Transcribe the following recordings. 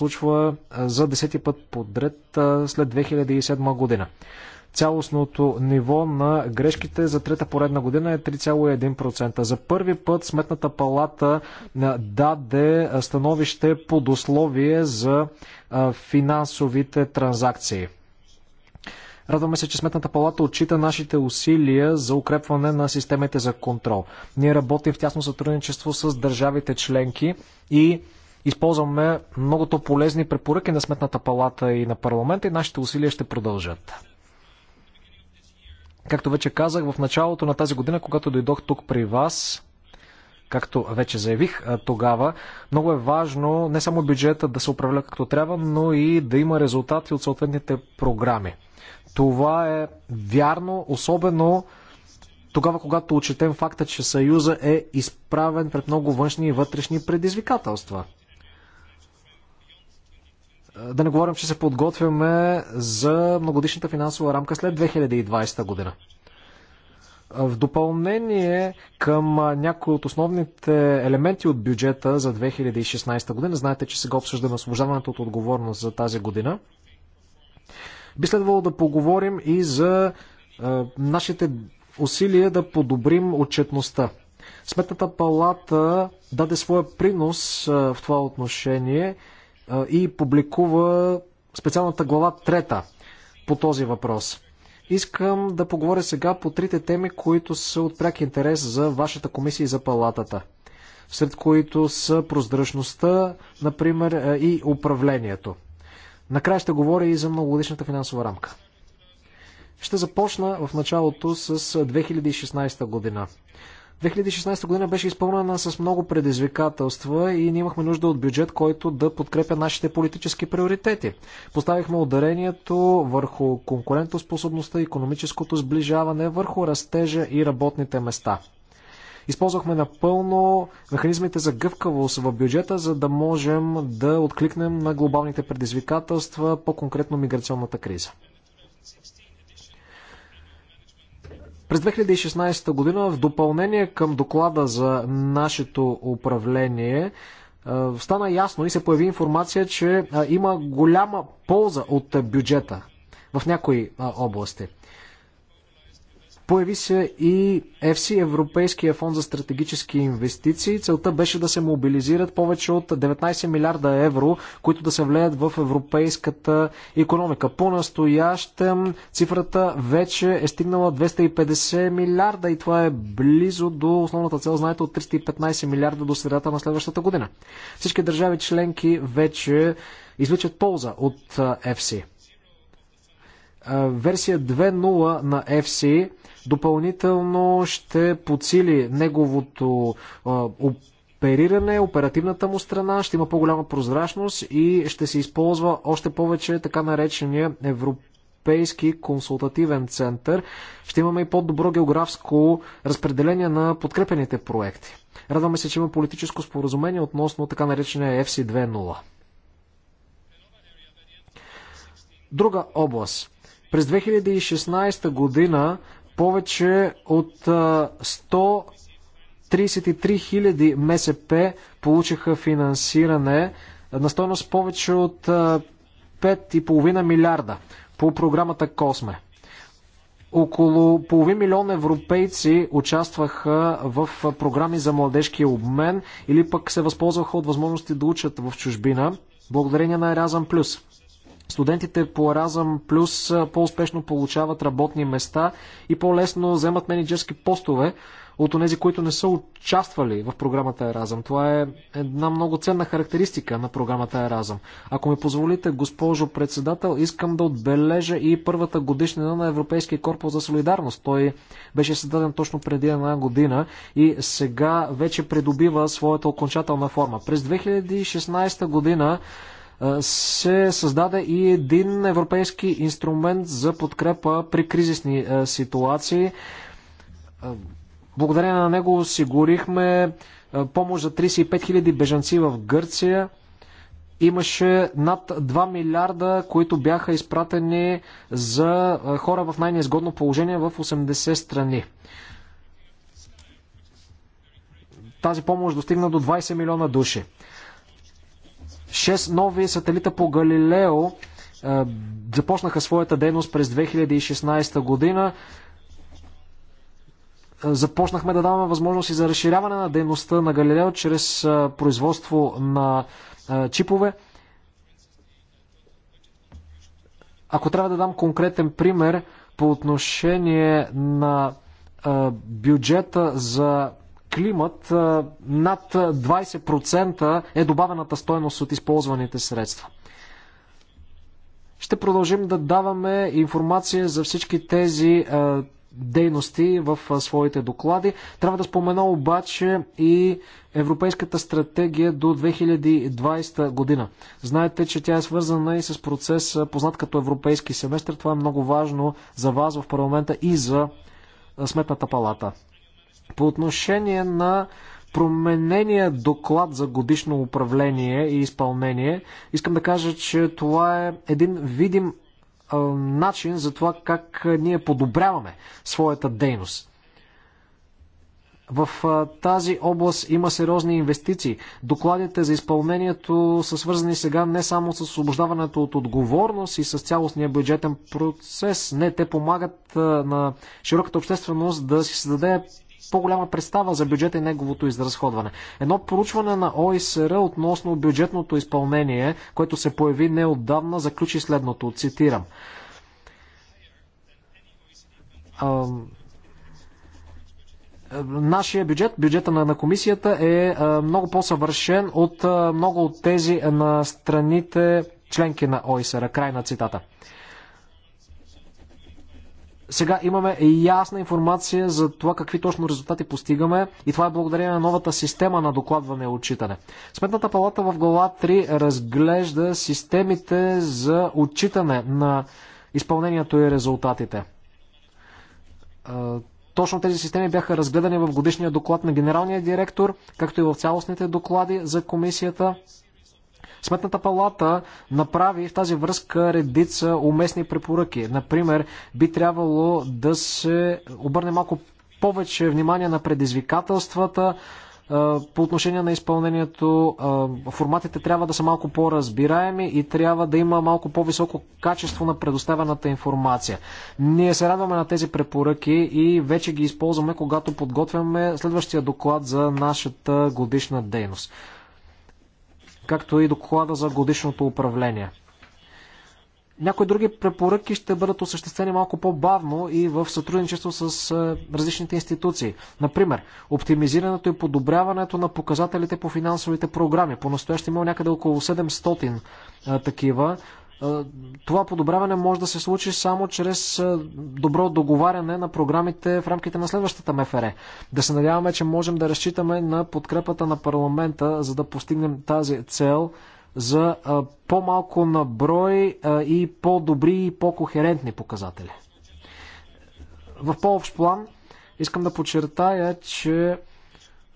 случва за 10 път подред след 2007 година. Цялостното ниво на грешките за трета поредна година е 3,1%. За първи път Сметната палата даде становище под условие за финансовите транзакции. Радваме се, че Сметната палата отчита нашите усилия за укрепване на системите за контрол. Ние работим в тясно сътрудничество с държавите членки и използваме многото полезни препоръки на Сметната палата и на парламента и нашите усилия ще продължат. Както вече казах, в началото на тази година, когато дойдох тук при вас, както вече заявих тогава, много е важно не само бюджета да се управля както трябва, но и да има резултати от съответните програми. Това е вярно, особено тогава, когато отчетем факта, че Съюза е изправен пред много външни и вътрешни предизвикателства. Да не говорим, че се подготвяме за многодишната финансова рамка след 2020 година. В допълнение към някои от основните елементи от бюджета за 2016 година, знаете, че сега обсъждаме освобождаването от отговорност за тази година, би следвало да поговорим и за е, нашите усилия да подобрим отчетността. Сметната палата даде своя принос е, в това отношение – и публикува специалната глава трета по този въпрос. Искам да поговоря сега по трите теми, които са от пряк интерес за вашата комисия и за палатата, сред които са прозрачността, например, и управлението. Накрая ще говоря и за многогодишната финансова рамка. Ще започна в началото с 2016 година. 2016 година беше изпълнена с много предизвикателства и ние имахме нужда от бюджет, който да подкрепя нашите политически приоритети. Поставихме ударението върху конкурентоспособността, економическото сближаване, върху растежа и работните места. Използвахме напълно механизмите за гъвкавост в бюджета, за да можем да откликнем на глобалните предизвикателства, по-конкретно миграционната криза. През 2016 година, в допълнение към доклада за нашето управление, стана ясно и се появи информация, че има голяма полза от бюджета в някои области. Появи се и FC, Европейския фонд за стратегически инвестиции. Целта беше да се мобилизират повече от 19 милиарда евро, които да се влеят в европейската економика. По-настоящем цифрата вече е стигнала 250 милиарда и това е близо до основната цел, знаете, от 315 милиарда до средата на следващата година. Всички държави членки вече изличат полза от FC версия 2.0 на FC допълнително ще подсили неговото опериране, оперативната му страна, ще има по-голяма прозрачност и ще се използва още повече така наречения Европейски консултативен център. Ще имаме и по-добро географско разпределение на подкрепените проекти. Радваме се, че има политическо споразумение относно така наречения FC 2.0. Друга област през 2016 година повече от 133 000 МСП получиха финансиране на стойност повече от 5,5 милиарда по програмата Косме. Около половин милион европейци участваха в програми за младежки обмен или пък се възползваха от възможности да учат в чужбина, благодарение на Erasmus+. Плюс. Студентите по Erasmus Плюс по-успешно получават работни места и по-лесно вземат менеджерски постове от тези, които не са участвали в програмата Еразъм. Това е една много ценна характеристика на програмата Erasmus. Ако ми позволите, госпожо председател, искам да отбележа и първата годишнина на Европейския корпус за солидарност. Той беше създаден точно преди една година и сега вече придобива своята окончателна форма. През 2016 година се създаде и един европейски инструмент за подкрепа при кризисни ситуации. Благодарение на него осигурихме помощ за 35 000 бежанци в Гърция. Имаше над 2 милиарда, които бяха изпратени за хора в най-неизгодно положение в 80 страни. Тази помощ достигна до 20 милиона души. Шест нови сателита по Галилео е, започнаха своята дейност през 2016 година. Е, започнахме да даваме възможности за разширяване на дейността на Галилео чрез е, производство на чипове. Ако трябва да дам конкретен пример по отношение на бюджета за климат над 20% е добавената стойност от използваните средства. Ще продължим да даваме информация за всички тези дейности в своите доклади. Трябва да спомена обаче и Европейската стратегия до 2020 година. Знаете, че тя е свързана и с процес, познат като Европейски семестър. Това е много важно за вас в парламента и за Сметната палата. По отношение на променения доклад за годишно управление и изпълнение, искам да кажа, че това е един видим е, начин за това как ние подобряваме своята дейност. В тази област има сериозни инвестиции. Докладите за изпълнението са свързани сега не само с освобождаването от отговорност и с цялостния бюджетен процес. Не, те помагат на широката общественост да си създаде по-голяма представа за бюджета и неговото изразходване. Едно проучване на ОИСР относно бюджетното изпълнение, което се появи неотдавна, заключи следното. Цитирам нашия бюджет, бюджета на, на комисията е а, много по-съвършен от а, много от тези на страните членки на ОИСР. Край на цитата. Сега имаме ясна информация за това какви точно резултати постигаме и това е благодарение на новата система на докладване и отчитане. Сметната палата в глава 3 разглежда системите за отчитане на изпълнението и резултатите. Точно тези системи бяха разгледани в годишния доклад на генералния директор, както и в цялостните доклади за комисията. Сметната палата направи в тази връзка редица уместни препоръки. Например, би трябвало да се обърне малко повече внимание на предизвикателствата, по отношение на изпълнението, форматите трябва да са малко по-разбираеми и трябва да има малко по-високо качество на предоставената информация. Ние се радваме на тези препоръки и вече ги използваме, когато подготвяме следващия доклад за нашата годишна дейност както и доклада за годишното управление. Някои други препоръки ще бъдат осъществени малко по-бавно и в сътрудничество с е, различните институции. Например, оптимизирането и подобряването на показателите по финансовите програми. По настояще има някъде около 700 е, такива. Е, това подобряване може да се случи само чрез е, добро договаряне на програмите в рамките на следващата МФР. Да се надяваме, че можем да разчитаме на подкрепата на парламента, за да постигнем тази цел за е, по-малко наброй и по-добри и по-кохерентни показатели. В по-общ план искам да подчертая, че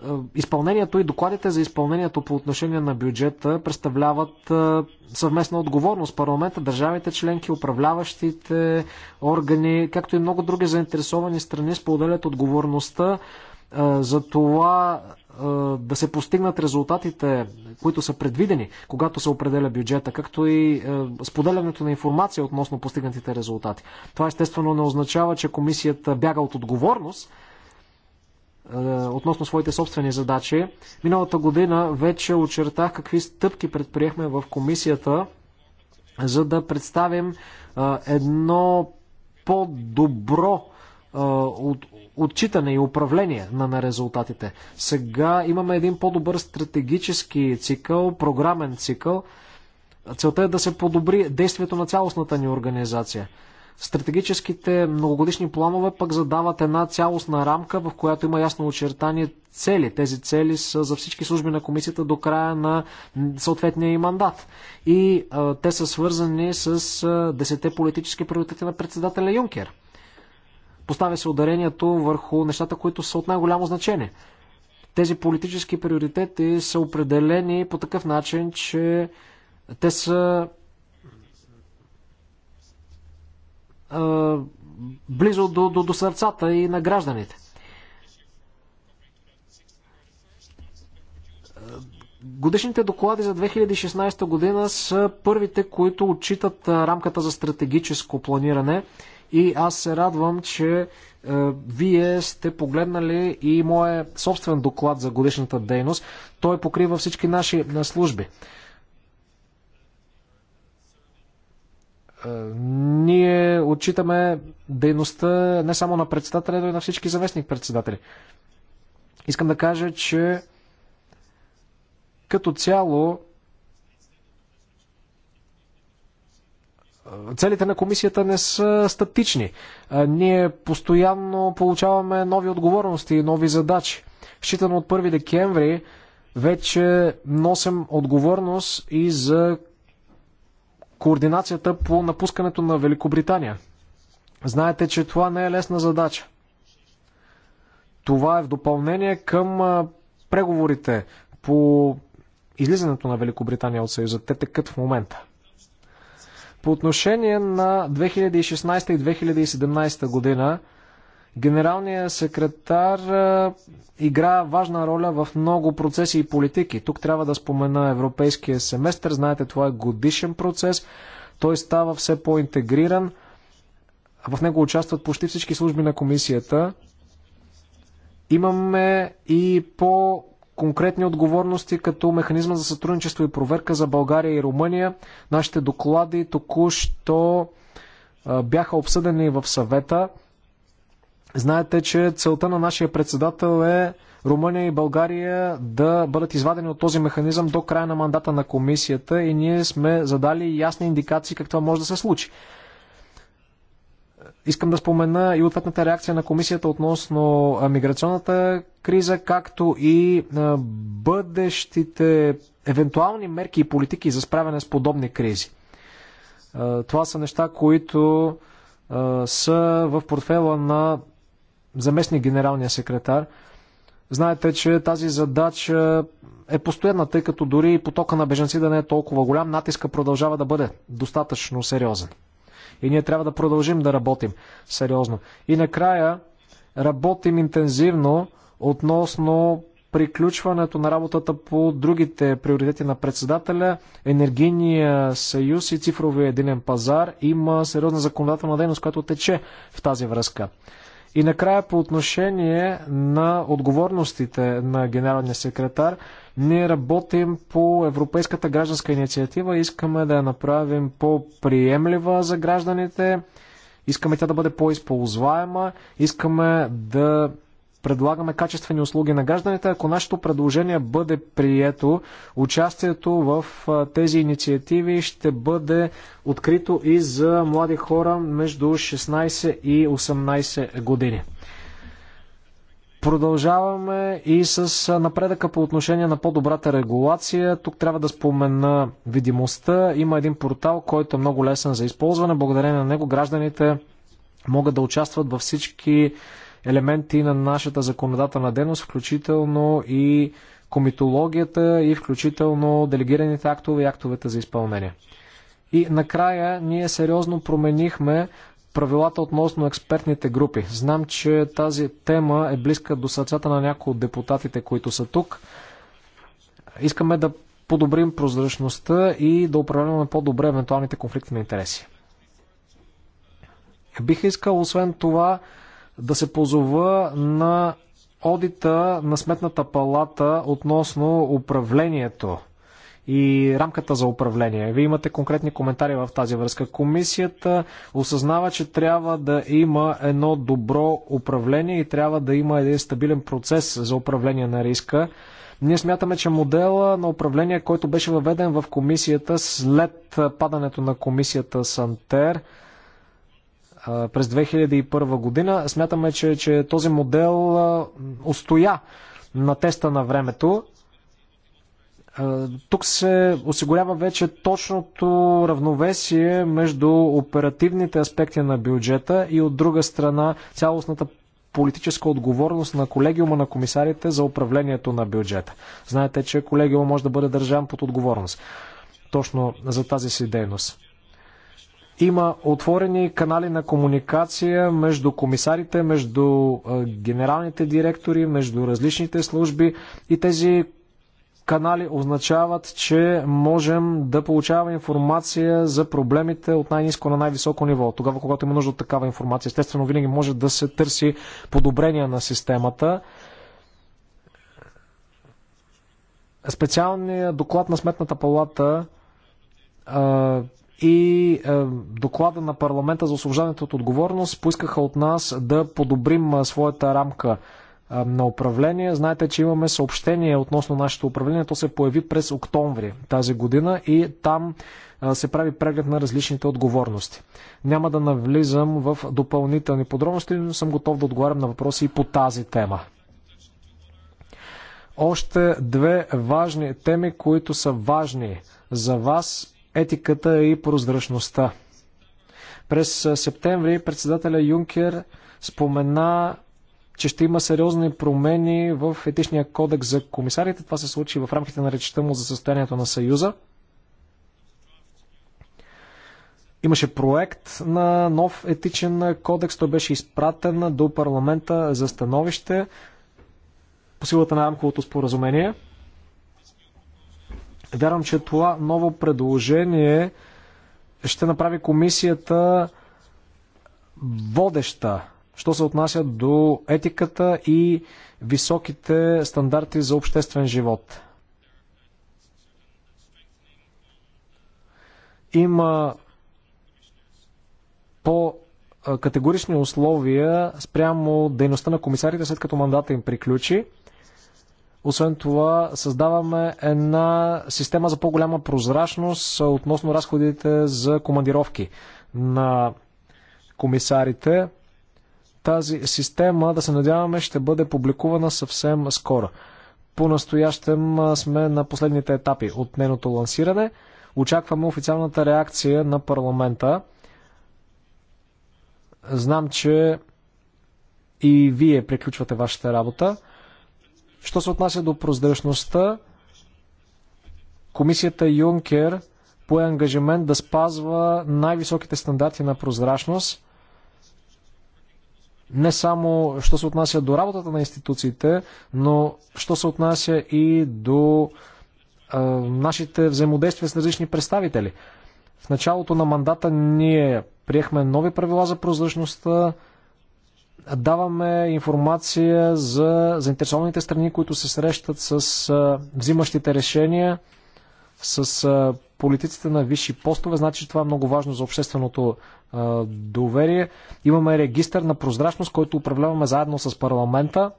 е, изпълнението и докладите за изпълнението по отношение на бюджета представляват е, съвместна отговорност. Парламента, държавите членки, управляващите органи, както и много други заинтересовани страни споделят отговорността е, за това да се постигнат резултатите, които са предвидени, когато се определя бюджета, както и споделянето на информация относно постигнатите резултати. Това естествено не означава, че комисията бяга от отговорност, е, относно своите собствени задачи. Миналата година вече очертах какви стъпки предприехме в комисията, за да представим е, едно по-добро е, от, отчитане и управление на, на резултатите. Сега имаме един по-добър стратегически цикъл, програмен цикъл. Целта е да се подобри действието на цялостната ни организация. Стратегическите многогодишни планове пък задават една цялостна рамка, в която има ясно очертание цели. Тези цели са за всички служби на комисията до края на съответния и мандат. И а, те са свързани с а, десете политически приоритети на председателя Юнкер. Поставя се ударението върху нещата, които са от най-голямо значение. Тези политически приоритети са определени по такъв начин, че те са близо до, до, до сърцата и на гражданите. Годишните доклади за 2016 година са първите, които отчитат рамката за стратегическо планиране и аз се радвам, че е, вие сте погледнали и моя собствен доклад за годишната дейност. Той покрива всички наши служби. Е, ние отчитаме дейността не само на председателя, но и на всички заместник-председатели. Искам да кажа, че като цяло е, целите на комисията не са статични. Е, ние постоянно получаваме нови отговорности и нови задачи. Считано от 1 декември вече носим отговорност и за координацията по напускането на Великобритания. Знаете, че това не е лесна задача. Това е в допълнение към преговорите по излизането на Великобритания от Съюза. Те текат в момента. По отношение на 2016 и 2017 година, Генералният секретар игра важна роля в много процеси и политики. Тук трябва да спомена европейския семестър. Знаете, това е годишен процес. Той става все по-интегриран. В него участват почти всички служби на комисията. Имаме и по конкретни отговорности като механизма за сътрудничество и проверка за България и Румъния. Нашите доклади току-що бяха обсъдени в съвета. Знаете, че целта на нашия председател е Румъния и България да бъдат извадени от този механизъм до края на мандата на комисията и ние сме задали ясни индикации как това може да се случи. Искам да спомена и ответната реакция на комисията относно миграционната криза, както и бъдещите евентуални мерки и политики за справяне с подобни кризи. Това са неща, които са в портфела на заместник генералния секретар. Знаете, че тази задача е постоянна, тъй като дори и потока на беженци да не е толкова голям, натиска продължава да бъде достатъчно сериозен. И ние трябва да продължим да работим сериозно. И накрая работим интензивно относно приключването на работата по другите приоритети на председателя, енергийния съюз и цифровия единен пазар има сериозна законодателна дейност, която тече в тази връзка. И накрая по отношение на отговорностите на генералния секретар, ние работим по Европейската гражданска инициатива, искаме да я направим по-приемлива за гражданите, искаме тя да бъде по-използваема, искаме да предлагаме качествени услуги на гражданите. Ако нашето предложение бъде прието, участието в тези инициативи ще бъде открито и за млади хора между 16 и 18 години. Продължаваме и с напредъка по отношение на по-добрата регулация. Тук трябва да спомена видимостта. Има един портал, който е много лесен за използване. Благодарение на него гражданите могат да участват във всички елементи на нашата законодателна дейност, включително и комитологията и включително делегираните актове и актовете за изпълнение. И накрая ние сериозно променихме правилата относно експертните групи. Знам, че тази тема е близка до сърцата на някои от депутатите, които са тук. Искаме да подобрим прозрачността и да управляваме по-добре евентуалните конфликти на интереси. Бих искал, освен това, да се позова на одита на Сметната палата относно управлението и рамката за управление. Вие имате конкретни коментари в тази връзка. Комисията осъзнава, че трябва да има едно добро управление и трябва да има един стабилен процес за управление на риска. Ние смятаме, че модела на управление, който беше въведен в комисията след падането на комисията Сантер, през 2001 година. Смятаме, че, че този модел устоя на теста на времето. Тук се осигурява вече точното равновесие между оперативните аспекти на бюджета и от друга страна цялостната политическа отговорност на колегиума на комисарите за управлението на бюджета. Знаете, че колегиума може да бъде държан под отговорност точно за тази си дейност. Има отворени канали на комуникация между комисарите, между генералните директори, между различните служби и тези канали означават, че можем да получаваме информация за проблемите от най-низко на най-високо ниво. Тогава, когато има нужда от такава информация, естествено, винаги може да се търси подобрение на системата. Специалният доклад на Сметната палата и е, доклада на парламента за освобождането от отговорност поискаха от нас да подобрим е, своята рамка е, на управление. Знаете, че имаме съобщение относно нашето управление. То се появи през октомври тази година и там се прави преглед на различните отговорности. Няма да навлизам в допълнителни подробности, но съм готов да отговарям на въпроси и по тази тема. Още две важни теми, които са важни за вас етиката и прозрачността. През септември председателя Юнкер спомена, че ще има сериозни промени в етичния кодекс за комисарите. Това се случи в рамките на речета му за състоянието на Съюза. Имаше проект на нов етичен кодекс. Той беше изпратен до парламента за становище по силата на рамковото споразумение. Вярвам, че това ново предложение ще направи комисията водеща, що се отнася до етиката и високите стандарти за обществен живот. Има по категорични условия спрямо дейността на комисарите, след като мандата им приключи. Освен това, създаваме една система за по-голяма прозрачност относно разходите за командировки на комисарите. Тази система, да се надяваме, ще бъде публикувана съвсем скоро. По-настоящем сме на последните етапи от нейното лансиране. Очакваме официалната реакция на парламента. Знам, че и вие приключвате вашата работа. Що се отнася до прозрачността, комисията Юнкер пое ангажимент да спазва най-високите стандарти на прозрачност, не само що се отнася до работата на институциите, но що се отнася и до е, нашите взаимодействия с различни представители. В началото на мандата ние приехме нови правила за прозрачността, даваме информация за заинтересованите страни, които се срещат с взимащите решения, с политиците на висши постове. Значи това е много важно за общественото доверие. Имаме регистър на прозрачност, който управляваме заедно с парламента.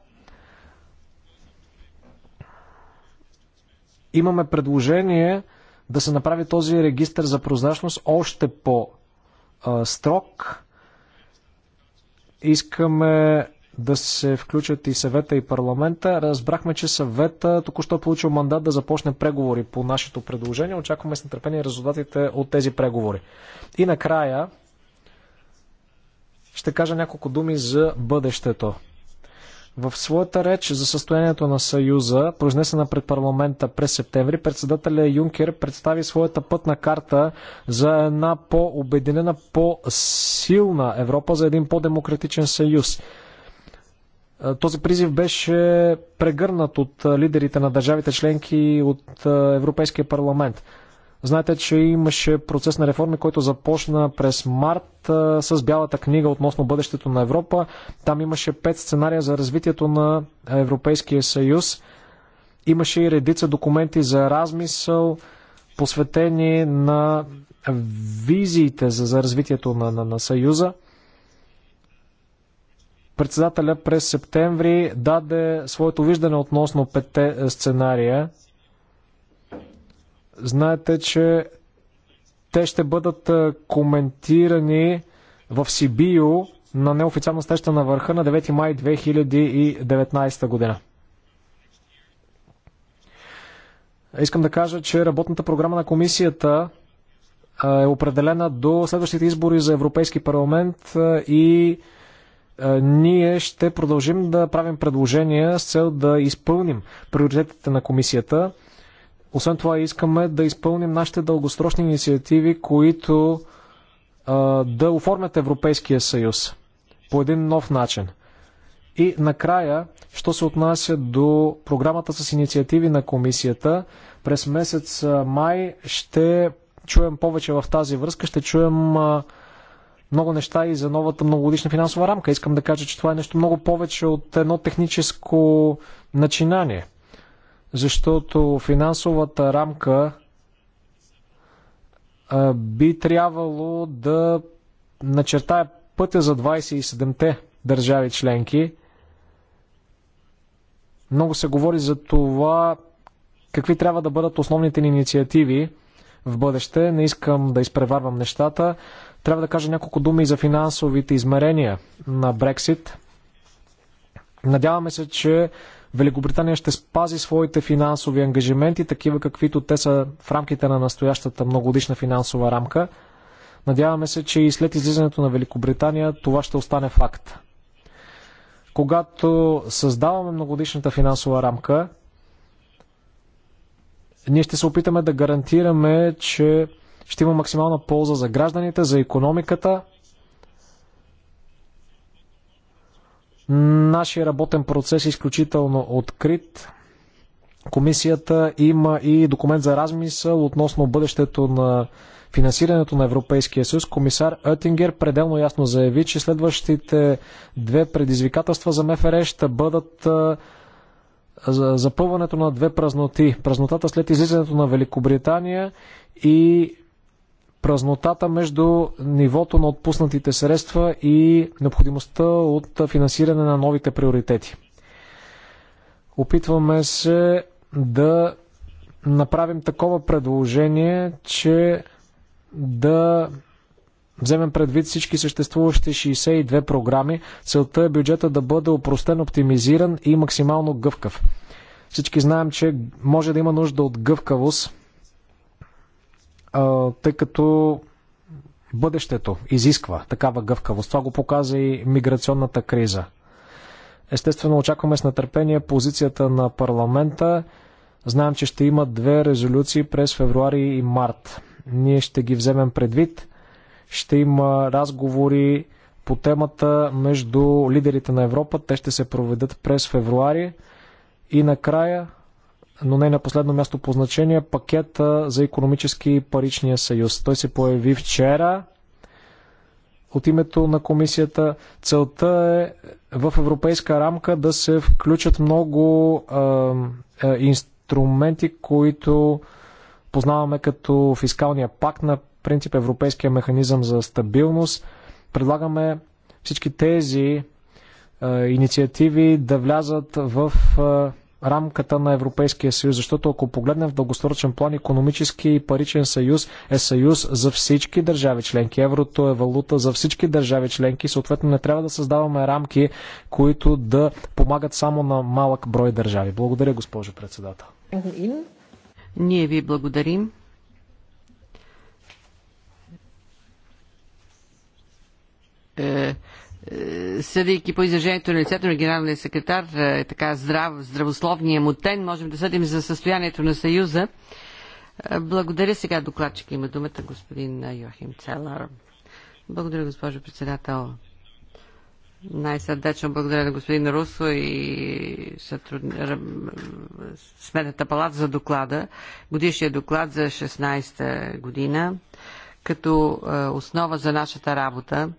Имаме предложение да се направи този регистр за прозрачност още по-строг Искаме да се включат и съвета и парламента. Разбрахме, че съвета току-що получил мандат да започне преговори по нашето предложение. Очакваме с нетърпение резултатите от тези преговори. И накрая ще кажа няколко думи за бъдещето. В своята реч за състоянието на Съюза, произнесена пред парламента през септември, председателя Юнкер представи своята пътна карта за една по-обединена, по-силна Европа, за един по-демократичен съюз. Е, този призив беше прегърнат от е, лидерите на държавите членки от е, Европейския парламент. Знаете, че имаше процес на реформи, който започна през март с Бялата книга относно бъдещето на Европа. Там имаше пет сценария за развитието на Европейския съюз. Имаше и редица документи за размисъл, посветени на визиите за, за развитието на, на, на Съюза. Председателя през септември даде своето виждане относно петте сценария – Знаете, че те ще бъдат коментирани в Сибио на неофициална среща на върха на 9 май 2019 година. Искам да кажа, че работната програма на комисията е определена до следващите избори за Европейски парламент и ние ще продължим да правим предложения с цел да изпълним приоритетите на комисията. Освен това искаме да изпълним нашите дългосрочни инициативи, които а, да оформят Европейския съюз по един нов начин. И накрая, що се отнася до програмата с инициативи на комисията, през месец май ще чуем повече в тази връзка, ще чуем а, много неща и за новата многогодишна финансова рамка. Искам да кажа, че това е нещо много повече от едно техническо начинание – защото финансовата рамка би трябвало да начертая пътя за 27-те държави членки. Много се говори за това какви трябва да бъдат основните ни инициативи в бъдеще. Не искам да изпреварвам нещата. Трябва да кажа няколко думи за финансовите измерения на Брексит. Надяваме се, че Великобритания ще спази своите финансови ангажименти, такива каквито те са в рамките на настоящата многодишна финансова рамка. Надяваме се, че и след излизането на Великобритания това ще остане факт. Когато създаваме многодишната финансова рамка, ние ще се опитаме да гарантираме, че ще има максимална полза за гражданите, за економиката – Нашия работен процес е изключително открит. Комисията има и документ за размисъл относно бъдещето на финансирането на Европейския съюз. Комисар Оттингер пределно ясно заяви, че следващите две предизвикателства за МФР ще бъдат запълването на две празноти. Празнотата след излизането на Великобритания и празнотата между нивото на отпуснатите средства и необходимостта от финансиране на новите приоритети. Опитваме се да направим такова предложение, че да вземем предвид всички съществуващи 62 програми. Целта е бюджета да бъде опростен, оптимизиран и максимално гъвкав. Всички знаем, че може да има нужда от гъвкавост тъй като бъдещето изисква такава гъвкавост. Това го показа и миграционната криза. Естествено, очакваме с нетърпение позицията на парламента. Знаем, че ще има две резолюции през февруари и март. Ние ще ги вземем предвид. Ще има разговори по темата между лидерите на Европа. Те ще се проведат през февруари. И накрая но не на последно място по значение, пакета за економически и паричния съюз. Той се появи вчера от името на комисията. Целта е в европейска рамка да се включат много а, а, е, инструменти, които познаваме като фискалния пакт на принцип Европейския механизъм за стабилност. Предлагаме всички тези а, е, инициативи да влязат в. А, е, рамката на Европейския съюз, защото ако погледнем в дългосрочен план, економически и паричен съюз е съюз за всички държави членки. Еврото е валута за всички държави членки. Съответно, не трябва да създаваме рамки, които да помагат само на малък брой държави. Благодаря, госпожо председател. Ние ви благодарим. Е, е, съдейки по изражението на лицето на генералния секретар, е така здрав, здравословния му тен, можем да съдим за състоянието на Съюза. Е, благодаря сега докладчик има думата господин Йохим Целар. Благодаря, госпожо председател. Най-сърдечно благодаря на господин Русо и сътруд... Сметната палата за доклада, годишния доклад за 16-та година, като е, основа за нашата работа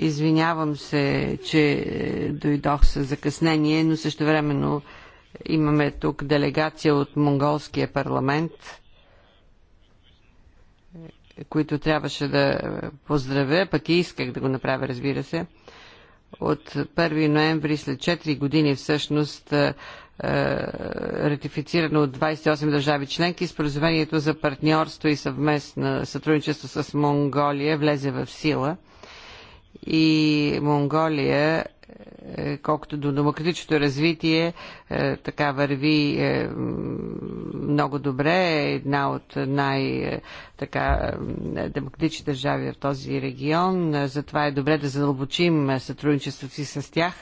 Извинявам се, че дойдох с закъснение, но също времено имаме тук делегация от Монголския парламент, които трябваше да поздравя, пък и исках да го направя, разбира се. От 1 ноември, след 4 години всъщност, е, е, ратифицирано от 28 държави членки. Споразумението за партньорство и съвместно сътрудничество с Монголия влезе в сила – и Монголия, е, колкото до демократичното развитие, е, така върви е, много добре. Една от най-така демократични държави в този регион. Затова е добре да задълбочим сътрудничеството си с тях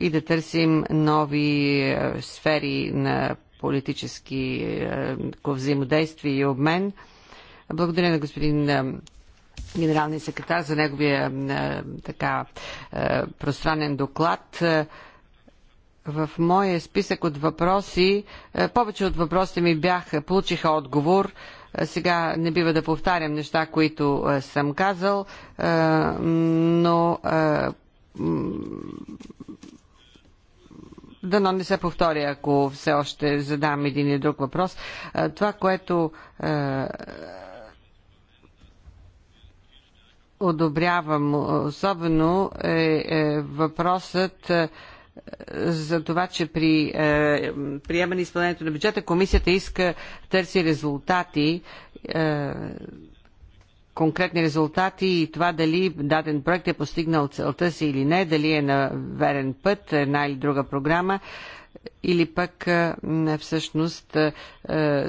и да търсим нови сфери на политически взаимодействие и обмен. Благодаря на господин генералния секретар за неговия е, така е, пространен доклад е, в моя списък от въпроси, повече от въпросите ми бяха, получиха отговор. Сега не бива да повтарям неща, които съм казал, но дано не се повторя, ако все още задам един и друг въпрос. Това, което одобрявам особено е, е въпросът е, за това, че при е, приемане изпълнението на бюджета комисията иска търси резултати е, конкретни резултати и това дали даден проект е постигнал целта си или не, дали е на верен път, една или друга програма. Е, или пък всъщност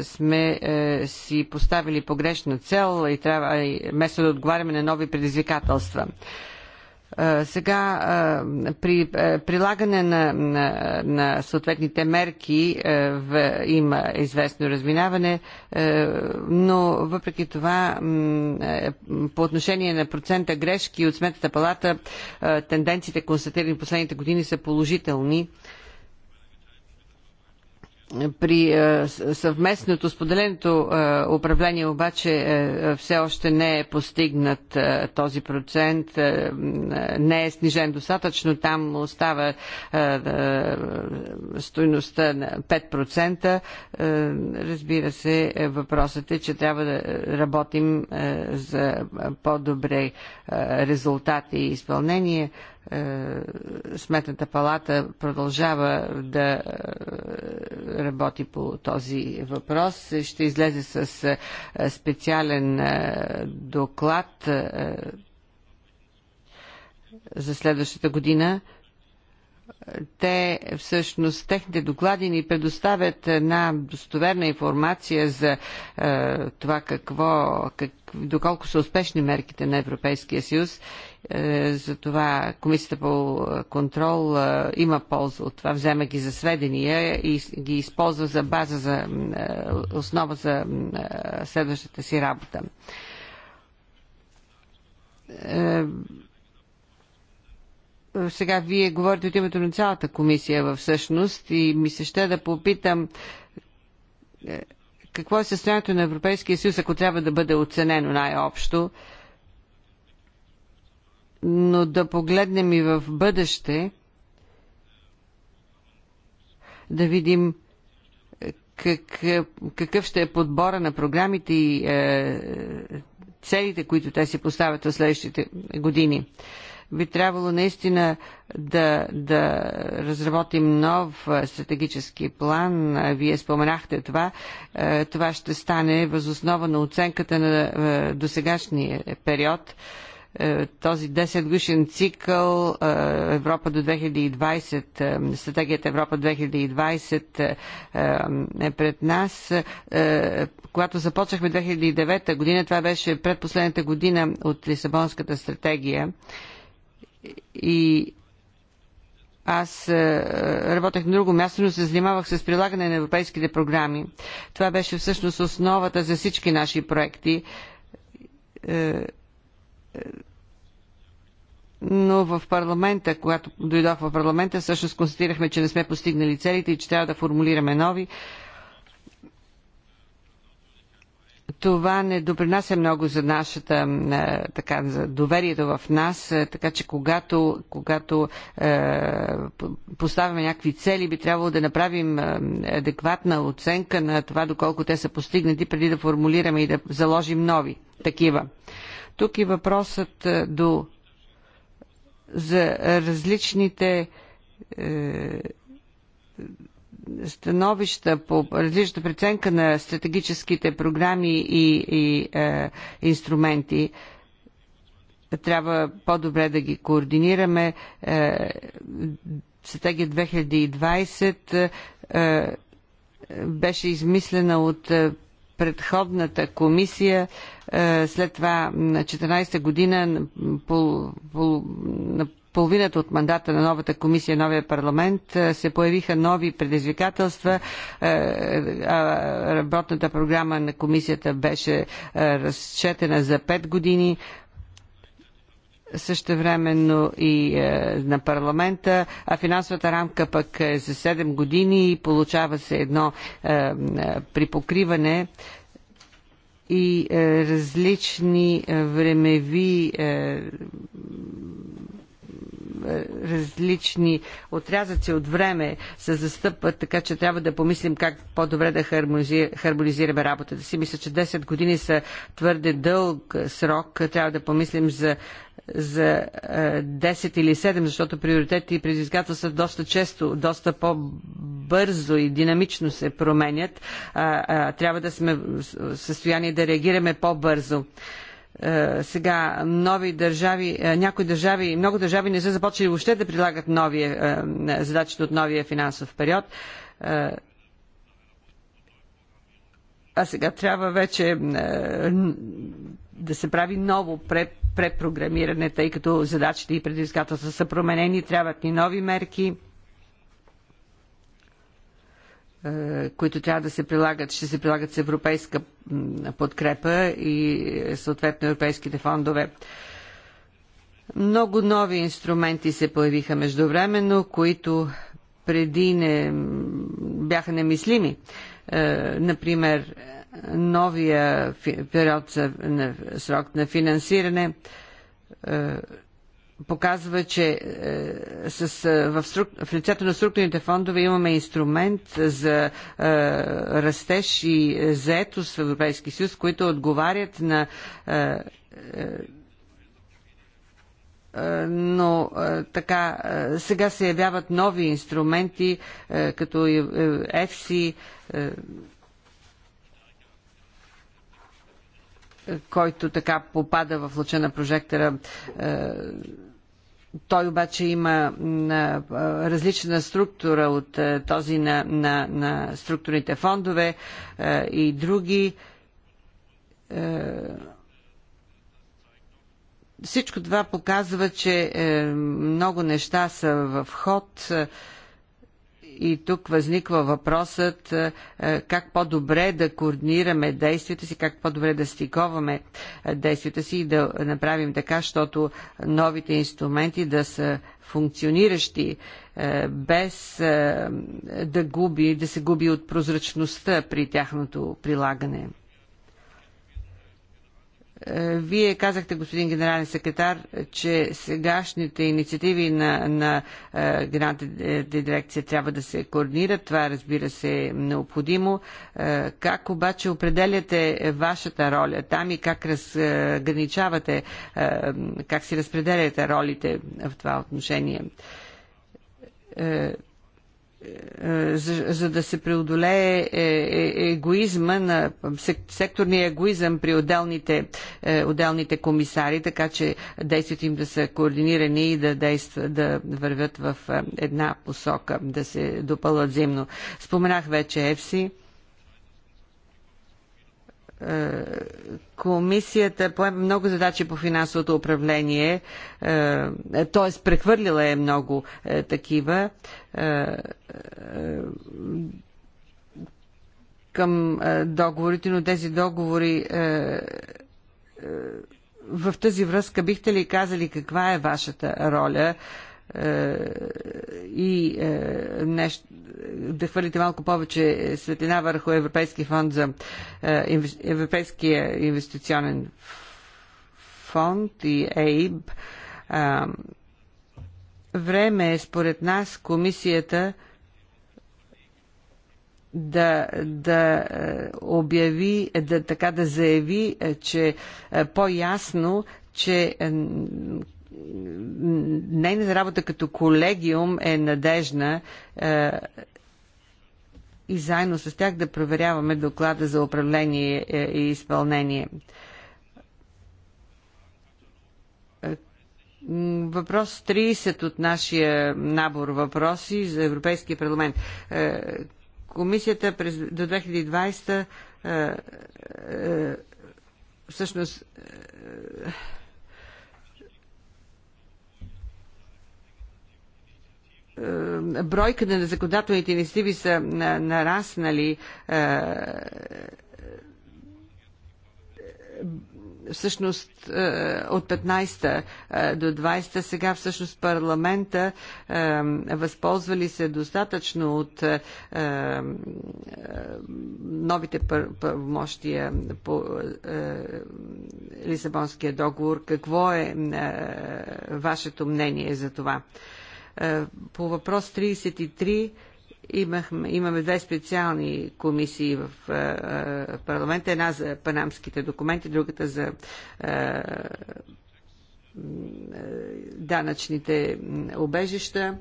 сме си поставили погрешна цел и трябва, вместо да отговаряме на нови предизвикателства. Сега при прилагане на, на, на съответните мерки в, има известно разминаване, но въпреки това по отношение на процента грешки от сметата палата тенденциите констатирани в последните години са положителни при е, съвместното споделеното е, управление обаче е, все още не е постигнат този процент, не е снижен достатъчно, там остава стойността на 5%. Разбира се, въпросът е, че трябва да работим за по-добре резултати и изпълнение. Е, Сметната палата продължава да е, работи по този въпрос. Ще излезе с е, специален доклад за следващата година. Те всъщност, техните доклади ни предоставят една достоверна информация за е, това какво, как, доколко са успешни мерките на Европейския съюз е, затова комисията по е, контрол е, има полза от това, взема ги за сведения и ги използва за база, за основа за следващата си работа сега вие говорите от името на цялата комисия всъщност и ми се ще да попитам какво е състоянието на Европейския съюз, ако трябва да бъде оценено най-общо но да погледнем и в бъдеще, да видим е, как, е, какъв ще е подбора на програмите и е, целите, които те си поставят в следващите години. Би трябвало наистина да, да разработим нов е, стратегически план. Вие споменахте това. това ще стане възоснова на оценката на досегашния период. Е, този 10 годишен цикъл е, Европа до 2020, е, стратегията Европа 2020 е пред нас. Когато започнахме 2009 година, това беше предпоследната година от Лисабонската стратегия и аз работех на друго място, но се занимавах с прилагане на европейските програми. Това беше всъщност основата за всички наши проекти но в парламента, когато дойдох в парламента, всъщност констатирахме, че не сме постигнали целите и че трябва да формулираме нови. Това не допринася много за нашата, е, така, за доверието в нас, е, така че когато, когато е, поставяме някакви цели, би трябвало да направим е, адекватна оценка на това, доколко те са постигнати, преди да формулираме и да заложим нови такива. Е, тук и въпросът е, до за различните е, становища по различната преценка на стратегическите програми и, и е, инструменти. Трябва по-добре да ги координираме. Е, стратегия 2020 е, е, беше измислена от е, предходната комисия е, след това на 14-та година пол, пол, на половината от мандата на новата комисия, новия парламент, е, се появиха нови предизвикателства. Е, работната програма на комисията беше разчетена за 5 години същевременно и е, на парламента, а финансовата рамка пък е за 7 години и получава се едно е, е припокриване и е, различни е, времеви е, различни отрязъци от време се застъпват, така че трябва да помислим как по-добре да хармонизираме работата си. Мисля, че 10 години са твърде дълг срок. Трябва да помислим за за 10 или 7, защото приоритетите и предизвикателства доста често, доста по-бързо и динамично се променят. Трябва да сме в състояние да реагираме по-бързо сега нови държави, някои държави, много държави не са започнали въобще да прилагат новия, задачите от новия финансов период. А сега трябва вече да се прави ново пред препрограмиране, тъй като задачите и предизвикателства са променени, трябват ни нови мерки е, които трябва да се прилагат, ще се прилагат с европейска подкрепа и е, съответно европейските фондове. Много нови инструменти се появиха междувременно, които преди не бяха немислими. Е, например, новия период за на срок на финансиране е, показва, че е, с, е, в, струк, в лицето на структурните фондове имаме инструмент за е, растеж и заетост в Европейски съюз, които отговарят на. Е, е, но е, така, е, сега се явяват нови инструменти, е, като е, който така попада в лъча на прожектора. Е, той обаче има е, различна структура от е, този на, на, на структурните фондове и други. Всичко това показва, че много неща са в ход. И тук възниква въпросът е, е, как по-добре да координираме действията си, как по-добре да стиковаме е, действията си и да направим така, защото новите инструменти да са функциониращи, без да, губи, да се губи от прозрачността при тяхното прилагане. Е, вие казахте, господин генерален секретар, че сегашните инициативи на, на е, генералната е, дирекция трябва да се координират. Това, разбира се, е необходимо. Как обаче определяте вашата роля там и как разграничавате, как си разпределяте ролите в това отношение? за, за да се преодолее е, е, егоизма на секторния егоизъм при отделните, е, отделните комисари, така че действията им да са координирани и да, действа, да вървят в една посока, да се допълват взаимно. Споменах вече ЕФСИ Комисията поема много задачи по финансовото управление, т.е. прехвърлила е много е, такива е, е, към договорите, но тези договори в тази връзка бихте ли казали каква е вашата роля е, и е, нещо, да хвърлите малко повече светлина върху Европейски фонд за е, Европейския инвестиционен фонд и ЕИБ. Време е, според нас, комисията да, да обяви, да, така да заяви, че по-ясно че нейната работа като колегиум е надежна е, и заедно с тях да проверяваме доклада за управление е, и изпълнение. Е, въпрос 30 от нашия набор въпроси за Европейския парламент. Е, комисията през, до 2020 всъщност Е, Бройката на законодателните инициативи са нараснали е, всъщност е, от 15-та до 20-та сега всъщност парламента възползвали се достатъчно от новите мощия по Лисабонския договор. Какво е вашето мнение за това? Е, по въпрос 33 имахме, имаме две специални комисии в е, е, парламента. Една за панамските документи, другата за данъчните обежища.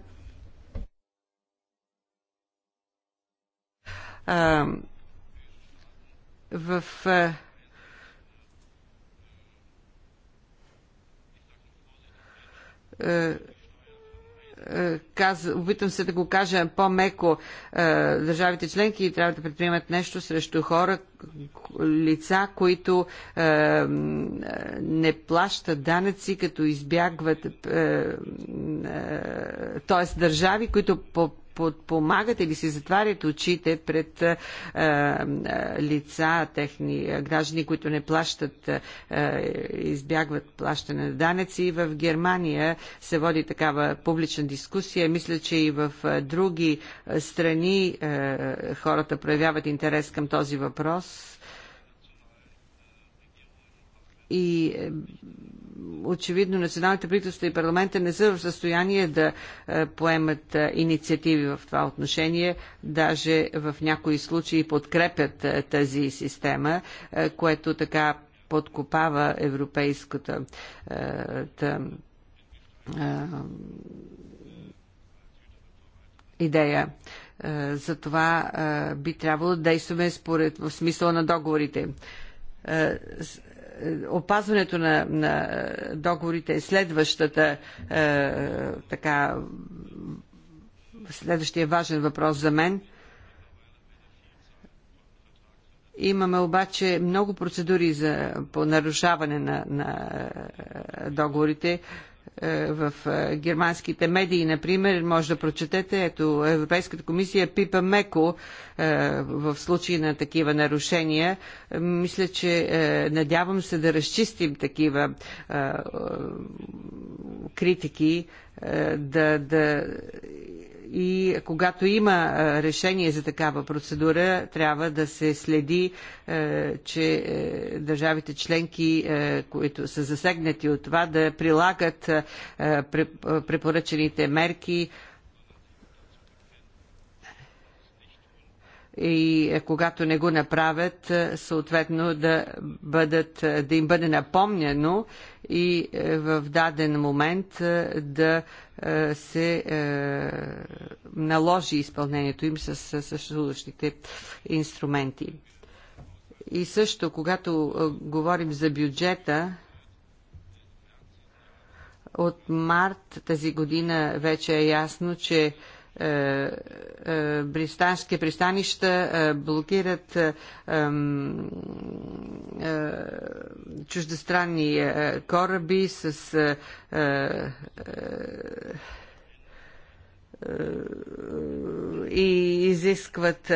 в каз, опитам се да го кажа по-меко, е, държавите членки трябва да предприемат нещо срещу хора, лица, които е, не плащат данъци, като избягват, т.е. Е, държави, които по Подпомагате или си затварят очите пред е, лица, техни граждани, които не плащат, е, избягват плащане на данъци. В Германия се води такава публична дискусия. Мисля, че и в други страни е, хората проявяват интерес към този въпрос и е, очевидно националните правителства и парламента не са в състояние да е, поемат е, инициативи в това отношение, даже в някои случаи подкрепят тази система, което така подкопава европейската идея. За това би трябвало да действаме според в смисъла на договорите е, опазването на, на договорите е следващата е, така следващия важен въпрос за мен. Имаме обаче много процедури за, по нарушаване на, на е, договорите. Е, в е, германските медии, например, може да прочетете, ето Европейската комисия пипа меко е, в случай на такива нарушения. Мисля, че надявам се да разчистим такива критики, да, да и когато има решение за такава процедура, трябва да се следи, че е, държавите членки, е, които са засегнати от това, да прилагат е, препоръчените мерки и е, когато не го направят, е, съответно да, бъдат, е, да им бъде напомнено и в даден момент да се наложи изпълнението им с съществуващите инструменти. И също, когато говорим за бюджета, от март тази година вече е ясно, че е, е, британски пристанища е, блокират чуждестранни кораби с и изискват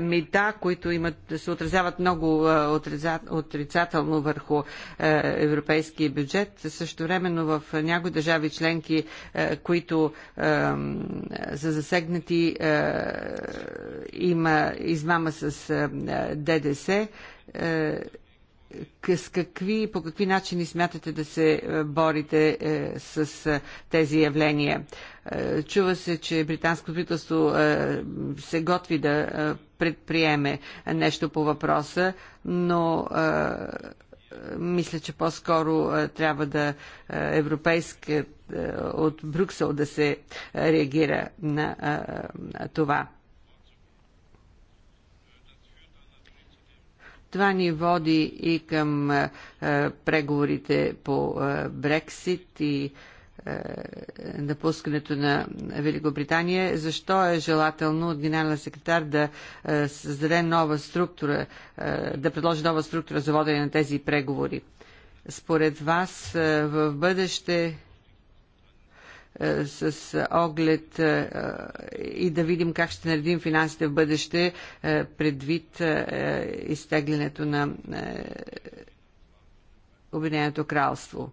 мита, които имат, се отразяват много отрицателно върху европейския бюджет. Също времено в някои държави членки, които са засегнати, има измама с ДДС с какви и по какви начини смятате да се е, борите е, с е, тези явления? Е, чува се, че британското правителство е, се готви да предприеме нещо по въпроса, но мисля, че по-скоро трябва да европейски от Брюксел да се реагира на това. Това ни води и към е, е, преговорите по е, Брексит и напускането на Великобритания. Защо е желателно от генералния секретар да създаде нова структура, да предложи нова структура за водене на тези преговори? Според вас в бъдеще е, с оглед е, и да видим как ще наредим финансите в бъдеще е, предвид изтеглянето на Обединеното кралство.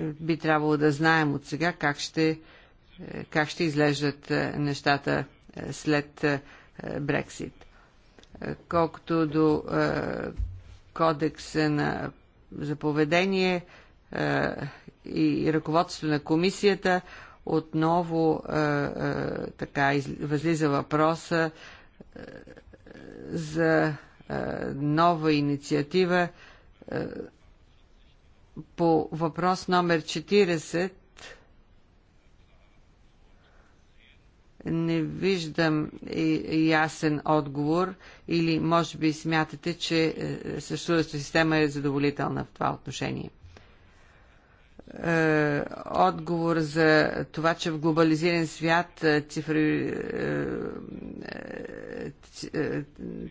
Би трябвало да знаем от сега как ще, как ще излежат нещата след Брексит. Колкото до кодекса на за поведение, е, и ръководството на комисията отново е, е, така възлиза въпроса за нова инициатива по въпрос номер 40 не виждам ясен отговор или може би смятате, че съществуващата система е задоволителна в това отношение е, отговор за това, че в глобализиран свят е, цифри, е, е, е,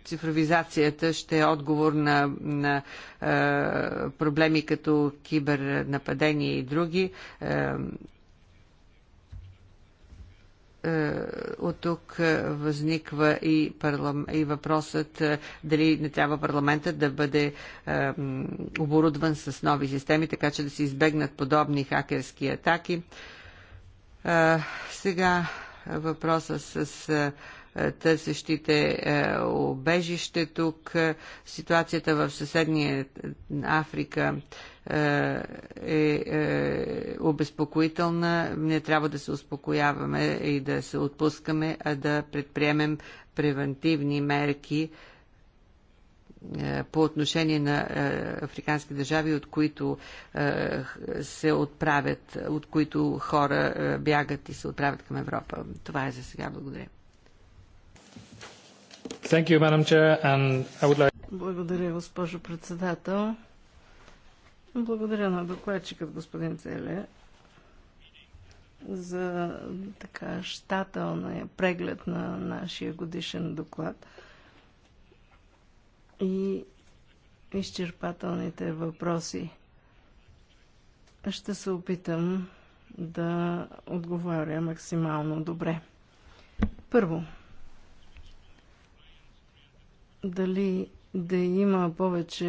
цифровизацията ще е отговор на, на е, проблеми като кибернападения и други. Е, е, от тук е, възниква и, парлам... и въпросът е, дали не трябва парламентът да бъде оборудван с нови системи, така че да се избегнат подобни хакерски атаки. сега въпроса с търсещите обежище тук, ситуацията в съседния Африка е, е обезпокоителна. Не трябва да се успокояваме и да се отпускаме, а да предприемем превентивни мерки е, по отношение на е, африкански държави, от които е, се отправят, от които хора бягат и се отправят към Европа. Това е за сега. Благодаря. You, like... Благодаря, госпожо председател. Благодаря на докладчикът господин Целе за така щателния преглед на нашия годишен доклад и изчерпателните въпроси. Ще се опитам да отговаря максимално добре. Първо, дали да има повече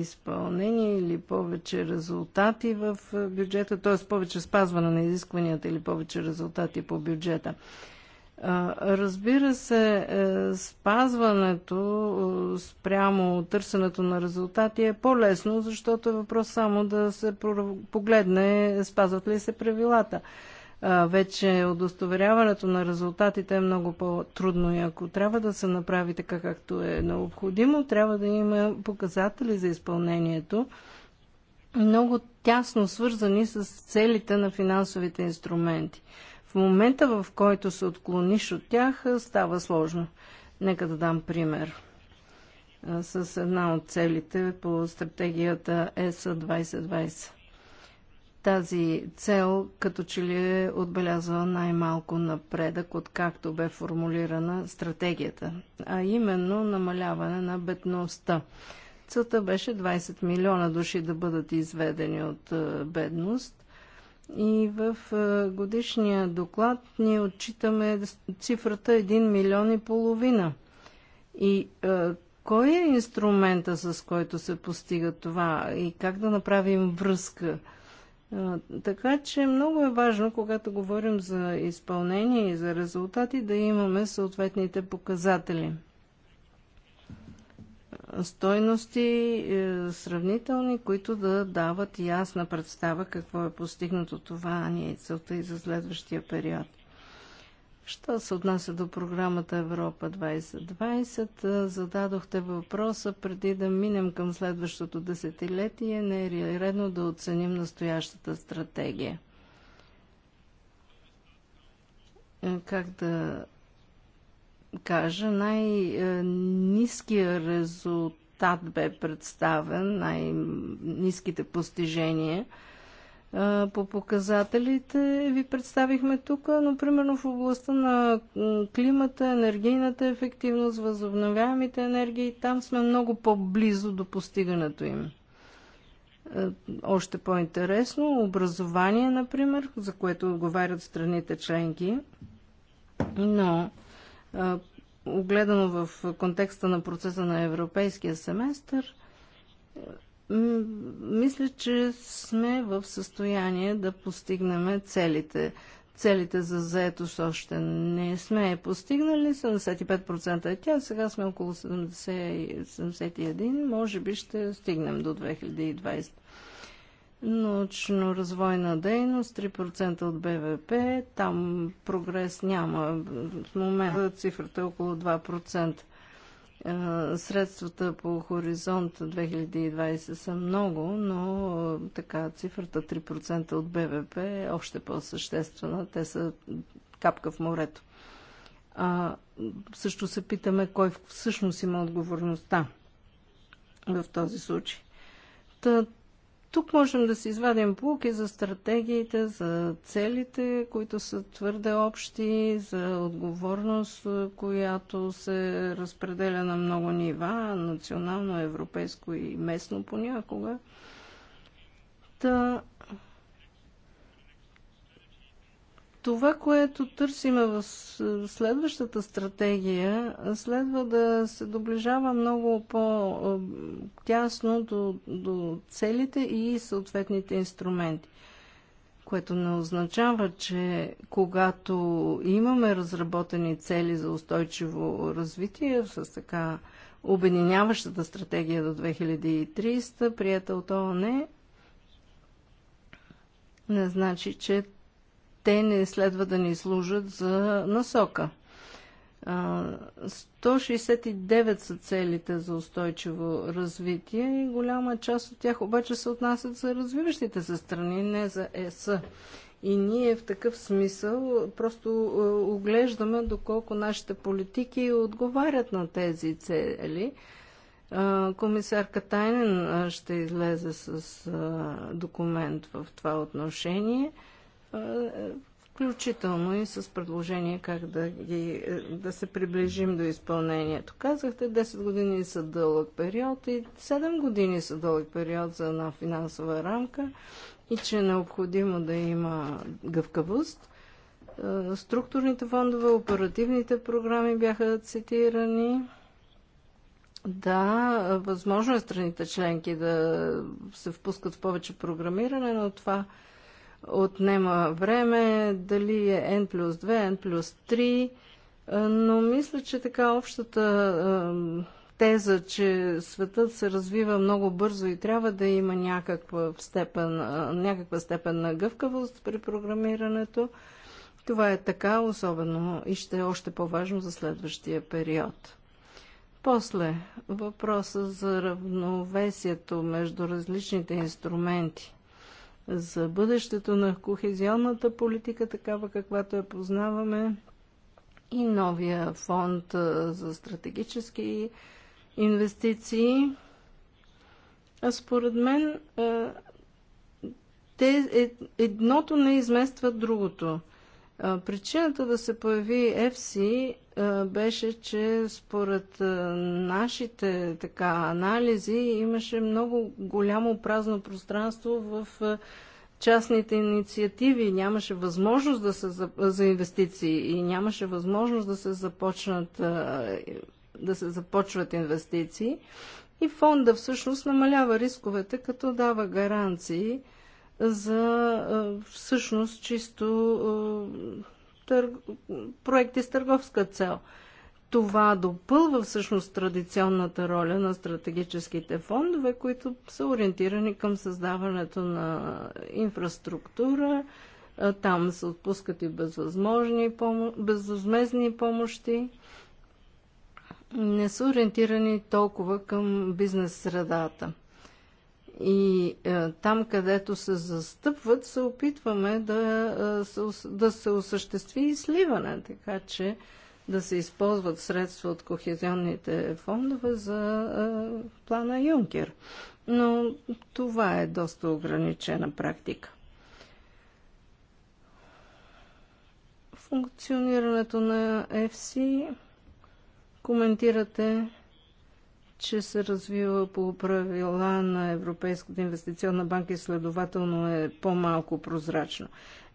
изпълнение или повече резултати в е, бюджета, т.е. повече спазване на изискванията или повече резултати по бюджета. Разбира се, е, спазването е, спрямо търсенето на резултати е по-лесно, защото е въпрос само да се погледне спазват ли се правилата вече удостоверяването на резултатите е много по-трудно и ако трябва да се направи така както е необходимо, трябва да има показатели за изпълнението, много тясно свързани с целите на финансовите инструменти. В момента, в който се отклониш от тях, става сложно. Нека да дам пример с една от целите по стратегията ЕСА 2020 тази цел като че ли е отбелязала най-малко напредък, откакто бе формулирана стратегията, а именно намаляване на бедността. Целта беше 20 милиона души да бъдат изведени от е, бедност. И в е, годишния доклад ние отчитаме цифрата 1 милион и половина. И е, кой е инструмента, с който се постига това и как да направим връзка? Така че много е важно, когато говорим за изпълнение и за резултати, да имаме съответните показатели. Стойности е, сравнителни, които да дават ясна представа какво е постигнато това, а не целта и за следващия период. Що се отнася до програмата Европа 2020, зададохте въпроса преди да минем към следващото десетилетие, не е редно да оценим настоящата стратегия. Е, как да кажа, най-низкият резултат бе представен, най-низките постижения – по показателите ви представихме тук, но примерно в областта на климата, енергийната ефективност, възобновяемите енергии, там сме много по-близо до постигането им. Е, още по-интересно, образование, например, за което отговарят страните членки, но огледано в контекста на процеса на европейския семестър, мисля, че сме в състояние да постигнем целите. Целите за заетост още не сме постигнали, 75% е тя, сега сме около 71, може би ще стигнем до 2020. Научно-развойна дейност 3% от БВП, там прогрес няма. В момента цифрата е около 2%. Средствата по хоризонт 2020 са много, но така цифрата 3% от БВП е още по-съществена. Те са капка в морето. А, също се питаме кой всъщност има отговорността в този случай. Та, тук можем да си извадим полуки за стратегиите, за целите, които са твърде общи, за отговорност, която се разпределя на много нива, национално, европейско и местно понякога. Та, Това, което търсиме в следващата стратегия, следва да се доближава много по-тясно до, до целите и съответните инструменти. Което не означава, че когато имаме разработени цели за устойчиво развитие с така обединяващата стратегия до 2300, прията от ООН, не значи, че те не следва да ни служат за насока. 169 са целите за устойчиво развитие и голяма част от тях обаче се отнасят за развиващите се страни, не за ЕС. И ние в такъв смисъл просто оглеждаме доколко нашите политики отговарят на тези цели. Комисар Катайнен ще излезе с документ в това отношение – е, е, включително и с предложение как да, ги, е, да се приближим до изпълнението. Казахте, 10 години са дълъг период и 7 години са дълъг период за една финансова рамка и че е необходимо да има гъвкавост. Структурните фондове, оперативните програми бяха цитирани. Да, възможно е страните членки да се впускат в повече програмиране, но това е отнема време, дали е N плюс 2, N плюс 3, но мисля, че така общата теза, че светът се развива много бързо и трябва да има някаква степен, някаква степен на гъвкавост при програмирането, това е така, особено и ще е още по-важно за следващия период. После въпроса за равновесието между различните инструменти за бъдещето на кохезионната политика, такава каквато я познаваме, и новия фонд за стратегически инвестиции. А според мен те, е, едното не измества другото. Причината да се появи FC беше, че според нашите така, анализи имаше много голямо празно пространство в частните инициативи, нямаше възможност да се за, за инвестиции и нямаше възможност да се започнат да се започват инвестиции. И фонда всъщност намалява рисковете, като дава гаранции за всъщност чисто търг... проекти с търговска цел. Това допълва всъщност традиционната роля на стратегическите фондове, които са ориентирани към създаването на инфраструктура. Там се отпускат и безвъзможни помо... безвъзмезни помощи. Не са ориентирани толкова към бизнес средата. И е, там, където се застъпват, се опитваме да, е, да се осъществи и сливане, така че да се използват средства от кохезионните фондове за е, плана Юнкер. Но това е доста ограничена практика. Функционирането на FC коментирате че се развива по правила на Европейската инвестиционна банка и следователно е по-малко прозрачно.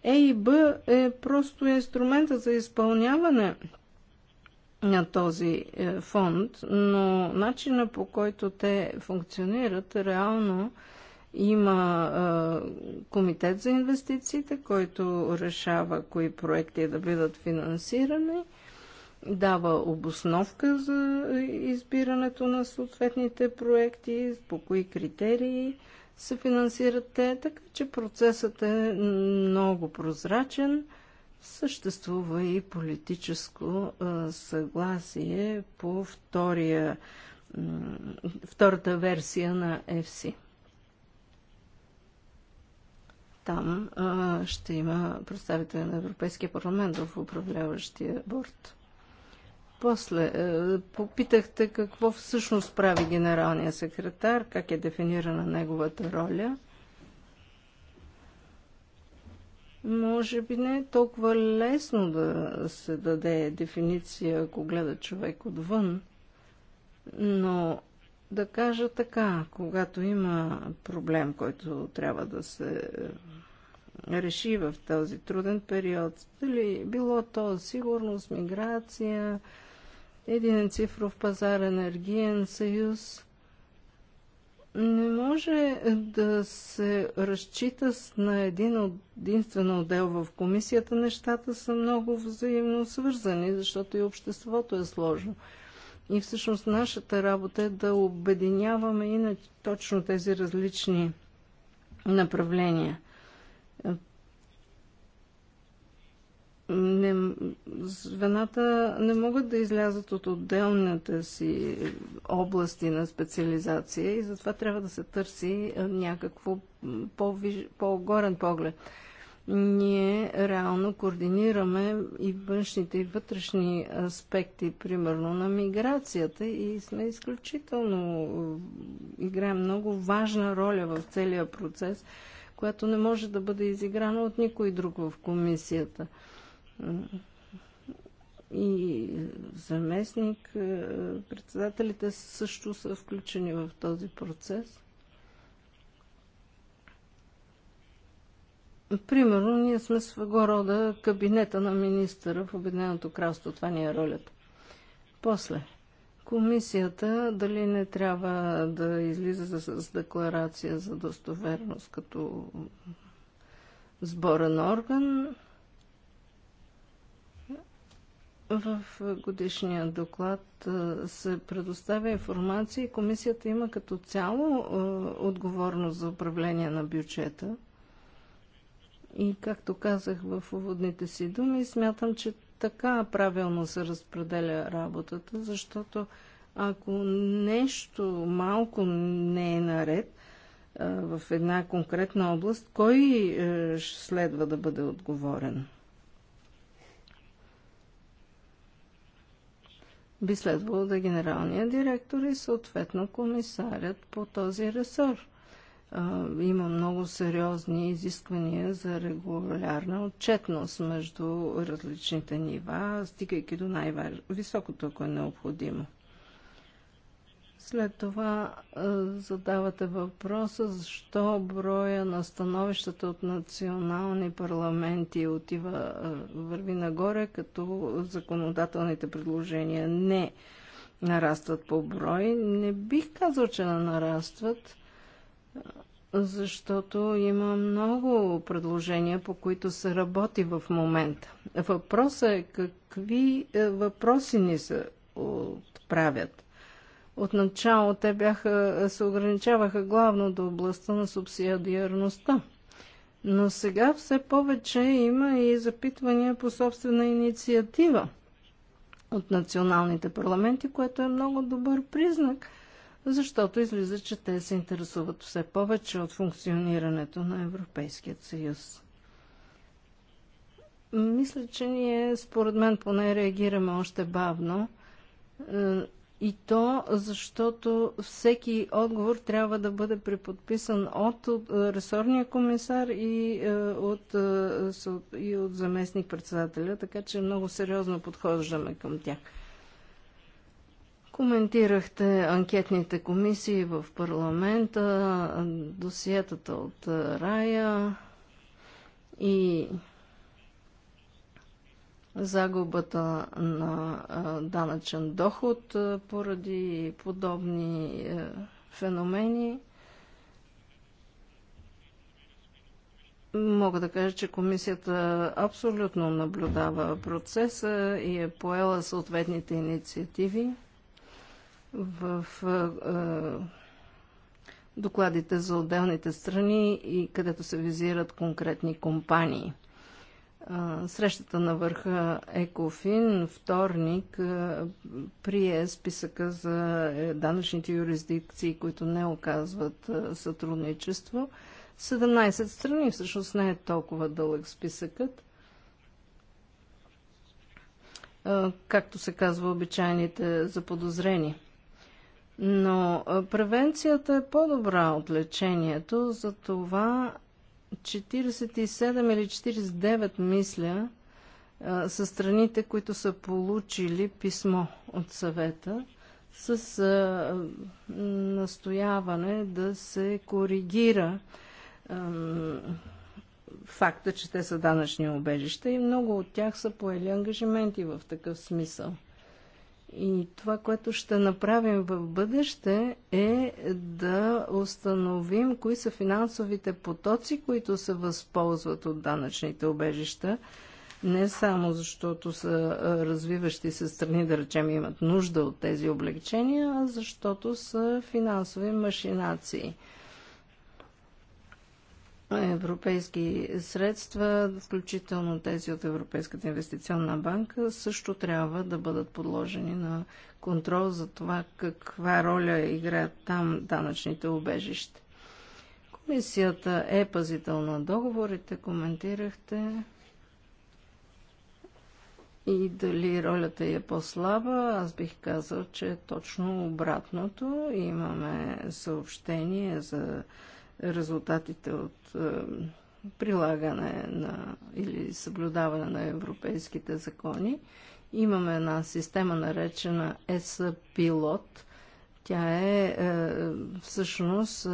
ЕИБ е просто инструмента за изпълняване на този е, фонд, но начина по който те функционират реално има е, комитет за инвестициите, който решава кои проекти да бъдат финансирани – дава обосновка за избирането на съответните проекти, по кои критерии се финансират те, така че процесът е много прозрачен. Съществува и политическо съгласие по втория, втората версия на FC. Там а, ще има представител на Европейския парламент в управляващия борт. После е, попитахте какво всъщност прави генералния секретар, как е дефинирана неговата роля. Може би не е толкова лесно да се даде дефиниция, ако гледа човек отвън, но да кажа така, когато има проблем, който трябва да се е, реши в този труден период, дали било то сигурност, миграция, един цифров пазар, енергиен съюз. Не може да се разчита на един единствен отдел в комисията. Нещата са много взаимно свързани, защото и обществото е сложно. И всъщност нашата работа е да обединяваме и на точно тези различни направления. не, звената не могат да излязат от отделната си области на специализация и затова трябва да се търси някакво по-горен по поглед. Ние реално координираме и външните, и вътрешни аспекти, примерно на миграцията и сме изключително, играем много важна роля в целия процес, която не може да бъде изиграна от никой друг в комисията – и заместник е, председателите също са включени в този процес. Примерно, ние сме с рода кабинета на министъра в Обединеното кралство. Това ни е ролята. После, комисията дали не трябва да излиза с декларация за достоверност като сборен орган в годишния доклад се предоставя информация и комисията има като цяло отговорност за управление на бюджета. И както казах в уводните си думи, смятам, че така правилно се разпределя работата, защото ако нещо малко не е наред в една конкретна област, кой е, следва да бъде отговорен? би следвало да е генералният директор и съответно комисарят по този ресор. Има много сериозни изисквания за регулярна отчетност между различните нива, стигайки до най-високото, ако е необходимо. След това задавате въпроса защо броя на становищата от национални парламенти отива върви нагоре, като законодателните предложения не нарастват по брой. Не бих казал, че не нарастват, защото има много предложения, по които се работи в момента. Въпросът е какви е, въпроси ни се отправят. Отначало те бяха, се ограничаваха главно до областта на субсидиарността. Но сега все повече има и запитвания по собствена инициатива от националните парламенти, което е много добър признак, защото излиза, че те се интересуват все повече от функционирането на Европейският съюз. Мисля, че ние, според мен, поне реагираме още бавно. Е, и то защото всеки отговор трябва да бъде преподписан от, от е, ресорния комисар и е, от, е, и от заместник-председателя, така че много сериозно подхождаме към тях. Коментирахте анкетните комисии в парламента, досиетата от Рая и загубата на данъчен доход поради подобни е, феномени. Мога да кажа, че комисията абсолютно наблюдава процеса и е поела съответните инициативи в е, е, докладите за отделните страни и където се визират конкретни компании – Срещата на върха Екофин вторник прие списъка за е, данъчните юрисдикции, които не оказват сътрудничество. 17 страни, всъщност не е толкова дълъг списъкът. Както се казва, обичайните заподозрени. Но превенцията е по-добра от лечението, затова 47 или 49, мисля, са страните, които са получили писмо от съвета с настояване да се коригира факта, че те са данъчни обежища и много от тях са поели ангажименти в такъв смисъл. И това, което ще направим в бъдеще е да установим кои са финансовите потоци, които се възползват от данъчните обежища, не само защото са развиващи се страни, да речем, имат нужда от тези облегчения, а защото са финансови машинации – европейски средства, включително тези от Европейската инвестиционна банка, също трябва да бъдат подложени на контрол за това каква роля играят там данъчните обежища. Комисията е пазител на договорите, коментирахте и дали ролята е по-слаба, аз бих казал, че е точно обратното. Имаме съобщение за резултатите от е, прилагане на или съблюдаване на европейските закони. Имаме една система наречена ESA Pilot. Тя е, е всъщност е,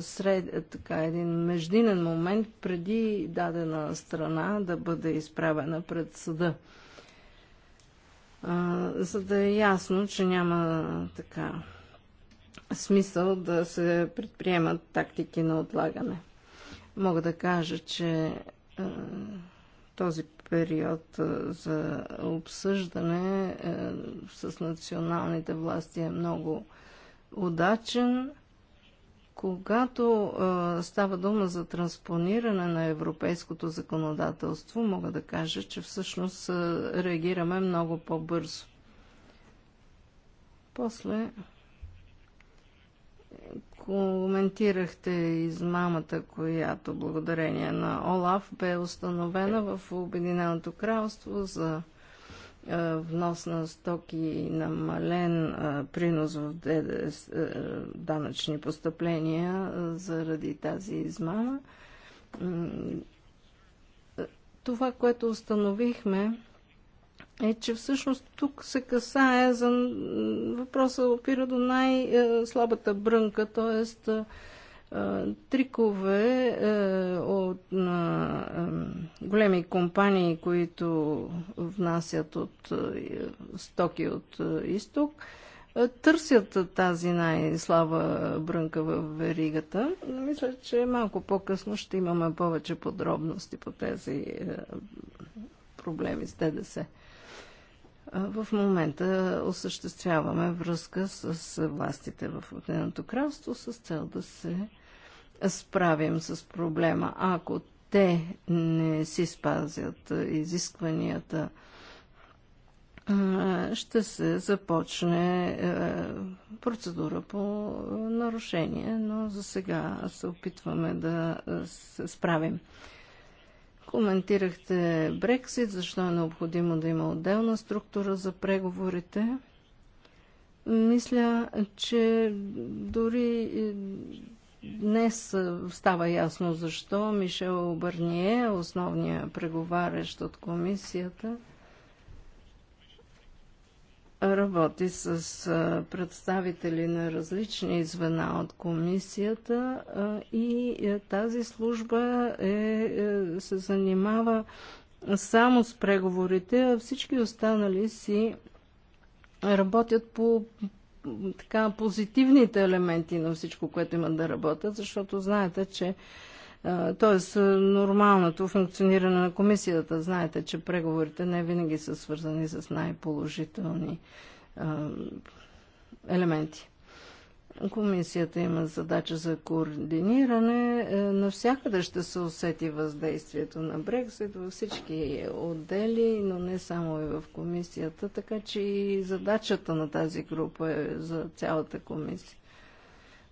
сред, е, така, един междинен момент преди дадена страна да бъде изправена пред съда. Е, за да е ясно, че няма така смисъл да се предприемат тактики на отлагане. Мога да кажа, че е, този период е, за обсъждане е, с националните власти е много удачен. Когато става дума за транспониране на европейското законодателство, мога да кажа, че всъщност реагираме много по-бързо. После коментирахте измамата, която благодарение на ОЛАФ бе установена в Обединеното кралство за е, внос на стоки и намален е, принос в ДДС, е, данъчни постъпления заради тази измама. Това, което установихме, е, че всъщност тук се касае за въпроса опира до най-слабата брънка, т.е. трикове е, от на големи компании, които внасят от е, стоки от е, изток, търсят тази най-слаба брънка в веригата. Мисля, че малко по-късно ще имаме повече подробности по тези проблеми с ДДС. В момента осъществяваме връзка с властите в Обединеното кралство с цел да се справим с проблема. Ако те не си спазят изискванията, ще се започне процедура по нарушение, но за сега се опитваме да се справим. Коментирахте Брексит, защо е необходимо да има отделна структура за преговорите. Мисля, че дори днес става ясно защо Мишел Бърние, основния преговарящ от комисията, работи с представители на различни звена от комисията и е, тази служба е, е, се занимава само с преговорите, а всички останали си работят по така, позитивните елементи на всичко, което имат да работят, защото знаете, че Тоест, е, нормалното функциониране на комисията. Знаете, че преговорите не винаги са свързани с най-положителни елементи. Комисията има задача за координиране. Е, навсякъде ще се усети въздействието на Брексит във всички отдели, но не само и в комисията, така че и задачата на тази група е за цялата комисия.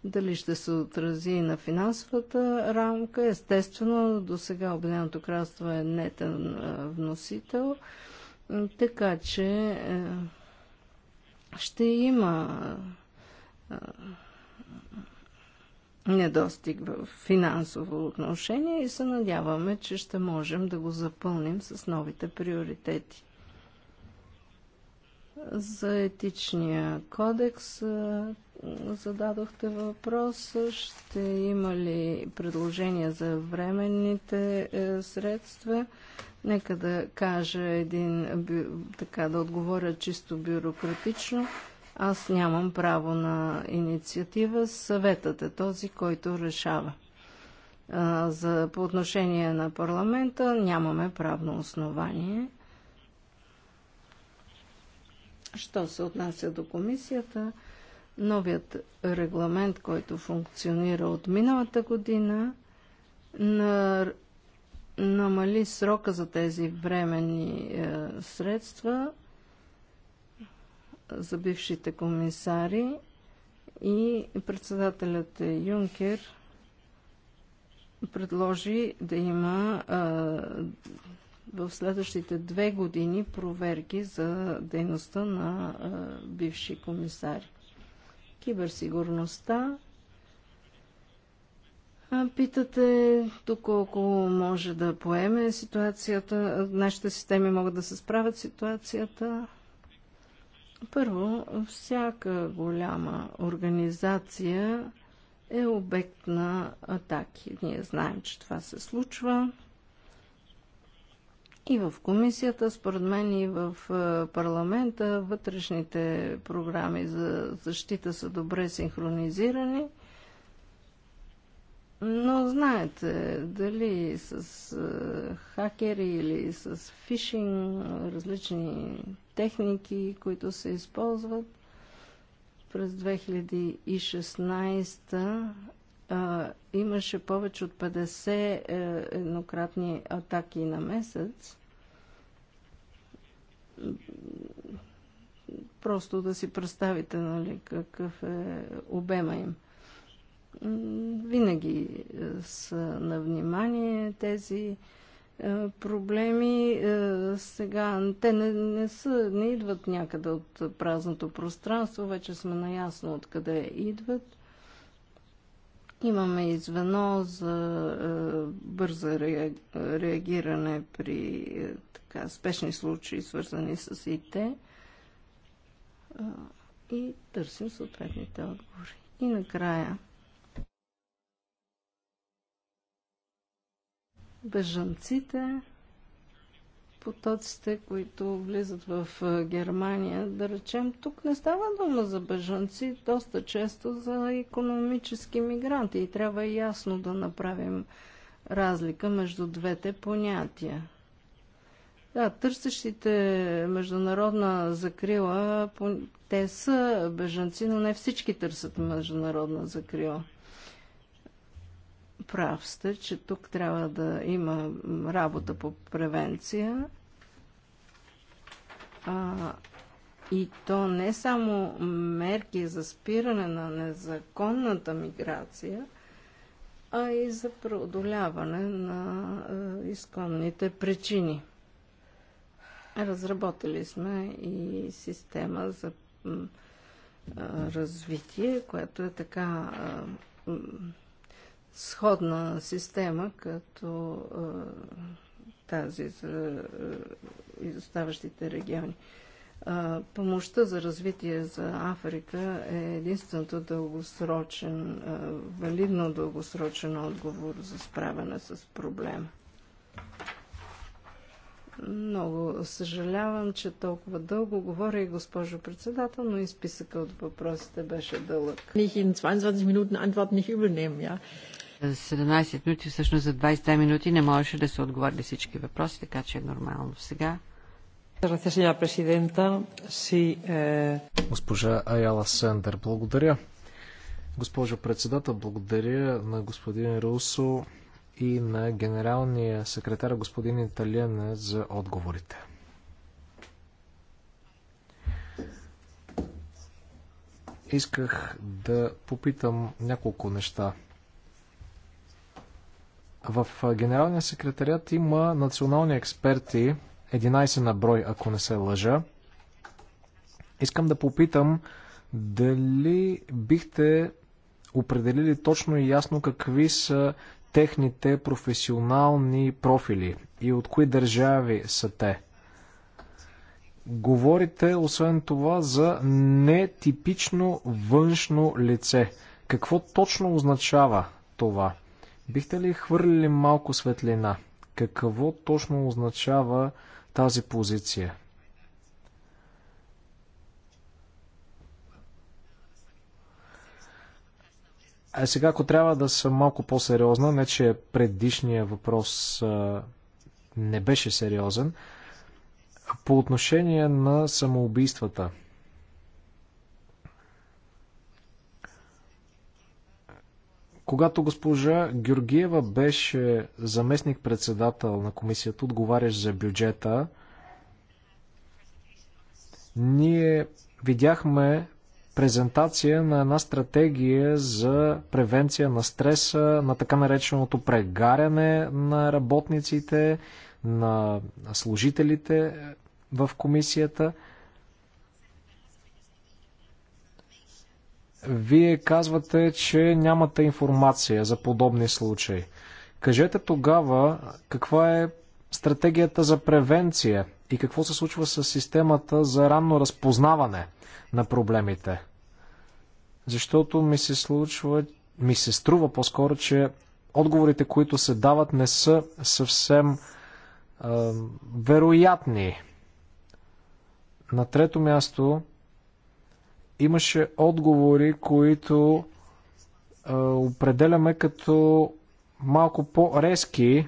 Дали ще се отрази на финансовата рамка? Естествено, до сега Обединеното кралство е нетен вносител, така че е, ще има недостиг в финансово отношение и се надяваме, че ще можем да го запълним с новите приоритети. За етичния кодекс зададохте въпрос. Ще има ли предложения за временните е, средства? Нека да кажа един, така да отговоря чисто бюрократично. Аз нямам право на инициатива. Съветът е този, който решава. За, по отношение на парламента нямаме правно основание. Що се отнася до комисията, новият регламент, който функционира от миналата година, на... намали срока за тези временни е, средства за бившите комисари и председателят Юнкер предложи да има е, в следващите две години проверки за дейността на бивши комисари. Киберсигурността. Питате доколко може да поеме ситуацията, нашите системи могат да се справят ситуацията. Първо, всяка голяма организация е обект на атаки. Ние знаем, че това се случва. И в комисията, според мен и в е, парламента, вътрешните програми за защита са добре синхронизирани. Но знаете, дали с е, хакери или с фишинг, различни техники, които се използват, през 2016 а, имаше повече от 50 е, еднократни атаки на месец. Просто да си представите нали, какъв е обема им. Винаги е, са на внимание тези е, проблеми сега, те не, не, са, не идват някъде от празното пространство, вече сме наясно откъде идват. Имаме и звено за е, бърза реагиране при е, така, спешни случаи, свързани с ИТ. Е, и търсим съответните отговори. И накрая. Бежанците потоците, които влизат в Германия, да речем, тук не става дума за бежанци, доста често за економически мигранти и трябва ясно да направим разлика между двете понятия. Да, търсещите международна закрила, те са бежанци, но не всички търсят международна закрила. Прав сте, че тук трябва да има работа по превенция. А, и то не само мерки за спиране на незаконната миграция, а и за преодоляване на изконните причини. Разработили сме и система за развитие, която е така сходна система, като тази за изоставащите региони. Помощта за развитие за Африка е единственото дългосрочен, валидно дългосрочен отговор за справяне с проблема. Много съжалявам, че толкова дълго говоря и госпожо председател, но и списъка от въпросите беше дълъг. Ich in 22 Minuten Antwort не. ja. 17 минути, всъщност за 22 минути не можеше да се отговори всички въпроси, така че е нормално сега. Eh, Госпожа Аяла Сендер, благодаря. Госпожо председател, благодаря на господин Русо и на генералния секретар господин Италиен за отговорите. Исках да попитам няколко неща в Генералния секретарят има национални експерти, 11 на брой, ако не се лъжа. Искам да попитам дали бихте определили точно и ясно какви са техните професионални профили и от кои държави са те. Говорите, освен това, за нетипично външно лице. Какво точно означава това? Бихте ли хвърлили малко светлина? Какво точно означава тази позиция? А е, сега, ако трябва да съм малко по-сериозна, не че предишния въпрос а, не беше сериозен, по отношение на самоубийствата – Когато госпожа Георгиева беше заместник-председател на комисията, отговарящ за бюджета, ние видяхме презентация на една стратегия за превенция на стреса, на така нареченото прегаряне на работниците, на служителите в комисията – Вие казвате, че нямате информация за подобни случаи. Кажете тогава каква е стратегията за превенция и какво се случва с системата за ранно разпознаване на проблемите. Защото ми се случва, ми се струва по-скоро, че отговорите, които се дават, не са съвсем е, вероятни. На трето място, Имаше отговори, които а, определяме като малко по-резки,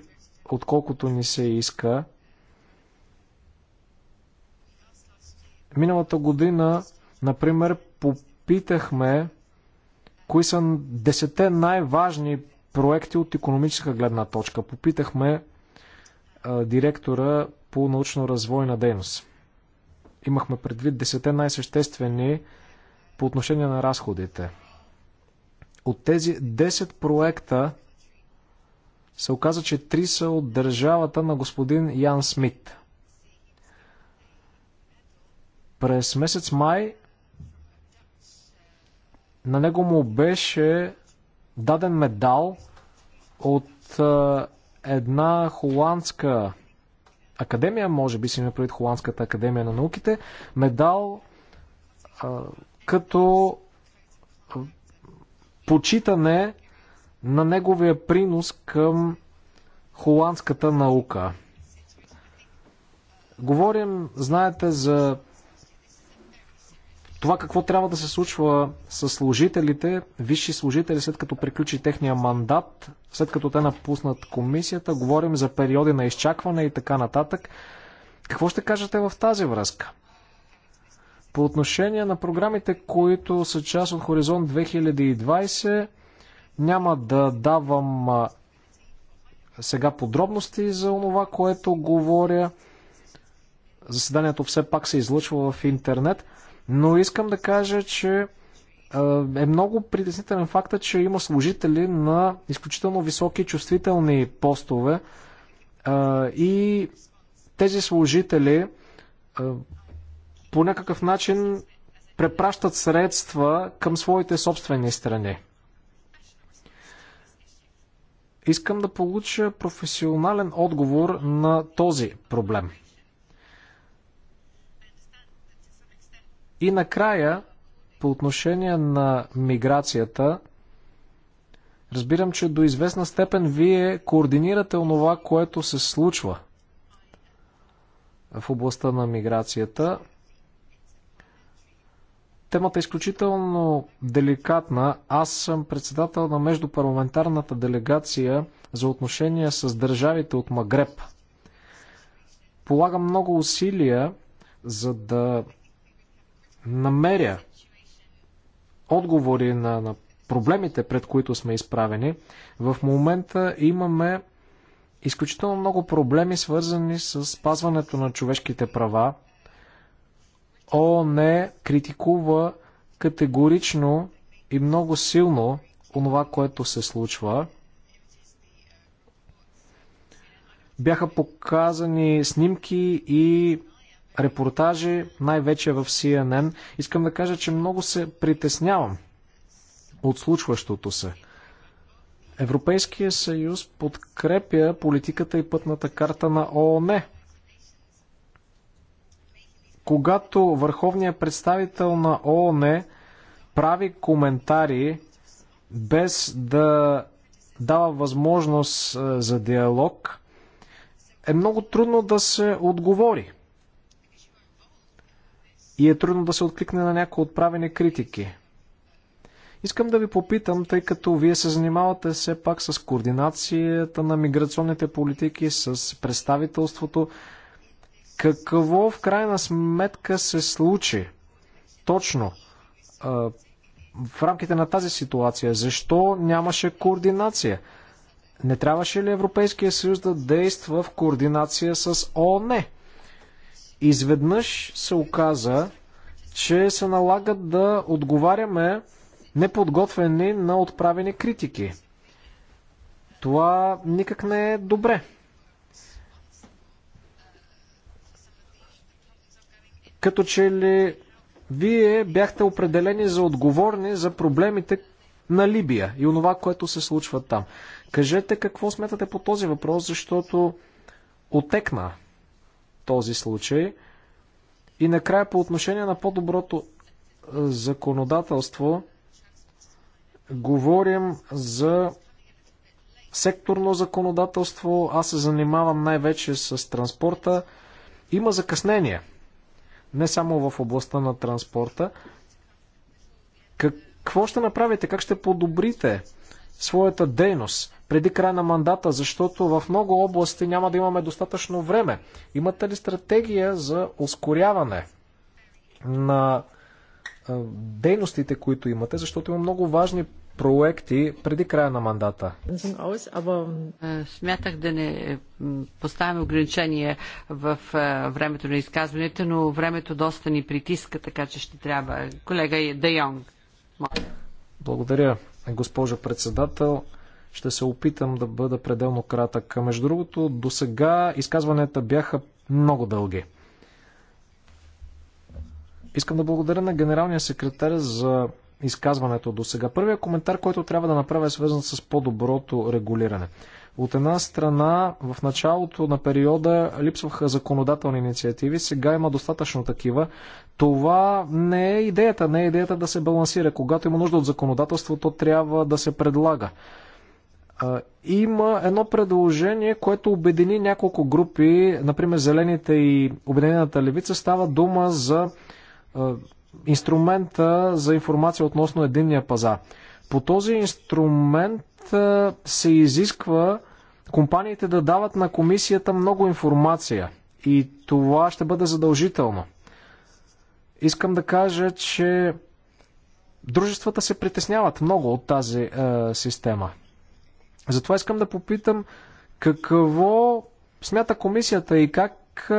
отколкото ни се иска. Миналата година, например, попитахме кои са десете най-важни проекти от економическа гледна точка. Попитахме а, директора по научно-развойна дейност. Имахме предвид десете най-съществени по отношение на разходите. От тези 10 проекта се оказа, че 3 са от държавата на господин Ян Смит. През месец май на него му беше даден медал от една холандска академия, може би си направи Холандската академия на науките, медал като почитане на неговия принос към холандската наука. Говорим, знаете, за това какво трябва да се случва с служителите, висши служители, след като приключи техния мандат, след като те напуснат комисията, говорим за периоди на изчакване и така нататък. Какво ще кажете в тази връзка? По отношение на програмите, които са част от Хоризонт 2020, няма да давам сега подробности за това, което говоря. Заседанието все пак се излъчва в интернет, но искам да кажа, че е много притеснителен факта, че има служители на изключително високи чувствителни постове и тези служители по някакъв начин препращат средства към своите собствени страни. Искам да получа професионален отговор на този проблем. И накрая, по отношение на миграцията, разбирам, че до известна степен вие координирате онова, което се случва в областта на миграцията. Темата е изключително деликатна. Аз съм председател на междупарламентарната делегация за отношения с държавите от Магреб. Полагам много усилия, за да намеря отговори на, на проблемите, пред които сме изправени. В момента имаме изключително много проблеми, свързани с спазването на човешките права. ООН критикува категорично и много силно онова, което се случва. Бяха показани снимки и репортажи, най-вече в CNN. Искам да кажа, че много се притеснявам от случващото се. Европейския съюз подкрепя политиката и пътната карта на ООН когато върховният представител на ООН прави коментари без да дава възможност е, за диалог, е много трудно да се отговори. И е трудно да се откликне на някои отправени критики. Искам да ви попитам, тъй като вие се занимавате все пак с координацията на миграционните политики, с представителството, какво в крайна сметка се случи точно в рамките на тази ситуация? Защо нямаше координация? Не трябваше ли Европейския съюз да действа в координация с ООН? Изведнъж се оказа, че се налага да отговаряме неподготвени на отправени критики. Това никак не е добре. Като че ли вие бяхте определени за отговорни за проблемите на Либия и онова, което се случва там. Кажете какво смятате по този въпрос, защото отекна този случай. И накрая по отношение на по-доброто законодателство, говорим за секторно законодателство. Аз се занимавам най-вече с транспорта. Има закъснение не само в областта на транспорта. Какво ще направите? Как ще подобрите своята дейност преди края на мандата, защото в много области няма да имаме достатъчно време? Имате ли стратегия за ускоряване на дейностите, които имате, защото има много важни проекти преди края на мандата. Е, смятах да не поставяме ограничение в е, времето на изказването, но времето доста ни притиска, така че ще трябва. Колега Де Йонг. Благодаря, госпожо председател. Ще се опитам да бъда пределно кратък. Между другото, до сега изказванията бяха много дълги. Искам да благодаря на генералния секретар за изказването до сега. Първият коментар, който трябва да направя е свързан с по-доброто регулиране. От една страна, в началото на периода липсваха законодателни инициативи, сега има достатъчно такива. Това не е идеята, не е идеята да се балансира. Когато има нужда от законодателство, то трябва да се предлага. Има едно предложение, което обедини няколко групи, например Зелените и Обединената левица, става дума за инструмента за информация относно единния пазар. По този инструмент се изисква компаниите да дават на комисията много информация и това ще бъде задължително. Искам да кажа, че дружествата се притесняват много от тази е, система. Затова искам да попитам какво смята комисията и как е,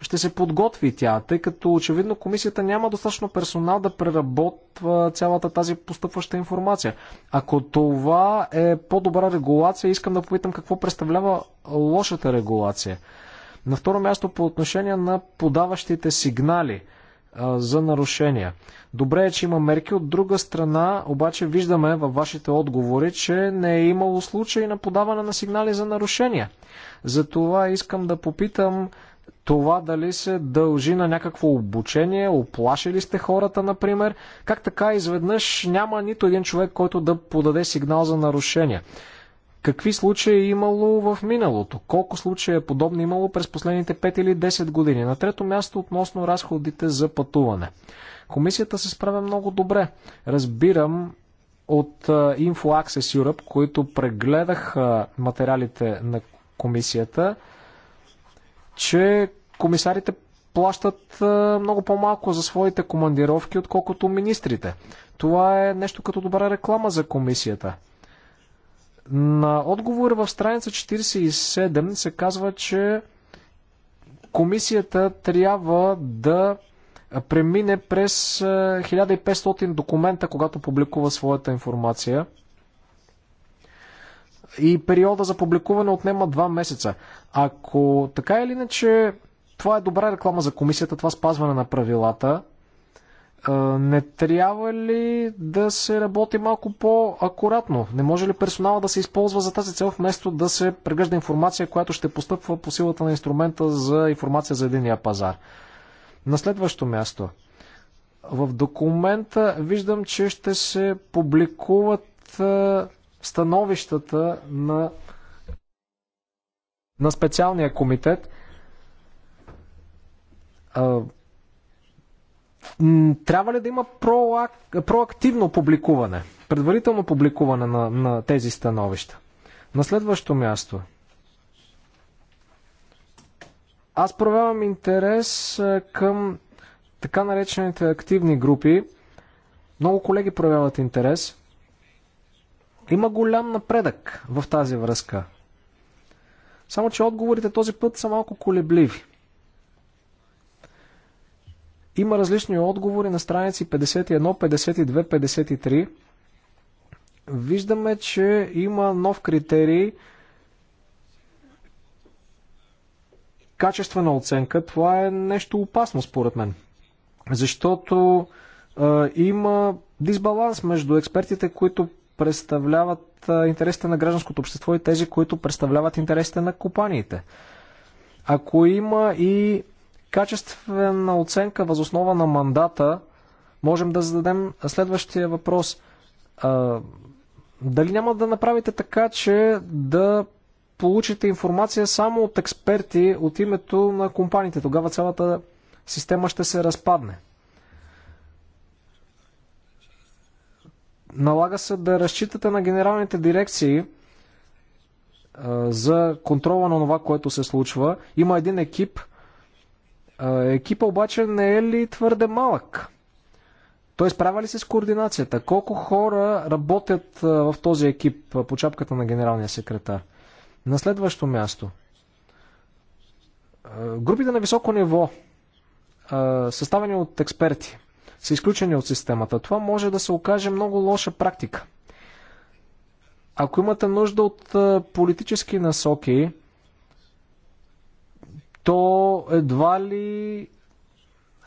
ще се подготви тя, тъй като очевидно комисията няма достатъчно персонал да преработва цялата тази постъпваща информация. Ако това е по-добра регулация, искам да попитам какво представлява лошата регулация. На второ място по отношение на подаващите сигнали а, за нарушения. Добре е, че има мерки. От друга страна, обаче виждаме във вашите отговори, че не е имало случай на подаване на сигнали за нарушения. Затова искам да попитам това дали се дължи на някакво обучение, оплашили сте хората, например. Как така изведнъж няма нито един човек, който да подаде сигнал за нарушение? Какви случаи е имало в миналото? Колко случаи е подобно имало през последните 5 или 10 години? На трето място относно разходите за пътуване. Комисията се справя много добре. Разбирам от InfoAccess Europe, които прегледаха материалите на комисията, че комисарите плащат много по-малко за своите командировки, отколкото министрите. Това е нещо като добра реклама за комисията. На отговор в страница 47 се казва, че комисията трябва да премине през 1500 документа, когато публикува своята информация. И периода за публикуване отнема 2 месеца. Ако така или иначе това е добра реклама за комисията, това спазване на правилата. Не трябва ли да се работи малко по-акуратно? Не може ли персонала да се използва за тази цел, вместо да се прегъжда информация, която ще постъпва по силата на инструмента за информация за единия пазар? На следващо място. В документа виждам, че ще се публикуват становищата на, на специалния комитет трябва ли да има проактивно публикуване, предварително публикуване на, на тези становища? На следващо място. Аз проявявам интерес към така наречените активни групи. Много колеги проявяват интерес. Има голям напредък в тази връзка. Само, че отговорите този път са малко колебливи. Има различни отговори на страници 51, 52, 53. Виждаме, че има нов критерий качествена оценка. Това е нещо опасно, според мен. Защото е, има дисбаланс между експертите, които представляват интересите на гражданското общество и тези, които представляват интересите на компаниите. Ако има и качествена оценка възоснова на мандата, можем да зададем следващия въпрос. А, дали няма да направите така, че да получите информация само от експерти от името на компаниите? Тогава цялата система ще се разпадне. Налага се да разчитате на генералните дирекции за контрола на това, което се случва. Има един екип, Екипа обаче не е ли твърде малък? Той справя ли се с координацията? Колко хора работят в този екип по чапката на генералния секретар? На следващо място. Групите на високо ниво, съставени от експерти, са изключени от системата. Това може да се окаже много лоша практика. Ако имате нужда от политически насоки, то едва ли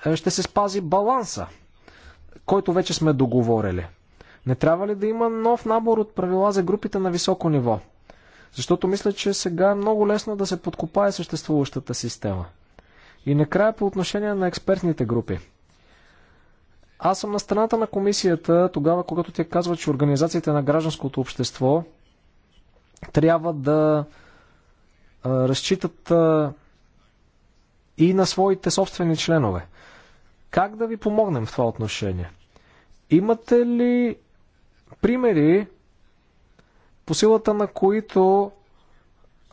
е, ще се спази баланса, който вече сме договорили. Не трябва ли да има нов набор от правила за групите на високо ниво? Защото мисля, че сега е много лесно да се подкопае съществуващата система. И накрая по отношение на експертните групи. Аз съм на страната на комисията тогава, когато тя казва, че организациите на гражданското общество трябва да разчитат и на своите собствени членове. Как да ви помогнем в това отношение? Имате ли примери, по силата на които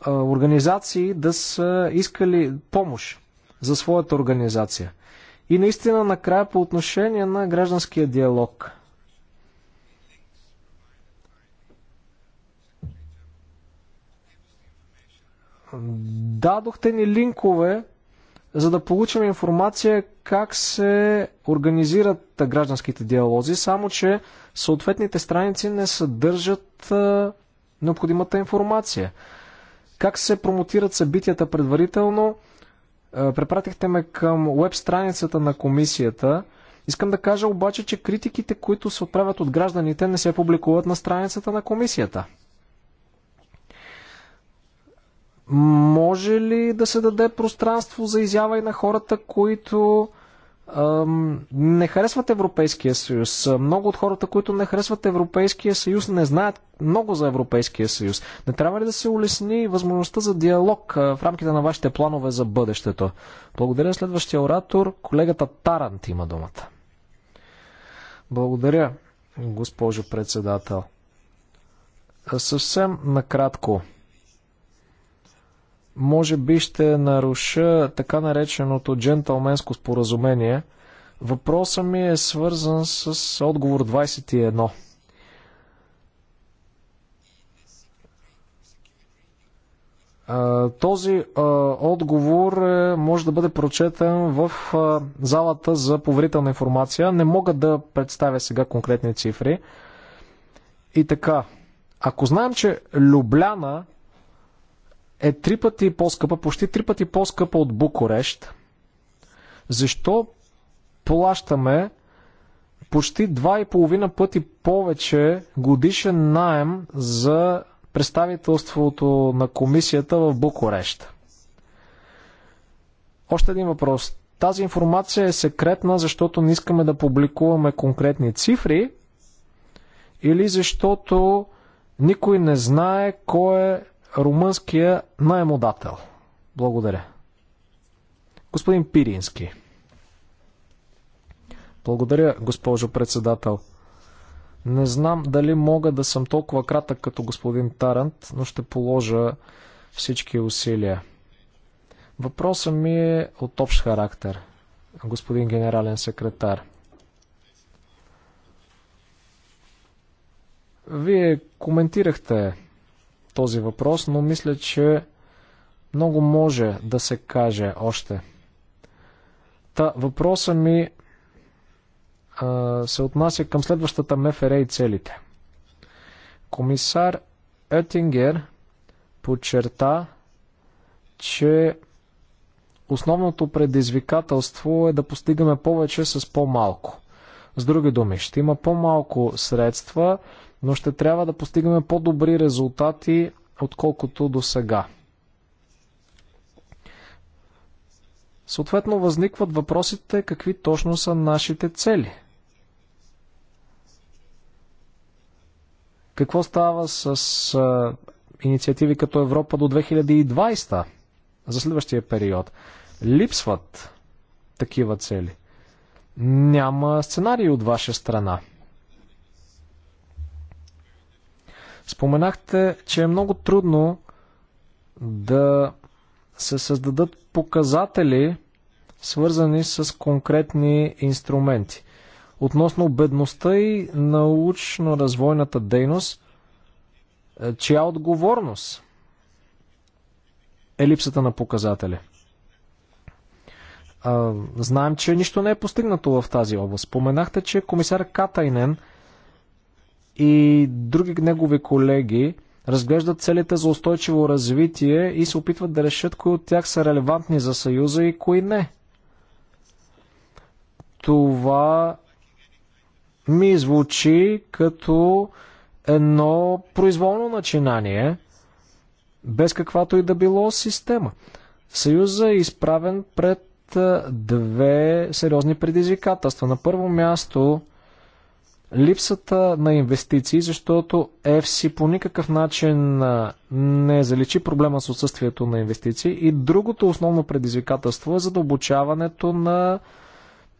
а, организации да са искали помощ за своята организация? И наистина накрая по отношение на гражданския диалог. Дадохте ни линкове за да получим информация как се организират гражданските диалози, само че съответните страници не съдържат необходимата информация. Как се промотират събитията предварително? Препратихте ме към веб страницата на комисията. Искам да кажа обаче, че критиките, които се отправят от гражданите, не се публикуват на страницата на комисията. Може ли да се даде пространство за изява и на хората, които не харесват Европейския съюз. Много от хората, които не харесват Европейския съюз, не знаят много за Европейския съюз. Не трябва ли да се улесни възможността за диалог в рамките на вашите планове за бъдещето? Благодаря. Следващия оратор, колегата Тарант има думата. Благодаря, госпожо председател. Съвсем накратко може би ще наруша така нареченото джентълменско споразумение. Въпросът ми е свързан с отговор 21. Този отговор е, може да бъде прочетен в залата за поверителна информация. Не мога да представя сега конкретни цифри. И така, ако знаем, че Любляна е три пъти по-скъпа, почти три пъти по-скъпа от Букурещ. Защо плащаме почти два и половина пъти повече годишен найем за представителството на комисията в Букурещ? Още един въпрос. Тази информация е секретна, защото не искаме да публикуваме конкретни цифри или защото никой не знае кой е румънския наемодател. Благодаря. Господин Пирински. Благодаря, госпожо председател. Не знам дали мога да съм толкова кратък като господин Тарант, но ще положа всички усилия. Въпросът ми е от общ характер, господин генерален секретар. Вие коментирахте този въпрос, но мисля, че много може да се каже още. Та, въпроса ми а, се отнася към следващата МФР и целите. Комисар Етингер подчерта, че основното предизвикателство е да постигаме повече с по-малко. С други думи, ще има по-малко средства, но ще трябва да постигаме по-добри резултати, отколкото до сега. Съответно възникват въпросите какви точно са нашите цели. Какво става с а, инициативи като Европа до 2020 за следващия период? Липсват такива цели. Няма сценарии от ваша страна. Споменахте, че е много трудно да се създадат показатели, свързани с конкретни инструменти. Относно бедността и научно-развойната дейност, е, чия отговорност е липсата на показатели? Знаем, че нищо не е постигнато в тази област. Споменахте, че комисар Катайнен – и други негови колеги разглеждат целите за устойчиво развитие и се опитват да решат кои от тях са релевантни за Съюза и кои не. Това ми звучи като едно произволно начинание, без каквато и да било система. Съюза е изправен пред две сериозни предизвикателства. На първо място липсата на инвестиции, защото FC по никакъв начин не заличи проблема с отсъствието на инвестиции. И другото основно предизвикателство е задълбочаването на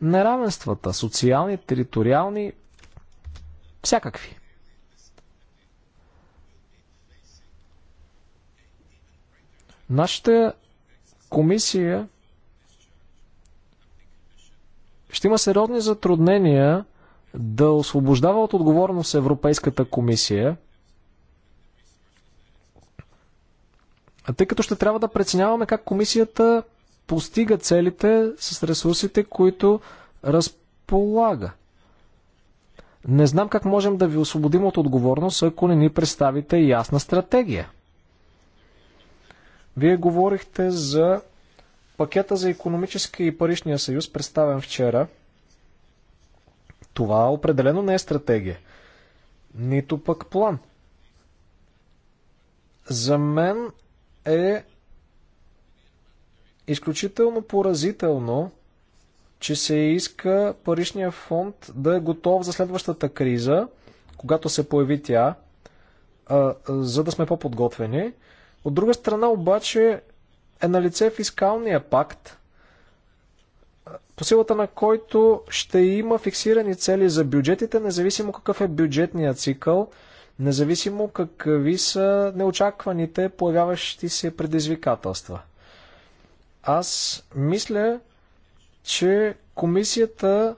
неравенствата социални, териториални, всякакви. Нашата комисия ще има сериозни затруднения да освобождава от отговорност Европейската комисия, тъй като ще трябва да преценяваме как комисията постига целите с ресурсите, които разполага. Не знам как можем да ви освободим от отговорност, ако не ни представите ясна стратегия. Вие говорихте за пакета за економически и паричния съюз, представен вчера – това определено не е стратегия. Нито пък план. За мен е изключително поразително, че се иска паричния фонд да е готов за следващата криза, когато се появи тя, за да сме по-подготвени. От друга страна обаче е на лице фискалния пакт, по силата на който ще има фиксирани цели за бюджетите, независимо какъв е бюджетният цикъл, независимо какви са неочакваните появяващи се предизвикателства. Аз мисля, че комисията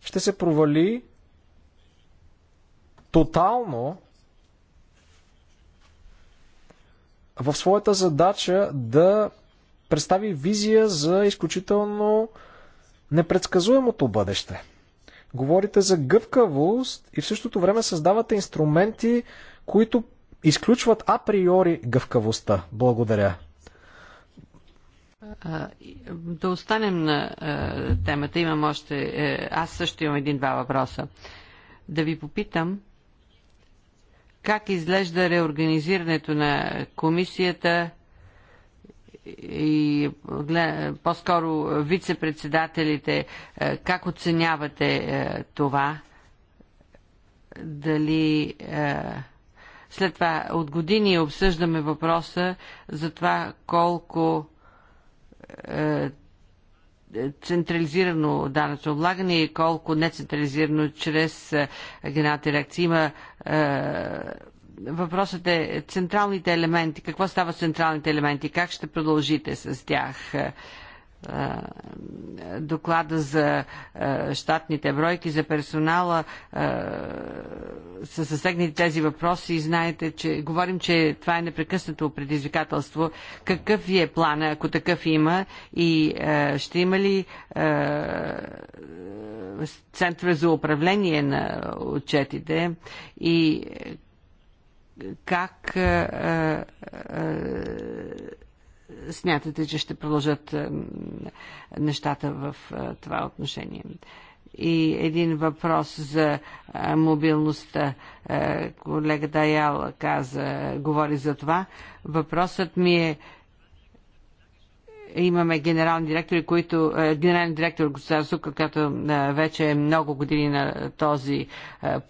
ще се провали тотално в своята задача да представи визия за изключително непредсказуемото бъдеще. Говорите за гъвкавост и в същото време създавате инструменти, които изключват априори гъвкавостта. Благодаря. Да останем на темата. Имам още. Е, аз също имам един-два въпроса. Да ви попитам как изглежда реорганизирането на комисията и по-скоро вице-председателите, е, как оценявате е, това? Дали е, след това от години обсъждаме въпроса за това колко централизирано данъчно облагане и колко нецентрализирано чрез генерална дирекция. Има въпросът е централните елементи. Какво става с централните елементи? Как ще продължите с тях? Е, е, доклада за е, щатните бройки, за персонала са засегнати тези въпроси и знаете, че говорим, че това е непрекъснато предизвикателство. Какъв ви е плана, ако такъв има и ще има ли центрове за управление на отчетите и как смятате, че ще продължат нещата в това отношение? И един въпрос за мобилността. Колегата Даял каза, говори за това. Въпросът ми е имаме генерални директори, които, генерален директор Государство, като вече е много години на този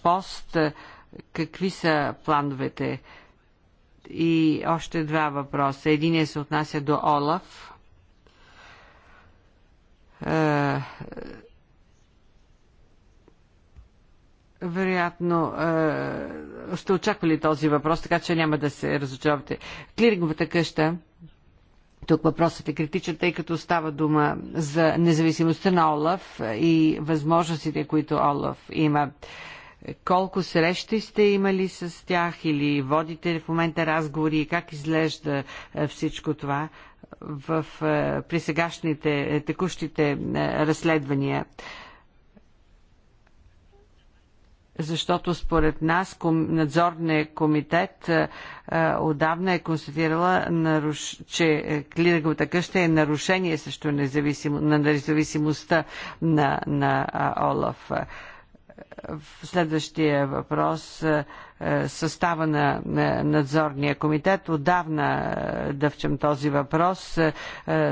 пост, Какви са плановете? И още два въпроса. Единият се отнася до Олаф. Е, вероятно е, сте очаквали този въпрос, така че няма да се разочаровате. Клиринговата къща. Тук въпросът е критичен, тъй като става дума за независимостта на Олаф и възможностите, които Олаф има. Е, колко срещи сте имали с тях или водите в момента разговори и как изглежда е, всичко това в, е, при сегашните, е, текущите разследвания? защото според нас надзорният комитет отдавна е констатирала, че клиниката къща е нарушение срещу независимо, на независимостта на, на Олаф в следващия въпрос е, е, състава на надзорния комитет. Отдавна е, дъвчам този въпрос.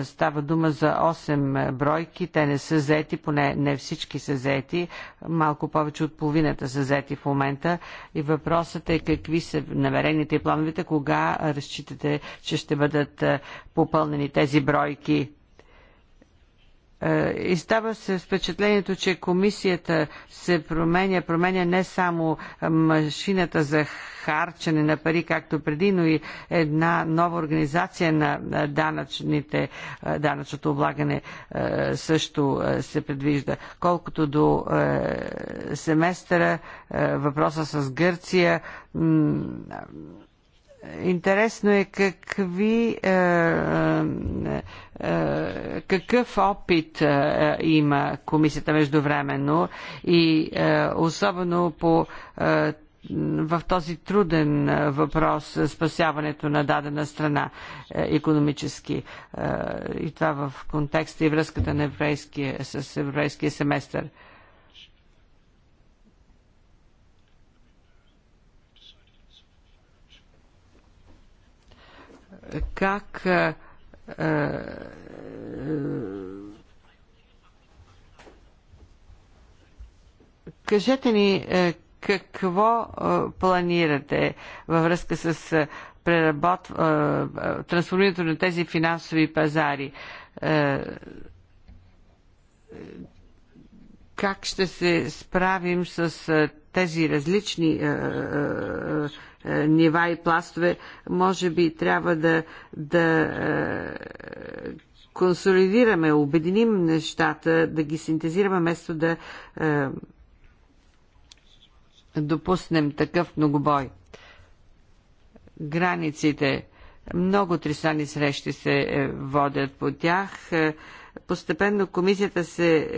Става дума за 8 бройки. Те не са заети, поне не всички са заети. Малко повече от половината са заети в момента. И въпросът е какви са намерените и плановете, кога разчитате, че ще бъдат попълнени тези бройки е, Издава се впечатлението, че комисията се променя, променя не само е, машината за харчене на пари, както преди, но и една нова организация на данъчните, е, данъчното облагане също се предвижда. Колкото до семестъра, въпроса с Гърция, Интересно е какви, е, е, е, какъв опит има комисията междувременно и особено по в този труден въпрос спасяването на дадена страна економически и това в контекста и връзката на еврейския, с еврейския семестър. как кажете ни какво планирате във връзка с преработ... трансформирането на тези финансови пазари? Как ще се справим с тези различни е, нива и пластове, може би трябва да, да е, консолидираме, обединим нещата, да ги синтезираме, вместо да е, допуснем такъв многобой. Границите. Много тристани срещи се водят по тях. Постепенно комисията се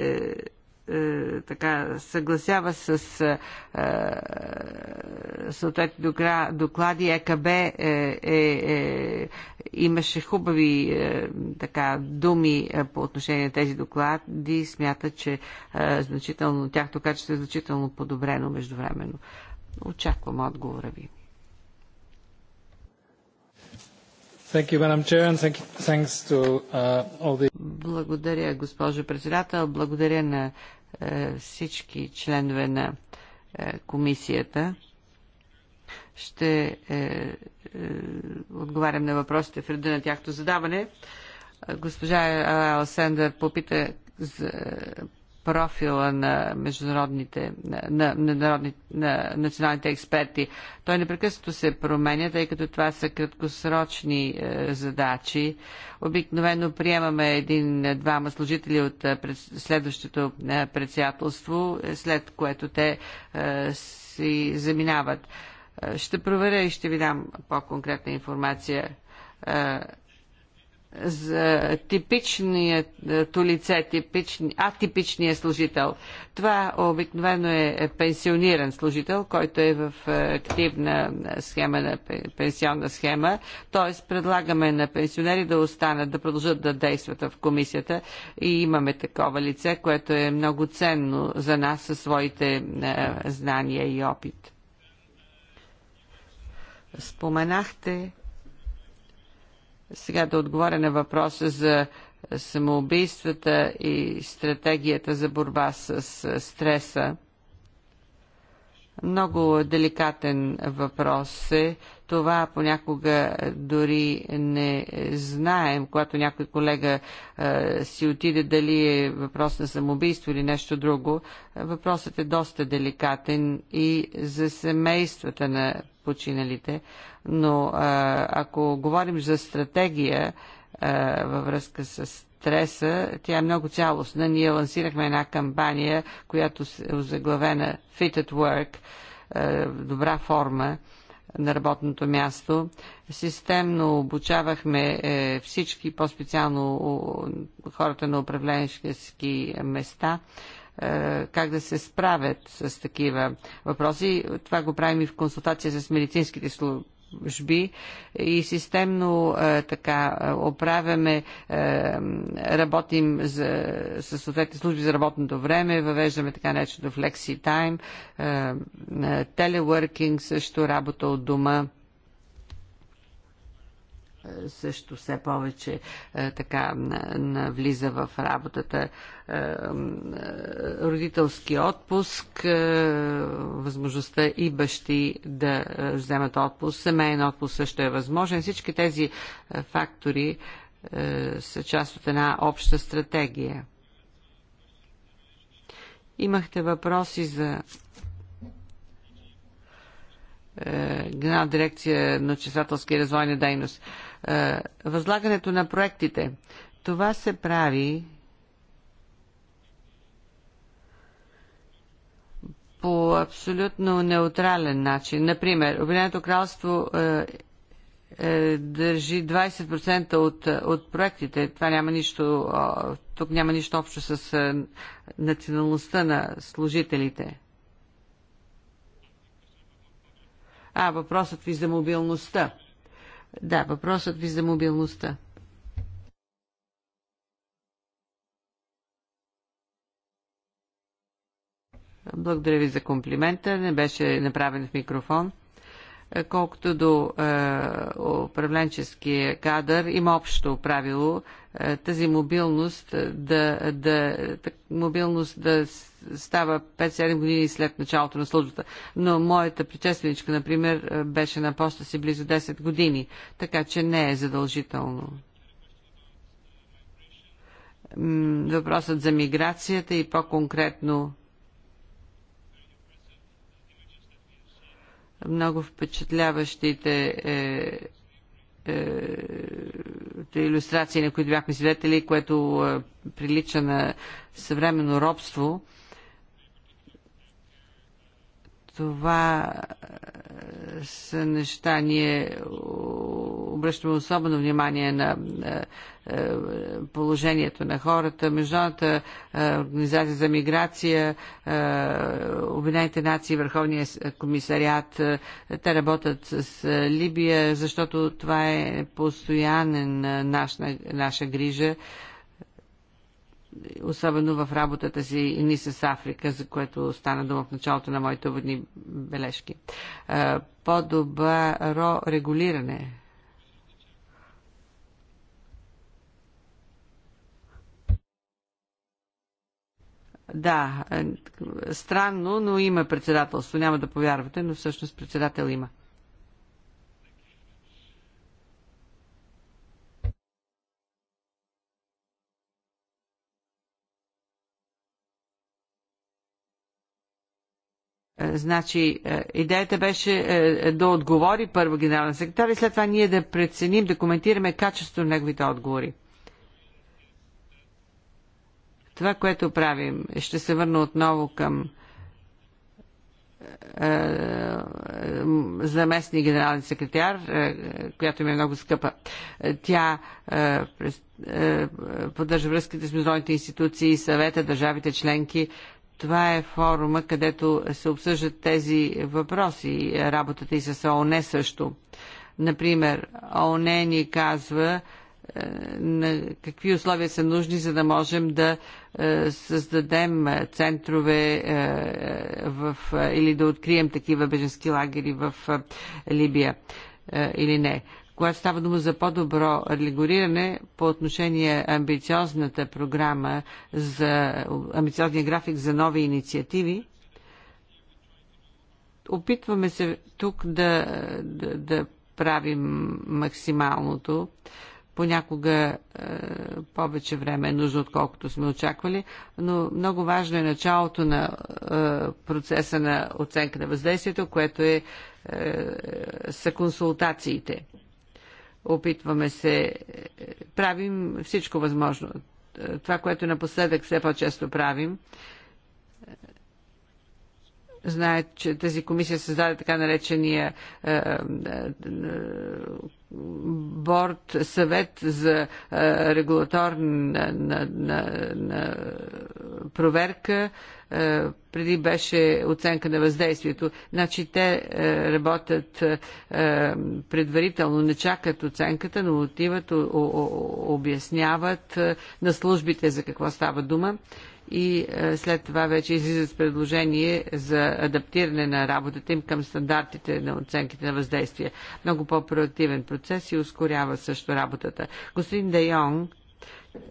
е, така, съгласява с е, е съответни доклади. ЕКБ е, е, е, имаше хубави е, така, думи е, по отношение на тези доклади. Смята, че е, значително, тяхто качество е значително подобрено междувременно. Очаквам отговора ви. Благодаря, госпожо председател. Благодаря на е, всички членове на е, комисията. Ще е, отговарям на въпросите в реда на тяхто задаване. Госпожа Алсендър попита профила на международните, на, на, на националните експерти. Той непрекъснато се променя, тъй като това са краткосрочни е, задачи. Обикновено приемаме един-двама служители от е, следващото е, председателство, е, след което те е, си заминават. Е, ще проверя и ще ви дам по-конкретна информация. Е, за типичният лице, типични, атипичния служител. Това обикновено е пенсиониран служител, който е в е, активна схема на пенсионна схема. Тоест предлагаме на пенсионери да останат, да продължат да действат в комисията и имаме такова лице, което е много ценно за нас със своите е, знания и опит. Споменахте сега да отговоря на въпроса за самоубийствата и стратегията за борба с стреса. Много деликатен въпрос е. Това понякога дори не знаем, когато някой колега а, е, си отиде дали е въпрос на самоубийство или нещо друго. Въпросът е доста деликатен и за семействата на починалите, но ако говорим за стратегия във връзка с стреса. Тя е много цялостна. Ние лансирахме една кампания, която е озаглавена Fit at Work, добра форма на работното място. Системно обучавахме е, всички, по-специално хората на управленски места, е, как да се справят с такива въпроси. Това го правим и в консултация с медицинските служби жби и системно е, така е, оправяме, е, работим за, с съответните служби за работното време, въвеждаме така нещо flexi time, тайм, е, телеворкинг също, работа от дома също все повече е, така навлиза в работата. Е, е, родителски отпуск, възможността и бащи да вземат отпуск, семейен отпуск също е възможен. Всички тези фактори са част от една обща стратегия. Имахте въпроси за Генерална дирекция на чесателски и развойна дейност. Е, възлагането на проектите. Това се прави по абсолютно неутрален начин. Например, Обединеното кралство е, е, държи 20% от, от проектите. Това няма нищо, тук няма нищо общо с е, националността на служителите. А, въпросът ви за мобилността. Да, въпросът ви за мобилността. Благодаря ви за комплимента. Не беше направен в микрофон. Е, колкото до е, управленческия кадър, има общо правило е, тази мобилност да, да, мобилност да става 5-7 години след началото на службата. Но моята предшественичка, например, беше на поста си близо 10 години, така че не е задължително. Въпросът за миграцията и по-конкретно много впечатляващите е, е, иллюстрации, на които бяхме свидетели, което е, прилича на съвременно робство. Това е, са неща, ние обръщаме особено внимание на е, е, положението на хората. Международната организация за миграция, Обединените нации, Върховния комисариат, те работят с Либия, защото това е постоянен наш, наша грижа особено в работата си ни с Африка, за което стана дума в началото на моите водни бележки. Е, по-добро регулиране. Да, е, странно, но има председателство. Няма да повярвате, но всъщност председател има. Е, значи, е, идеята беше е, да отговори първо генерален секретар и след това ние да преценим, да коментираме качеството на неговите отговори. Това, което правим, ще се върна отново към заместни генерален секретар, която ми е много скъпа. Тя поддържа връзките с международните институции, съвета, държавите членки това е форума, където се обсъждат тези въпроси. Работата и с ООН също. Например, ООН ни казва е, на какви условия са нужни, за да можем да е, създадем центрове е, в, или да открием такива беженски лагери в Либия или не когато става дума за по-добро регулиране по отношение амбициозната програма, за амбициозния график за нови инициативи, опитваме се тук да, да, да правим максималното. Понякога е, повече време е нужно, отколкото сме очаквали, но много важно е началото на е, процеса на оценка на въздействието, което е, е, са консултациите. Опитваме се, е, правим всичко възможно. Е, това, което напоследък все по-често правим, знаят, че тази комисия създаде така наречения е, е, борт, съвет за е, регулаторна на, на, на проверка. преди беше оценка на въздействието. Значи те работят предварително, не чакат оценката, но отиват, обясняват на службите за какво става дума и е, след това вече излизат с предложение за адаптиране на работата им към стандартите на оценките на въздействие. Много по-проактивен процес и ускорява също работата. Господин Де Йонг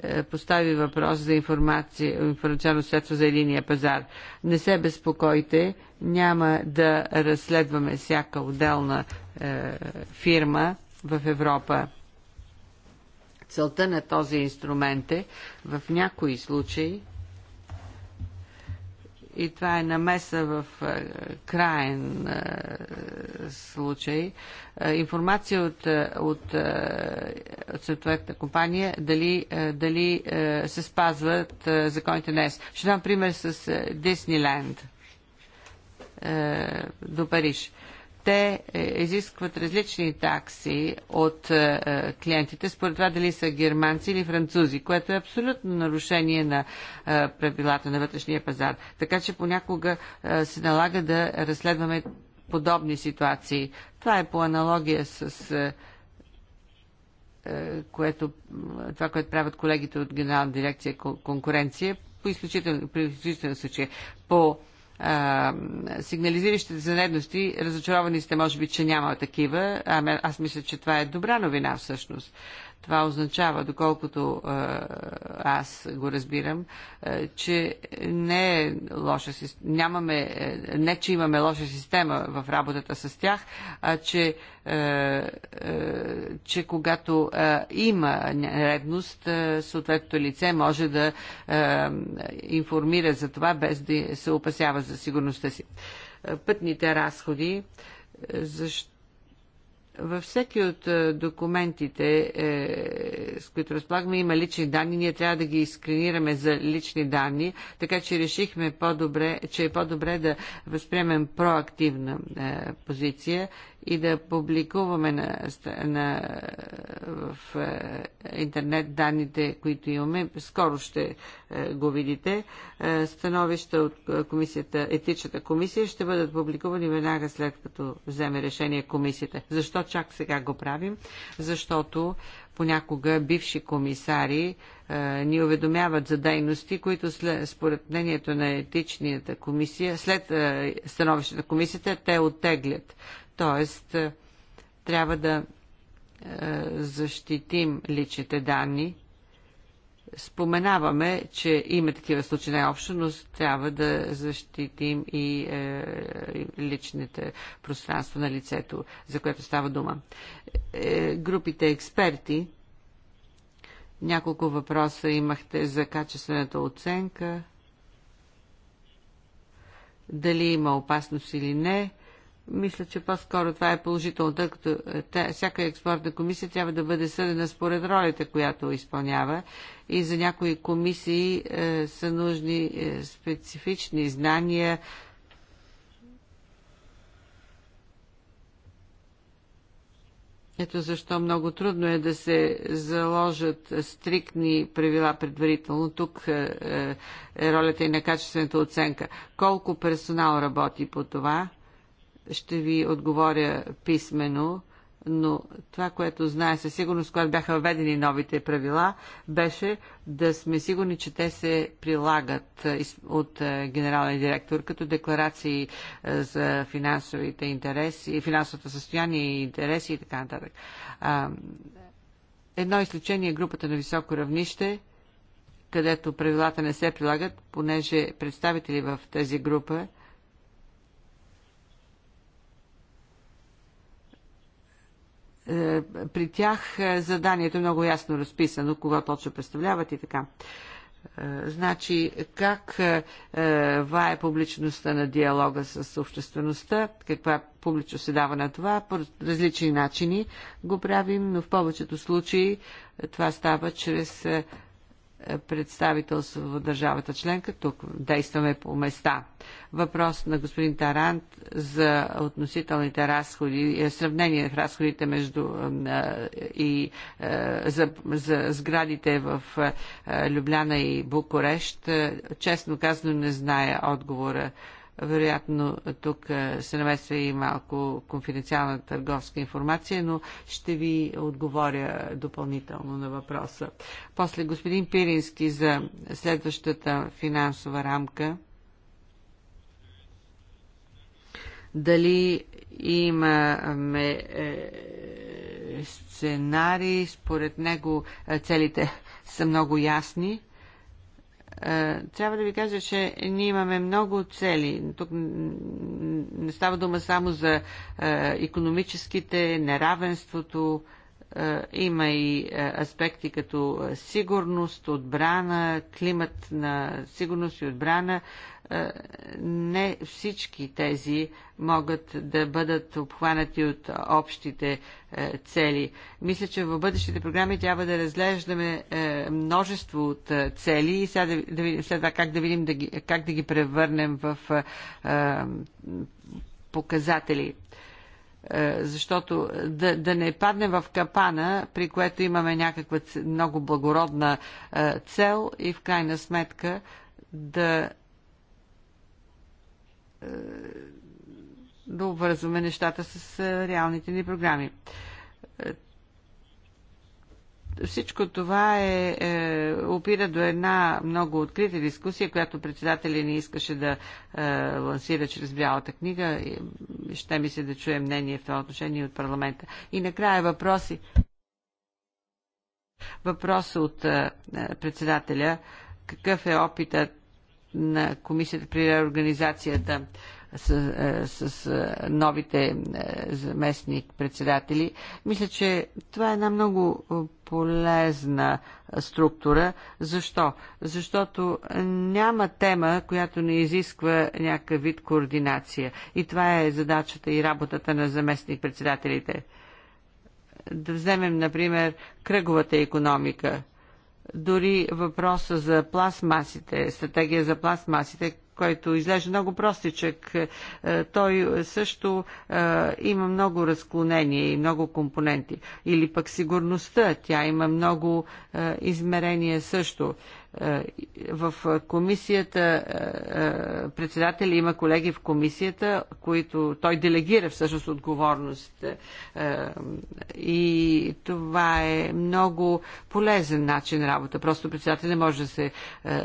е, постави въпрос за информация, информационно средство за единия пазар. Не се безпокойте, няма да разследваме всяка отделна е, фирма в Европа. Целта на този инструмент е в някои случаи и това е намеса в е, крайен е, случай, е, информация от, от, от съответната компания дали, дали се спазват законите днес. Ще дам пример с Дисниленд до Париж те е, изискват различни такси от е, е, клиентите, според това дали са германци или французи, което е абсолютно нарушение на правилата на вътрешния пазар. Така че понякога се налага да разследваме подобни ситуации. Това е по аналогия с което, това, което правят колегите от Генерална дирекция конкуренция, по изключително, при изключително случай. По а, сигнализиращите за недности, разочаровани сте, може би, че няма такива. А, ами, аз мисля, че това е добра новина всъщност. Това означава, доколкото е, аз го разбирам, е, че не е лоша система, нямаме, е, не че имаме лоша система в работата с тях, а че, че когато има редност, съответното лице може да информира за това, без да се опасява за сигурността си. Пътните разходи, защо във всеки от е, документите, е, с които разполагаме, има лични данни. Ние трябва да ги изскринираме за лични данни, така че решихме по-добре, че е по-добре да възприемем проактивна е, позиция и да публикуваме на, на, в е, интернет данните, които имаме. Скоро ще е, го видите. Е, становища от комисията, етичната комисия ще бъдат публикувани веднага след като вземе решение комисията. Защо чак сега го правим? Защото понякога бивши комисари е, ни уведомяват за дейности, които след, според мнението на етичната комисия, след е, становището на комисията, те оттеглят. Тоест, е, трябва да е, защитим личните данни. Споменаваме, че има такива случаи най-общо, но трябва да защитим и е, личните пространства на лицето, за което става дума. Е, групите експерти. Няколко въпроса имахте за качествената оценка. Дали има опасност или не мисля, че по-скоро това е положително, тъй като е, всяка експортна комисия трябва да бъде съдена според ролите, която изпълнява. И за някои комисии е, са нужни е, специфични знания. Ето защо много трудно е да се заложат стриктни правила предварително. Тук е, е, е ролята и на качествената оценка. Колко персонал работи по това? ще ви отговоря писменно, но това, което знае със сигурност, когато бяха введени новите правила, беше да сме сигурни, че те се прилагат е, от е, генералния директор като декларации е, за финансовите интереси, финансовото състояние и интереси и така нататък. Едно изключение е групата на високо равнище, където правилата не се прилагат, понеже представители в тази група Е, при тях е, заданието е много ясно разписано, кога точно представляват и така. Е, значи, как това е публичността на диалога с обществеността, каква публично се дава на това, по различни начини го правим, но в повечето случаи това става чрез представителство в държавата членка. Тук действаме по места. Въпрос на господин Тарант за относителните разходи, е, сравнение в разходите между е, е, и за, за сградите в Любляна и Букурещ. Честно казано не зная отговора вероятно тук се намесва и малко конфиденциална търговска информация, но ще ви отговоря допълнително на въпроса. После господин Пирински за следващата финансова рамка. Дали имаме е, сценарий, според него е, целите са много ясни е, трябва да ви кажа, че ние имаме много цели. Тук не става дума само за економическите, неравенството. Е, има и е, аспекти като сигурност, отбрана, климат на сигурност и отбрана, е, не всички тези могат да бъдат обхванати от общите е, цели. Мисля, че в бъдещите програми трябва да разглеждаме е, множество от цели и сега да видим, след това как да видим да ги, как да ги превърнем в показатели защото да, да не паднем в капана, при което имаме някаква много благородна цел и в крайна сметка да е, да обвързваме нещата с е, реалните ни програми. Е, всичко това е, е, опира до една много открита дискусия, която председателя ни искаше да е, лансира чрез Бялата книга. Ще ми се да чуе мнение в това отношение от парламента. И накрая въпроси. Въпрос от е, председателя. Какъв е опитът на комисията при реорганизацията с, е, с, с е, новите е, заместник председатели. Мисля, че това е една много полезна структура. Защо? Защото няма тема, която не изисква някакъв вид координация. И това е задачата и работата на заместник председателите. Да вземем, например, кръговата економика – дори въпроса за пластмасите, стратегия за пластмасите, който изглежда много простичък, е, той също е, има много разклонения и много компоненти. Или пък сигурността, тя има много е, измерения също. Е, в комисията е, е, председател има колеги в комисията, които той делегира всъщност отговорност. И това е много полезен начин на работа. Просто председател не може да се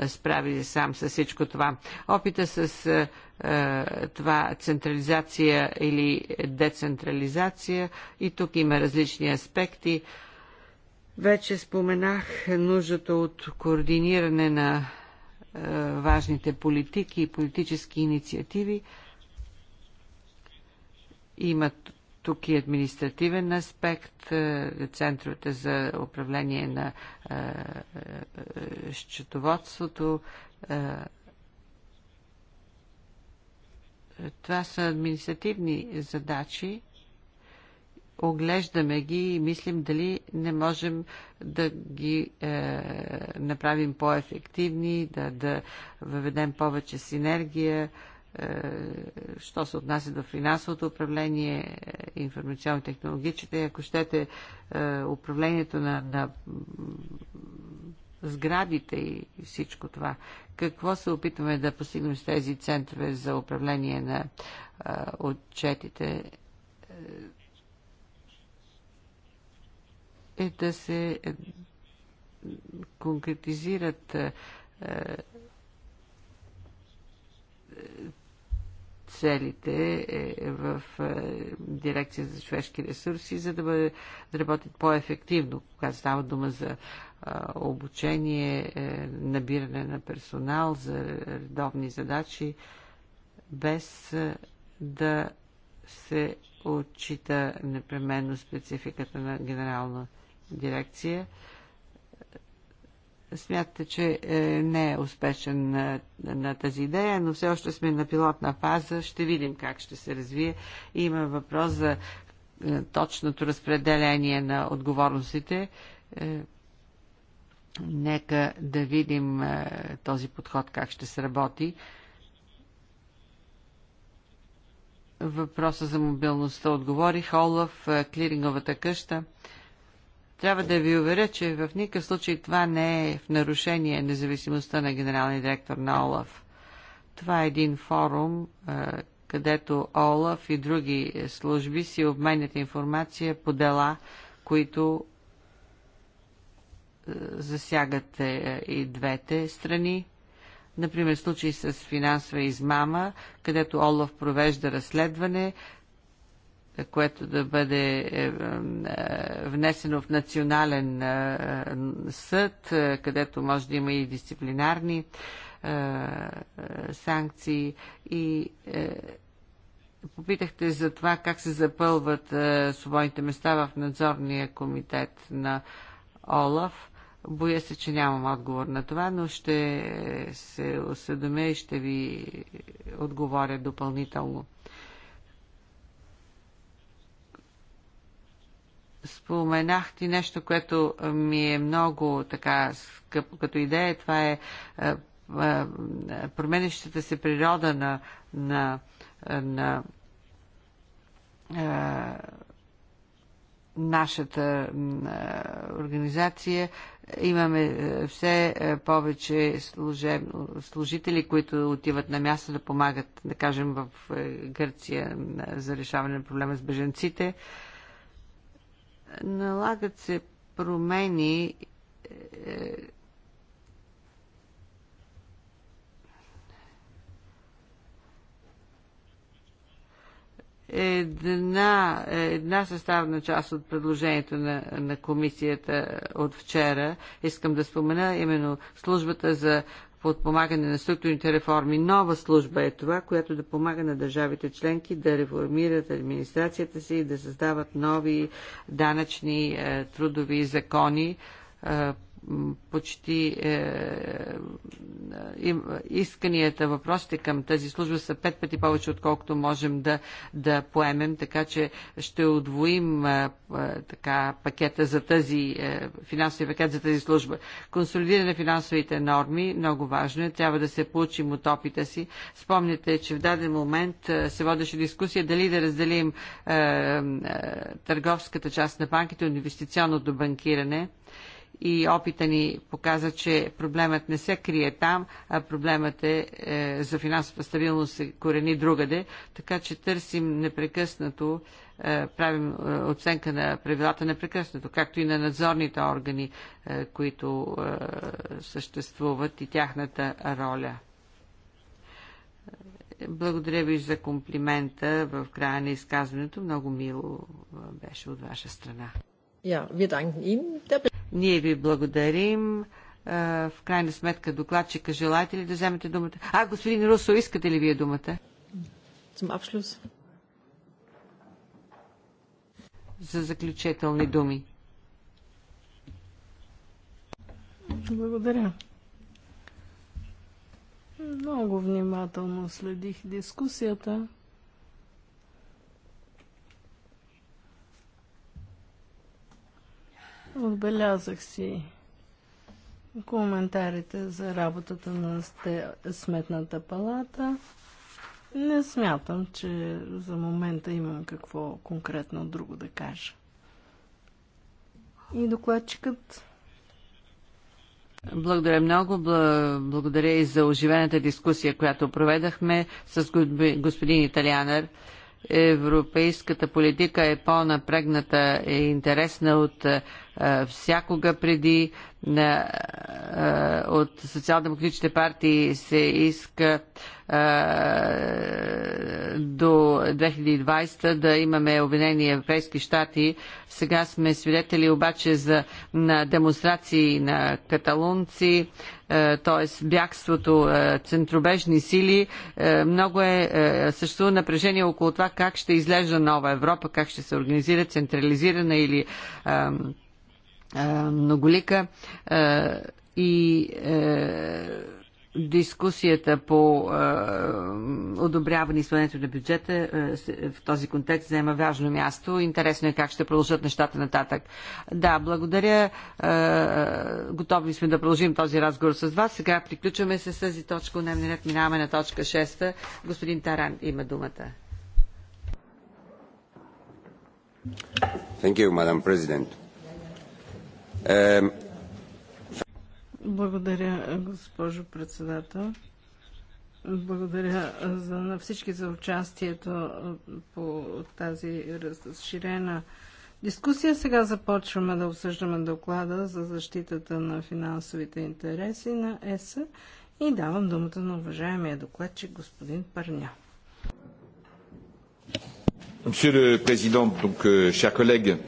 справи сам с всичко това. Опита с това централизация или децентрализация. И тук има различни аспекти. Вече споменах нуждата от координиране на е, важните политики и политически инициативи. Има тук и административен аспект, е, центровете за управление на е, е, счетоводството. Е, е това са административни задачи, оглеждаме ги и мислим дали не можем да ги е, направим по-ефективни, да, да въведем повече синергия, е, що се отнася до финансовото управление, е, информационно-технологичните, ако щете е, управлението на, на сградите и всичко това. Какво се опитваме да постигнем с тези центрове за управление на е, отчетите? Е, е да се е, конкретизират е, целите е, в Дирекция за човешки ресурси, за да, бъде, да работят по-ефективно, когато става дума за обучение, набиране на персонал, за редовни задачи, без да се отчита непременно спецификата на генерална дирекция. Смятате, че е, не е успешен на, е, на тази идея, но все още сме на пилотна фаза. Ще видим как ще се развие. Има въпрос за е, точното разпределение на отговорностите. Нека да видим този подход как ще се работи. Въпроса за мобилността отговорих. Олаф, клиринговата къща. Трябва да ви уверя, че в никакъв случай това не е в нарушение независимостта на генералния директор на ОЛАФ. Това е един форум, е, където ОЛАФ и други служби си обменят информация по дела, които е, засягат е, и двете страни. Например, случай с финансова измама, където Олаф провежда разследване, което да бъде е, е, внесено в национален е, съд, където може да има и дисциплинарни санкции и попитахте за това как се запълват свободните места в надзорния комитет на ОЛАФ. Боя се, че нямам отговор на това, но ще се осведомя и ще ви отговоря допълнително. Споменах ти нещо, което ми е много така скъпо като идея. Това е, е, е променещата се природа на, на, на е, нашата организация. Имаме все повече служеб... служители, които отиват на място да помагат, да кажем, в Гърция за решаване на проблема с беженците. Налагат се промени е, една, една съставна част от предложението на, на комисията от вчера, искам да спомена именно службата за подпомагане на структурните реформи. Нова служба е това, която да помага на държавите членки да реформират администрацията си и да създават нови данъчни е, трудови закони е, почти е, е исканията, въпросите към тази служба са пет пъти повече, отколкото можем да, да поемем, така че ще удвоим е, е така, пакета за тази, е, финансовия пакет за тази служба. Консолидиране финансовите норми, много важно е, трябва да се получим от опита си. Спомняте, че в даден момент е, се водеше дискусия дали да разделим е, е, търговската част на банките от инвестиционното банкиране и опита ни показа, че проблемът не се крие там, а проблемът е, е за финансовата стабилност се корени другаде, така че търсим непрекъснато, е, правим е, оценка на правилата непрекъснато, както и на надзорните органи, е, които е, съществуват и тяхната роля. Благодаря ви за комплимента в края на изказването. Много мило беше от ваша страна. Ja, wir danken Ihnen. Der ние ви благодарим. В крайна сметка докладчика, желаете ли да вземете думата? А, господин Русо, искате ли вие думата? Съм За заключителни думи. Благодаря. Много внимателно следих дискусията. Отбелязах си коментарите за работата на Сметната палата. Не смятам, че за момента имам какво конкретно друго да кажа. И докладчикът. Благодаря много. Благодаря и за оживената дискусия, която проведахме с господин Италианър европейската политика е по-напрегната и е интересна от е, всякога преди. Е, е от социал-демократичните партии се иска е, до 2020 да имаме обвинени Европейски щати. Сега сме свидетели обаче за, на демонстрации на каталунци, т.е. бягството, е, центробежни сили. Е, много е, е също напрежение около това как ще изглежда нова Европа, как ще се организира централизирана или многолика и дискусията по е, одобряване изпълнението на бюджета е, в този контекст взема важно място. Интересно е как ще продължат нещата нататък. Да, благодаря. Е, готови сме да продължим този разговор с вас. Сега приключваме с тази точка. Дневния ред минаваме на точка 6. Господин Таран има думата. Thank you, Madam President. Um, благодаря, госпожо председател. Благодаря за, на всички за участието по тази разширена дискусия. Сега започваме да обсъждаме доклада за защитата на финансовите интереси на ЕС и давам думата на уважаемия докладчик господин Парня. Monsieur le Président, donc, euh, chers collègues,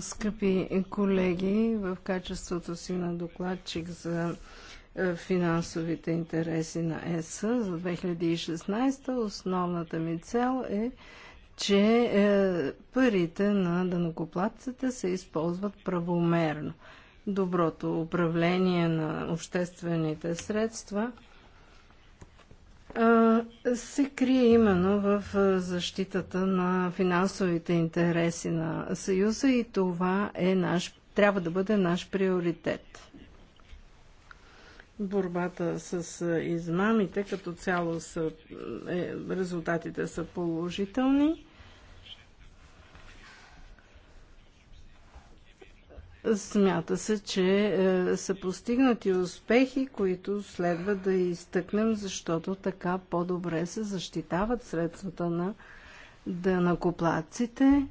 скъпи колеги, в качеството си на докладчик за е, финансовите интереси на ЕС за 2016 основната ми цел е, че е, парите на данокоплатците се използват правомерно. Доброто управление на обществените средства – се крие именно в защитата на финансовите интереси на Съюза и това е наш, трябва да бъде наш приоритет. Борбата с измамите като цяло са, е, резултатите са положителни Смята се, че е, са постигнати успехи, които следва да изтъкнем, защото така по-добре се защитават средствата на дънакоплаците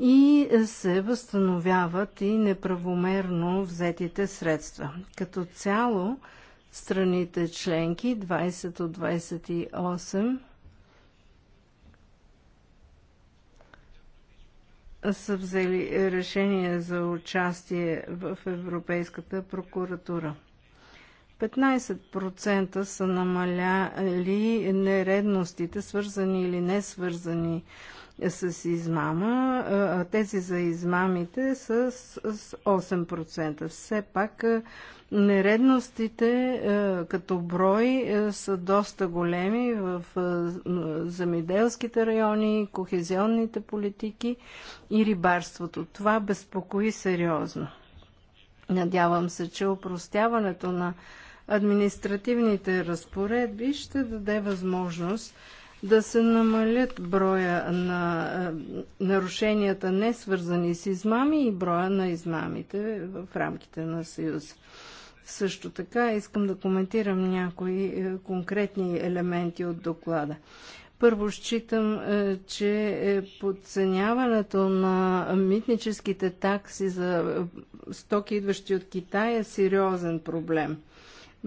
и се възстановяват и неправомерно взетите средства. Като цяло, страните членки 20 от 28 са взели решение за участие в Европейската прокуратура. 15% са намаляли нередностите, свързани или не свързани с измама, а тези за измамите с, с 8%. Все пак нередностите като брой са доста големи в земеделските райони, кохезионните политики и рибарството. Това безпокои сериозно. Надявам се, че упростяването на административните разпоредби ще даде възможност да се намалят броя на е, нарушенията, не свързани с измами и броя на измамите в рамките на съюз. Също така искам да коментирам някои е, конкретни елементи от доклада. Първо считам, е, че подценяването на митническите такси за стоки, идващи от Китай, е сериозен проблем –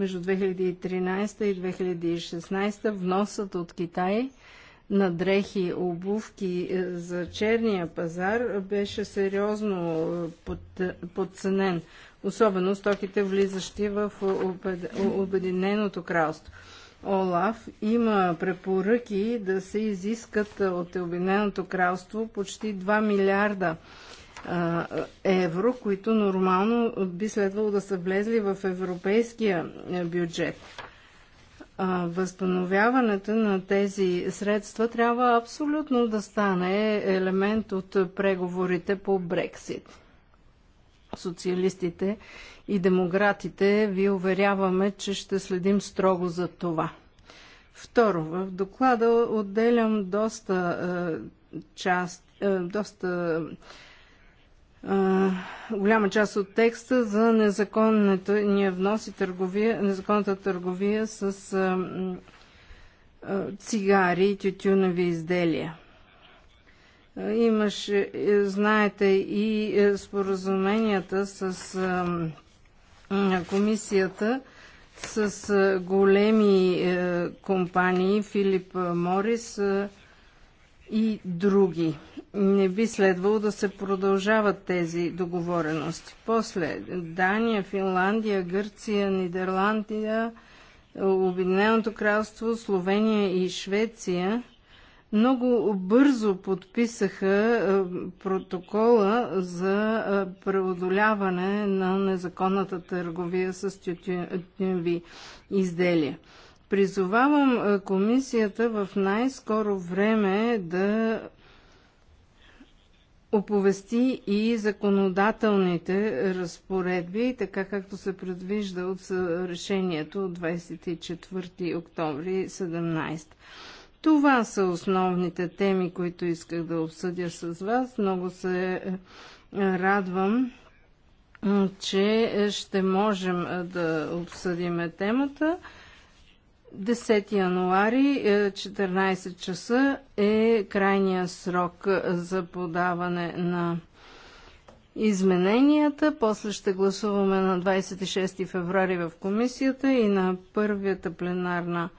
между 2013 и 2016 вносът от Китай на дрехи, обувки е, за черния пазар беше сериозно е, е, подценен, особено стоките влизащи в Обединеното кралство. Олаф има препоръки да се изискат от Обединеното кралство почти 2 милиарда евро, които нормално би следвало да са влезли в европейския е, бюджет. Възстановяването на тези средства трябва абсолютно да стане елемент от преговорите по Брексит. Социалистите и демократите ви уверяваме, че ще следим строго за това. Второ, в доклада отделям доста е, част, е, доста е, голяма част от текста за незаконната ние внос и търговия, незаконната търговия с а, а, цигари и тютюнови изделия. Имаше, е, знаете, и е, споразуменията с а, комисията с а, големи а, е, компании, Филип Морис а, и други не би следвало да се продължават тези договорености. После Дания, Финландия, Гърция, Нидерландия, Обединеното кралство, Словения и Швеция много бързо подписаха е, протокола за е, преодоляване на незаконната търговия с тютюнови изделия. Призовавам е, комисията в най-скоро време да оповести и законодателните разпоредби, така както се предвижда от решението от 24 октомври 17. Това са основните теми, които исках да обсъдя с вас. Много се е, радвам, че ще можем е, да обсъдим темата. 10 януари, 14 е, часа е крайния срок за подаване на измененията. После ще гласуваме на 26 феврари в комисията и на първията пленарна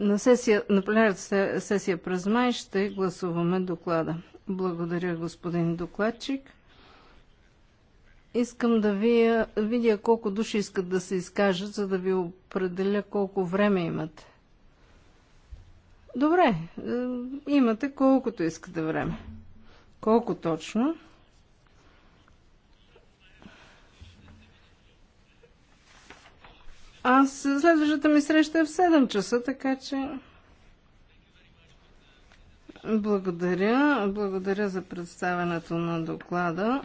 на, сесия, на пленарната сесия през май ще гласуваме доклада. Благодаря, господин докладчик. Искам да ви, видя колко души искат да се изкажат, за да ви определя колко време имате. Добре, е, имате колкото искате време. Колко точно? Аз следващата ми среща е в 7 часа, така че... Благодаря. Благодаря за представенето на доклада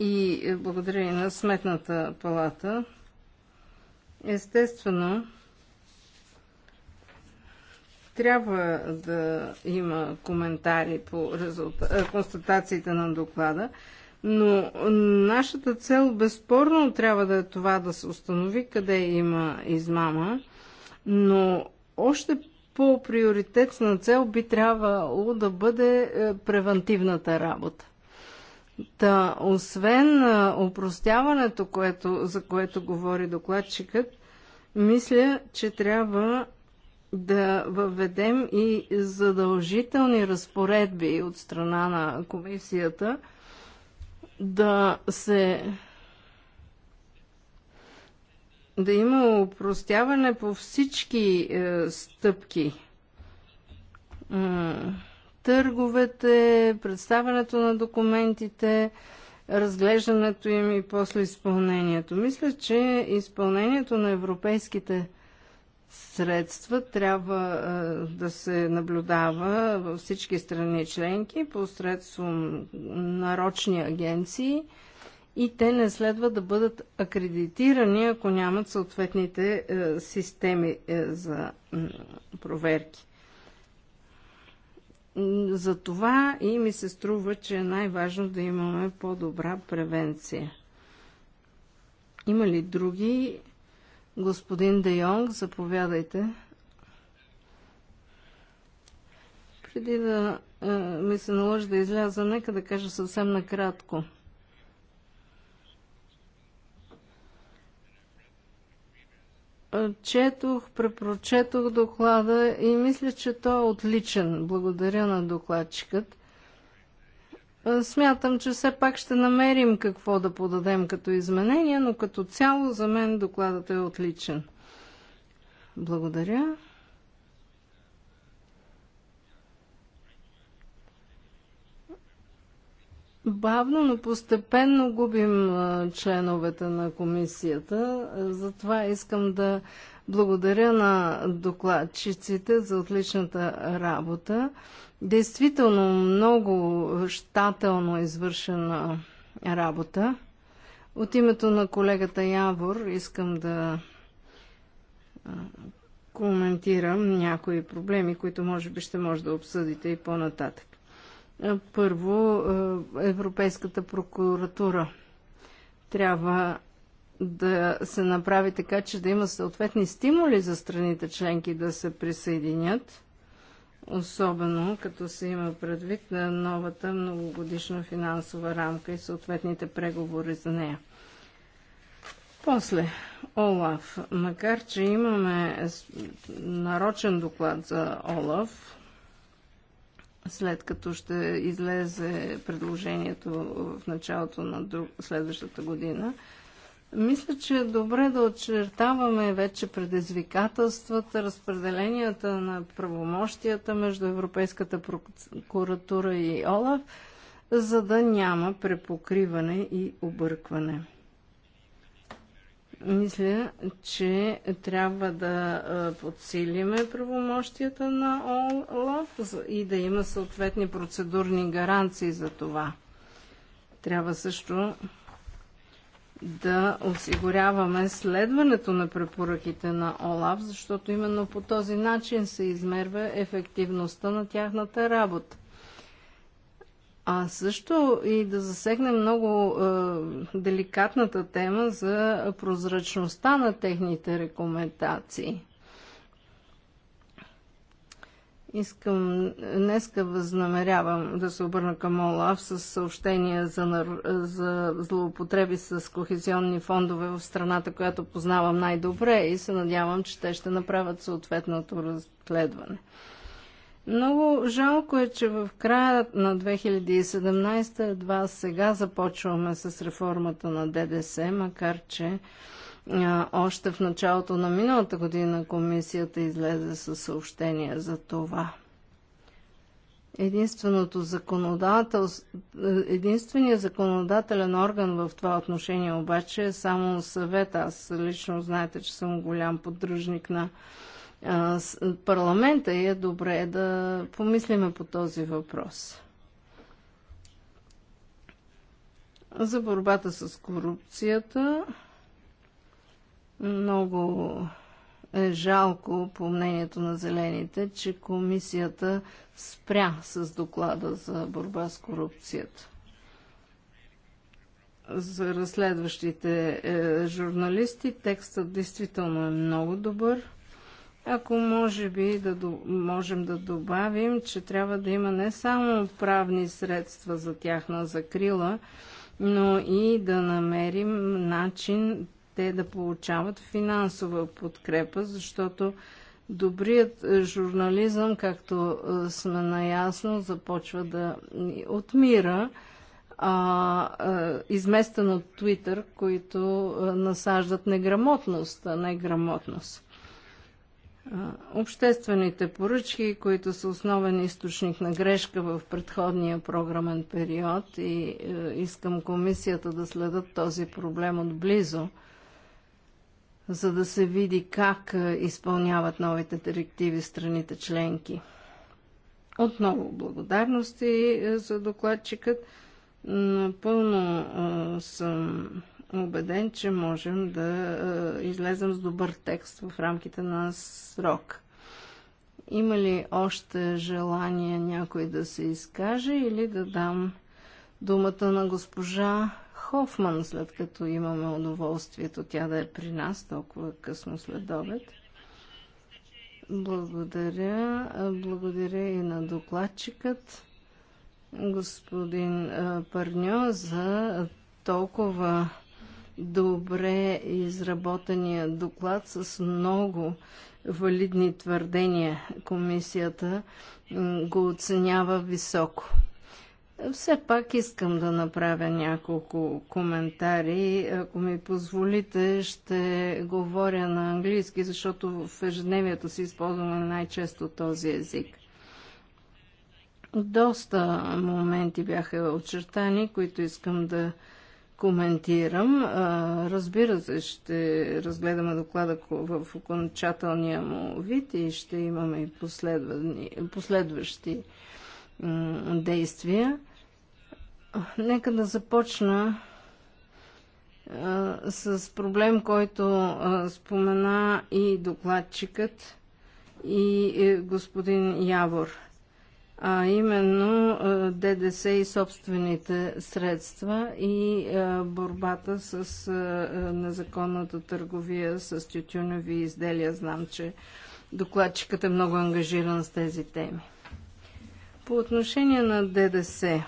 и е, благодарение на Сметната палата. Естествено, трябва да има коментари по резулта... Е, констатациите на доклада, но нашата цел безспорно трябва да е това да се установи къде има измама, но още по-приоритетна цел би трябвало да бъде е, превентивната работа. Та, освен опростяването, което, за което говори докладчикът, мисля, че трябва да въведем и задължителни разпоредби от страна на комисията да се да има упростяване по всички е, стъпки търговете, представянето на документите, разглеждането им и после изпълнението. Мисля, че изпълнението на европейските средства трябва а, да се наблюдава във всички страни членки посредством нарочни агенции и те не следва да бъдат акредитирани, ако нямат съответните е, системи е, за проверки. За това и ми се струва, че е най-важно да имаме по-добра превенция. Има ли други? Господин Де Йонг, заповядайте. Преди да е, ми се наложи да изляза, нека да кажа съвсем накратко – четох, препрочетох доклада и мисля, че той е отличен. Благодаря на докладчикът. Смятам, че все пак ще намерим какво да подадем като изменение, но като цяло за мен докладът е отличен. Благодаря. Бавно, но постепенно губим членовете на комисията. Затова искам да благодаря на докладчиците за отличната работа. Действително много щателно извършена работа. От името на колегата Явор искам да коментирам някои проблеми, които може би ще може да обсъдите и по-нататък. Е, първо, е, Европейската прокуратура трябва да се направи така, че да има съответни стимули за страните членки да се присъединят, особено като се има предвид на новата многогодишна финансова рамка и съответните преговори за нея. После, Олаф. Макар, че имаме нарочен доклад за Олаф, след като ще излезе предложението в началото на друг, следващата година. Мисля, че е добре да очертаваме вече предизвикателствата, разпределенията на правомощията между Европейската прокуратура и ОЛАФ, за да няма препокриване и объркване. Мисля, че трябва да подсилиме правомощията на ОЛАФ и да има съответни процедурни гаранции за това. Трябва също да осигуряваме следването на препоръките на ОЛАФ, защото именно по този начин се измерва ефективността на тяхната работа а също и да засегнем много е, деликатната тема за прозрачността на техните рекомендации. Искам, днеска възнамерявам да се обърна към ОЛАВ с съобщения за, нар... за злоупотреби с кохезионни фондове в страната, която познавам най-добре и се надявам, че те ще направят съответното разследване. Много жалко е, че в края на 2017 едва сега започваме с реформата на ДДС, макар че а, още в началото на миналата година комисията излезе със съобщение за това. Единственото законодател... Единственият законодателен орган в това отношение обаче е само съвет. Аз лично знаете, че съм голям поддръжник на парламента и е добре да помислиме по този въпрос. За борбата с корупцията много е жалко, по мнението на зелените, че комисията спря с доклада за борба с корупцията. За разследващите е, журналисти текстът действително е много добър. Ако може би да до, можем да добавим, че трябва да има не само правни средства за тяхна закрила, но и да намерим начин те да получават финансова подкрепа, защото добрият е, журнализъм, както е, сме наясно, започва да отмира а, а, е, изместен от Твитър, които а, насаждат неграмотност, а не грамотност. Обществените поръчки, които са основен източник на грешка в предходния програмен период и е, искам комисията да следат този проблем отблизо, за да се види как е, изпълняват новите директиви страните членки. Отново благодарности е, за докладчикът. Напълно съм убеден, че можем да е, излезем с добър текст в рамките на срок. Има ли още желание някой да се изкаже или да дам думата на госпожа Хофман, след като имаме удоволствието тя да е при нас толкова късно след обед? Благодаря. Е, благодаря и на докладчикът, господин е, Парньо, за толкова добре изработения доклад с много валидни твърдения. Комисията го оценява високо. Все пак искам да направя няколко коментари. Ако ми позволите, ще говоря на английски, защото в ежедневието си използваме най-често този език. Доста моменти бяха очертани, които искам да коментирам. Разбира се, ще разгледаме доклада в окончателния му вид и ще имаме и последващи действия. Нека да започна с проблем, който спомена и докладчикът, и е, господин Явор – а именно ДДС и собствените средства и борбата с незаконната търговия с тютюневи изделия. Знам, че докладчикът е много ангажиран с тези теми. По отношение на ДДС,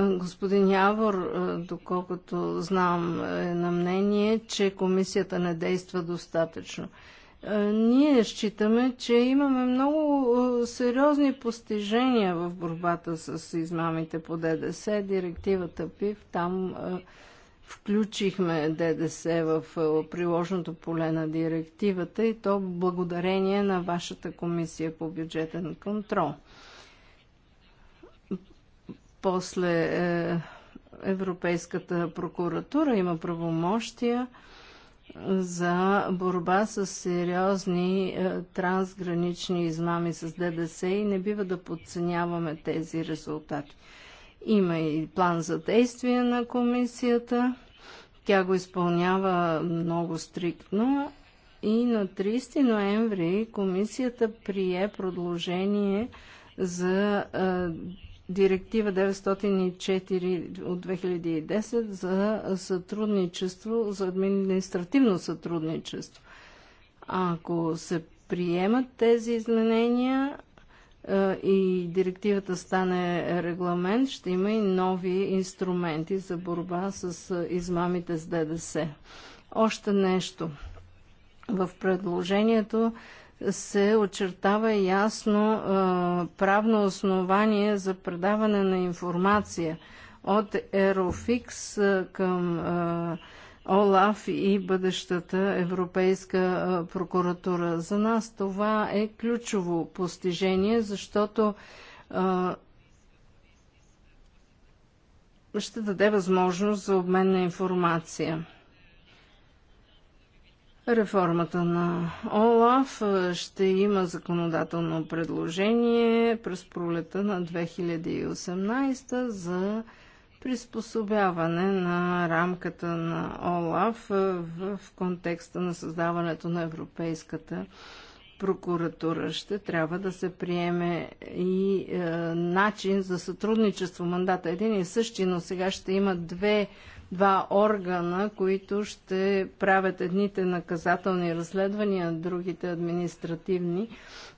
Господин Явор, доколкото знам, е на мнение, че комисията не действа достатъчно ние считаме, че имаме много сериозни постижения в борбата с измамите по ДДС. Директивата ПИВ, там включихме ДДС в приложното поле на директивата и то благодарение на вашата комисия по бюджетен контрол. После е, Европейската прокуратура има правомощия за борба с сериозни е, трансгранични измами с ДДС и не бива да подценяваме тези резултати. Има и план за действие на комисията. Тя го изпълнява много стриктно и на 30 ноември комисията прие продължение за е, Директива 904 от 2010 за сътрудничество, за административно сътрудничество. Ако се приемат тези изменения е, и директивата стане регламент, ще има и нови инструменти за борба с е, измамите с ДДС. Още нещо. В предложението се очертава ясно а, правно основание за предаване на информация от Ерофикс към а, ОЛАФ и бъдещата Европейска а, прокуратура. За нас това е ключово постижение, защото а, ще даде възможност за обмен на информация реформата на ОЛАФ. Е, ще има законодателно предложение през пролета на 2018 за приспособяване на рамката на ОЛАФ е, в контекста на създаването на Европейската прокуратура. Ще трябва да се приеме и е, начин за сътрудничество. Мандата е един и същи, но сега ще има две два органа, които ще правят едните наказателни разследвания, другите административни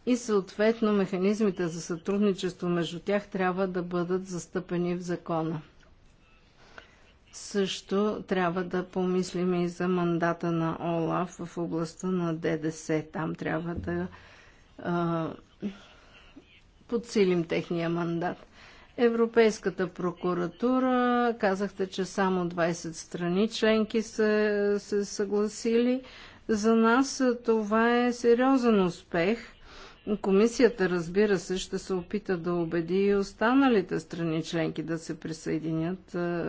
и съответно механизмите за сътрудничество между тях трябва да бъдат застъпени в закона. Също трябва да помислим и за мандата на ОЛАФ в областта на ДДС. Там трябва да а, подсилим техния мандат. Европейската прокуратура, казахте, че само 20 страни членки са се съгласили. За нас това е сериозен успех. Комисията, разбира се, ще се опита да убеди и останалите страни членки да се присъединят е,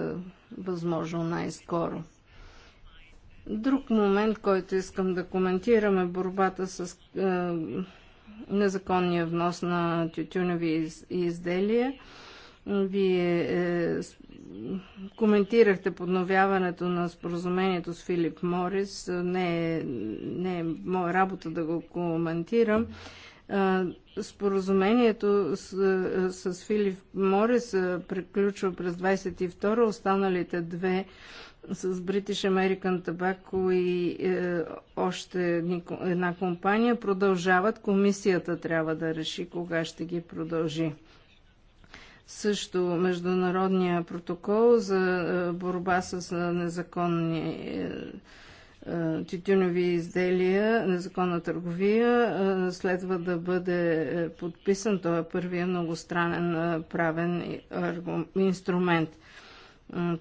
възможно най-скоро. Друг момент, който искам да коментирам е борбата с е, незаконния внос на тютюневи из изделия. Вие е, коментирахте подновяването на споразумението с Филип Морис. Не е, не е моя работа да го коментирам. Е, споразумението с, е, с Филип Морис е, приключва през 22 Останалите две с British American Tobacco и е, още една компания продължават. Комисията трябва да реши кога ще ги продължи също международния протокол за е, борба с е, незаконни е, тютюневи изделия, незаконна търговия, следва да бъде подписан. Той е първият многостранен правен инструмент.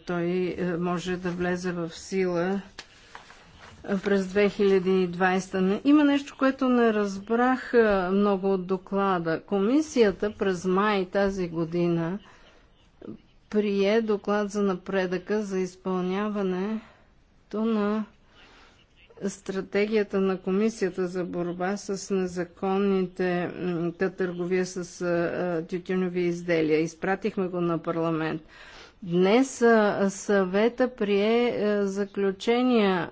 Той може да влезе в сила през 2020. Има нещо, което не разбрах много от доклада. Комисията през май тази година прие доклад за напредъка за изпълняването на стратегията на Комисията за борба с незаконните търговия с тютюневи изделия. Изпратихме го на парламент. Днес съвета прие заключения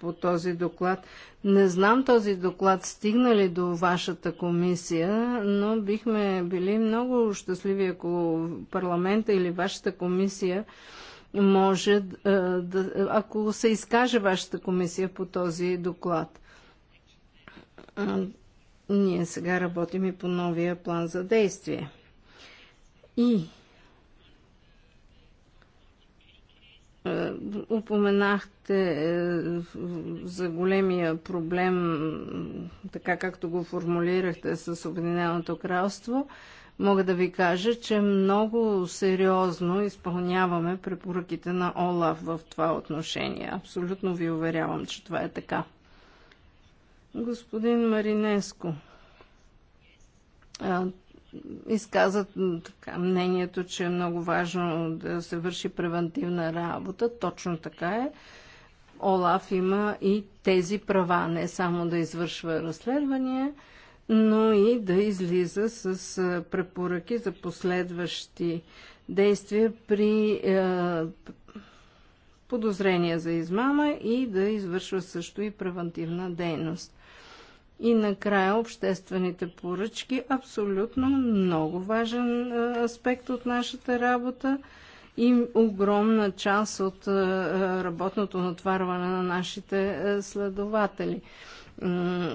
по този доклад. Не знам този доклад стигна ли до вашата комисия, но бихме били много щастливи, ако парламента или вашата комисия може, да, ако се изкаже вашата комисия по този доклад. Ние сега работим и по новия план за действие. И Е, упоменахте е, за големия проблем, така както го формулирахте с Обединеното кралство. Мога да ви кажа, че много сериозно изпълняваме препоръките на ОЛАФ в това отношение. Абсолютно ви уверявам, че това е така. Господин Маринеско, изказат така, мнението, че е много важно да се върши превентивна работа. Точно така е. Олаф има и тези права, не само да извършва разследвания, но и да излиза с препоръки за последващи действия при е, подозрения за измама и да извършва също и превентивна дейност. И накрая обществените поръчки. Абсолютно много важен е, аспект от нашата работа и огромна част от е, работното натварване на нашите е, следователи.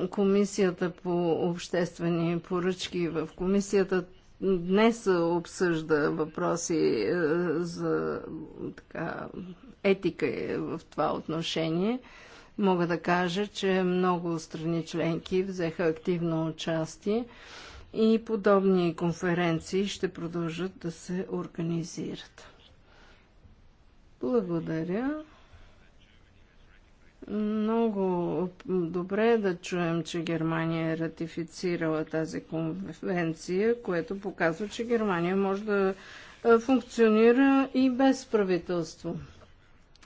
Комисията по обществени поръчки в комисията днес обсъжда въпроси за така, етика в това отношение. Мога да кажа, че много страни членки взеха активно участие и подобни конференции ще продължат да се организират. Благодаря. Много добре е да чуем, че Германия е ратифицирала тази конвенция, което показва, че Германия може да функционира и без правителство.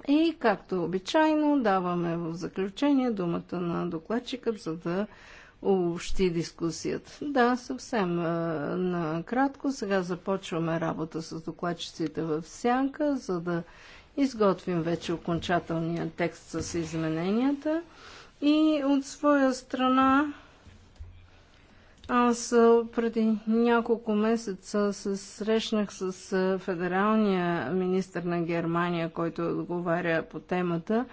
И както обичайно даваме в заключение думата на докладчика, за да общи дискусията. Да, съвсем е, накратко. Сега започваме работа с докладчиците в сянка, за да изготвим вече окончателния текст с измененията. И от своя страна аз преди няколко месеца се срещнах с федералния министр на Германия, който отговаря по темата.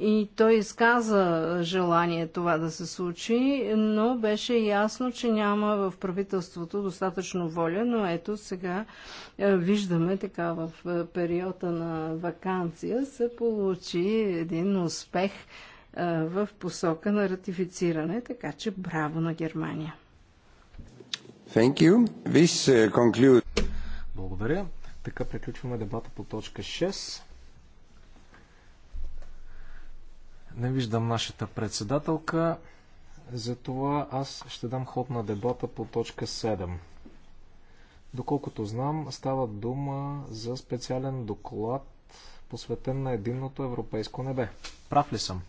И той изказа желание това да се случи, но беше ясно, че няма в правителството достатъчно воля, но ето сега виждаме така в периода на вакансия се получи един успех в посока на ратифициране, така че браво на Германия. Thank you. This uh, conclude... Благодаря. Така приключваме дебата по точка 6. Не виждам нашата председателка, затова аз ще дам ход на дебата по точка 7. Доколкото знам, става дума за специален доклад, посветен на единното европейско небе. Прав ли съм?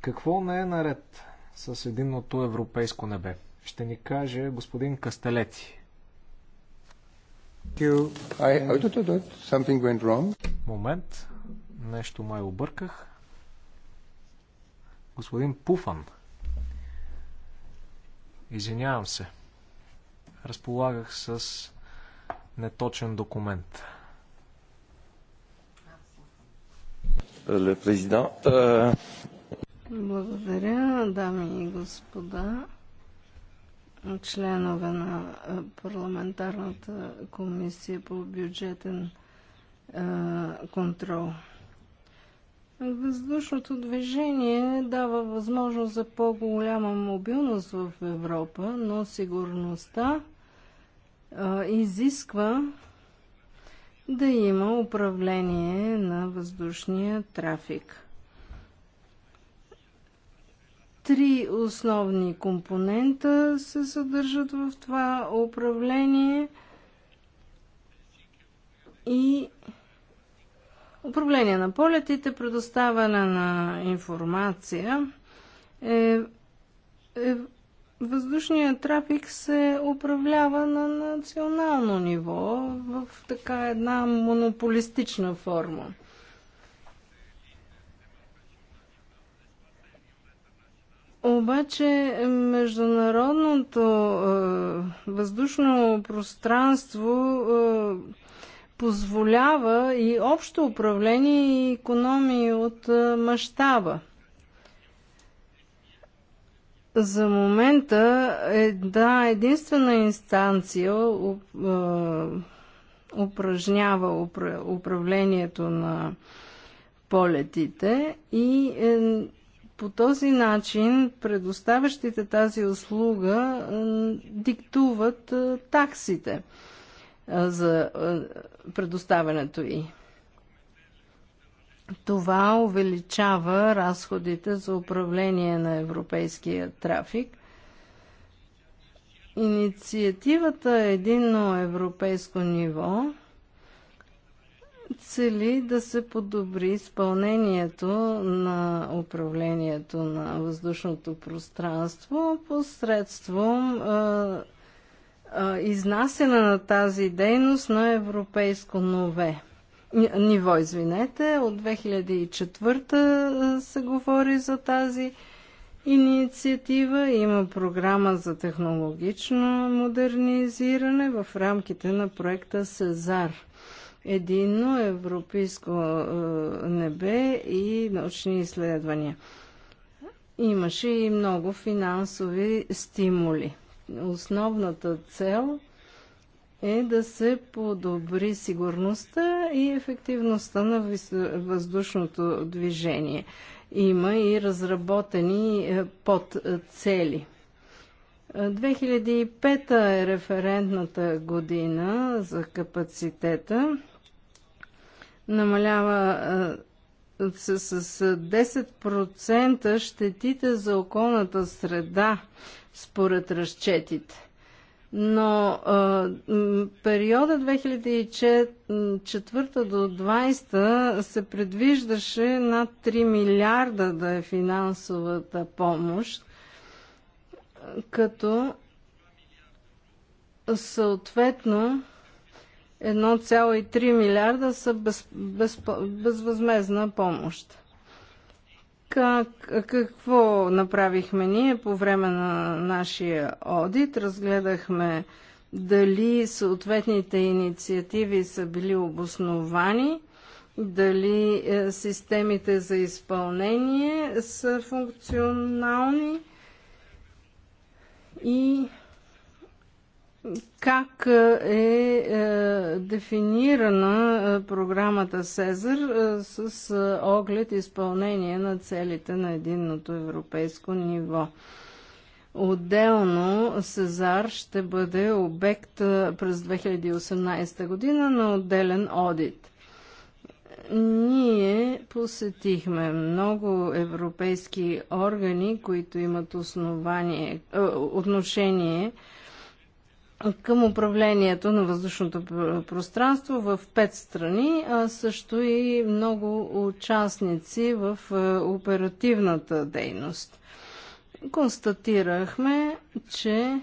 Какво не е наред с единното европейско небе? ще ни каже господин Кастелети. Момент. Нещо май обърках. Господин Пуфан. Извинявам се. Разполагах с неточен документ. Euh, Благодаря, дами и господа членове на е, парламентарната комисия по бюджетен е, контрол. Въздушното движение дава възможност за по-голяма мобилност в Европа, но сигурността е, изисква да има управление на въздушния трафик. Три основни компонента се съдържат в това управление и управление на полетите, предоставяне на информация. Е, е, въздушният трафик се управлява на национално ниво в така една монополистична форма. Обаче международното е, въздушно пространство е, позволява и общо управление и економии от е, мащаба. За момента една единствена инстанция е, упражнява управлението на полетите и е, по този начин предоставящите тази услуга диктуват таксите за предоставянето й. Това увеличава разходите за управление на европейския трафик. Инициативата е единно европейско ниво цели да се подобри изпълнението на управлението на въздушното пространство посредством а, а, изнасяне на тази дейност на европейско нове. Ниво, извинете, от 2004 се говори за тази инициатива, има програма за технологично модернизиране в рамките на проекта Сезар – единно европейско е, небе и научни изследвания. Имаше и много финансови стимули. Основната цел е да се подобри сигурността и ефективността на въздушното движение. Има и разработени е, подцели. 2005 е референтната година за капацитета намалява с, 10% щетите за околната среда, според разчетите. Но а, периода 2004 до 2020 се предвиждаше над 3 милиарда да е финансовата помощ, като съответно 1,3 милиарда са без, без, безвъзмезна помощ. Как, какво направихме ние по време на нашия одит? Разгледахме дали съответните инициативи са били обосновани, дали е, системите за изпълнение са функционални и как е, е дефинирана е, програмата СЕЗАР е, с оглед изпълнение на целите на единното европейско ниво. Отделно Сезар ще бъде обект през 2018 година на отделен одит. Ние посетихме много европейски органи, които имат основание, е, отношение към управлението на въздушното пространство в пет страни, а също и много участници в е, оперативната дейност. Констатирахме, че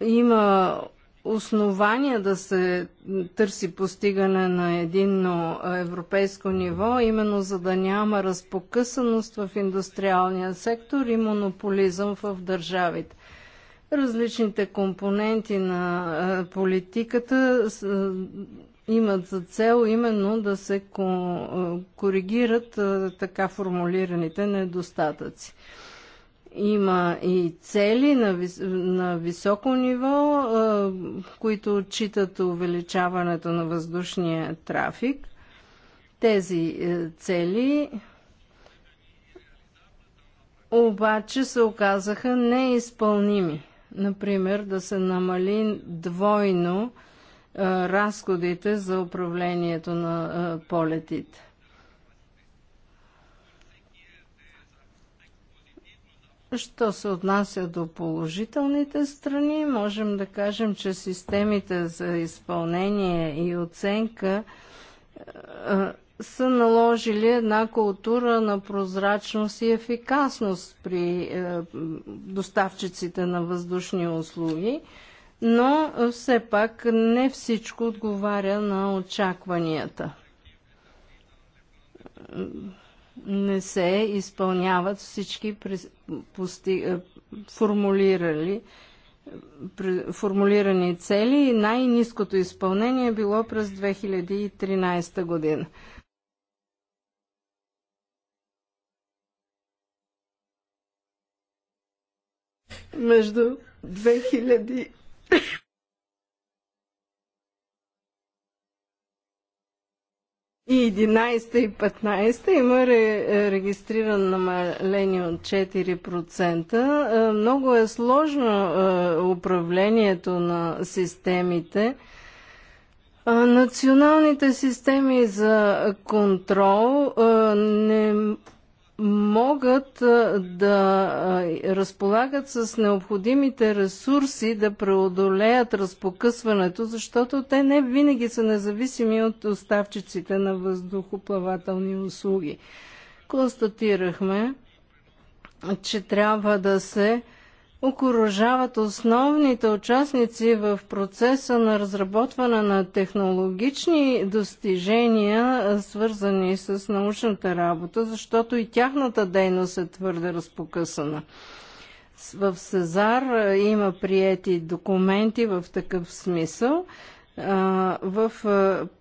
има основания да се търси постигане на единно европейско ниво, именно за да няма разпокъсаност в индустриалния сектор и монополизъм в държавите. Различните компоненти на е, политиката е, имат за цел именно да се е, коригират така формулираните недостатъци. Има и цели на, вис... на високо ниво, които отчитат увеличаването на въздушния трафик. Тези цели обаче се оказаха неизпълними. Например, да се намали двойно а, разходите за управлението на а, полетите. Що се отнася до положителните страни, можем да кажем, че системите за изпълнение и оценка а, са наложили една култура на прозрачност и ефикасност при е, доставчиците на въздушни услуги, но все пак не всичко отговаря на очакванията. Не се изпълняват всички е, формулирали формулирани цели и най-низкото изпълнение е било през 2013 година. между 2000 и 11 и 15 има е, регистриран намаление от 4%. Е, много е сложно е, управлението на системите. Националните системи за контрол не могат да разполагат с необходимите ресурси да преодолеят разпокъсването, защото те не винаги са независими от доставчиците на въздухоплавателни услуги. Констатирахме, че трябва да се окоръжават основните участници в процеса на разработване на технологични достижения, свързани с научната работа, защото и тяхната дейност е твърде разпокъсана. В Сезар има приети документи в такъв смисъл. В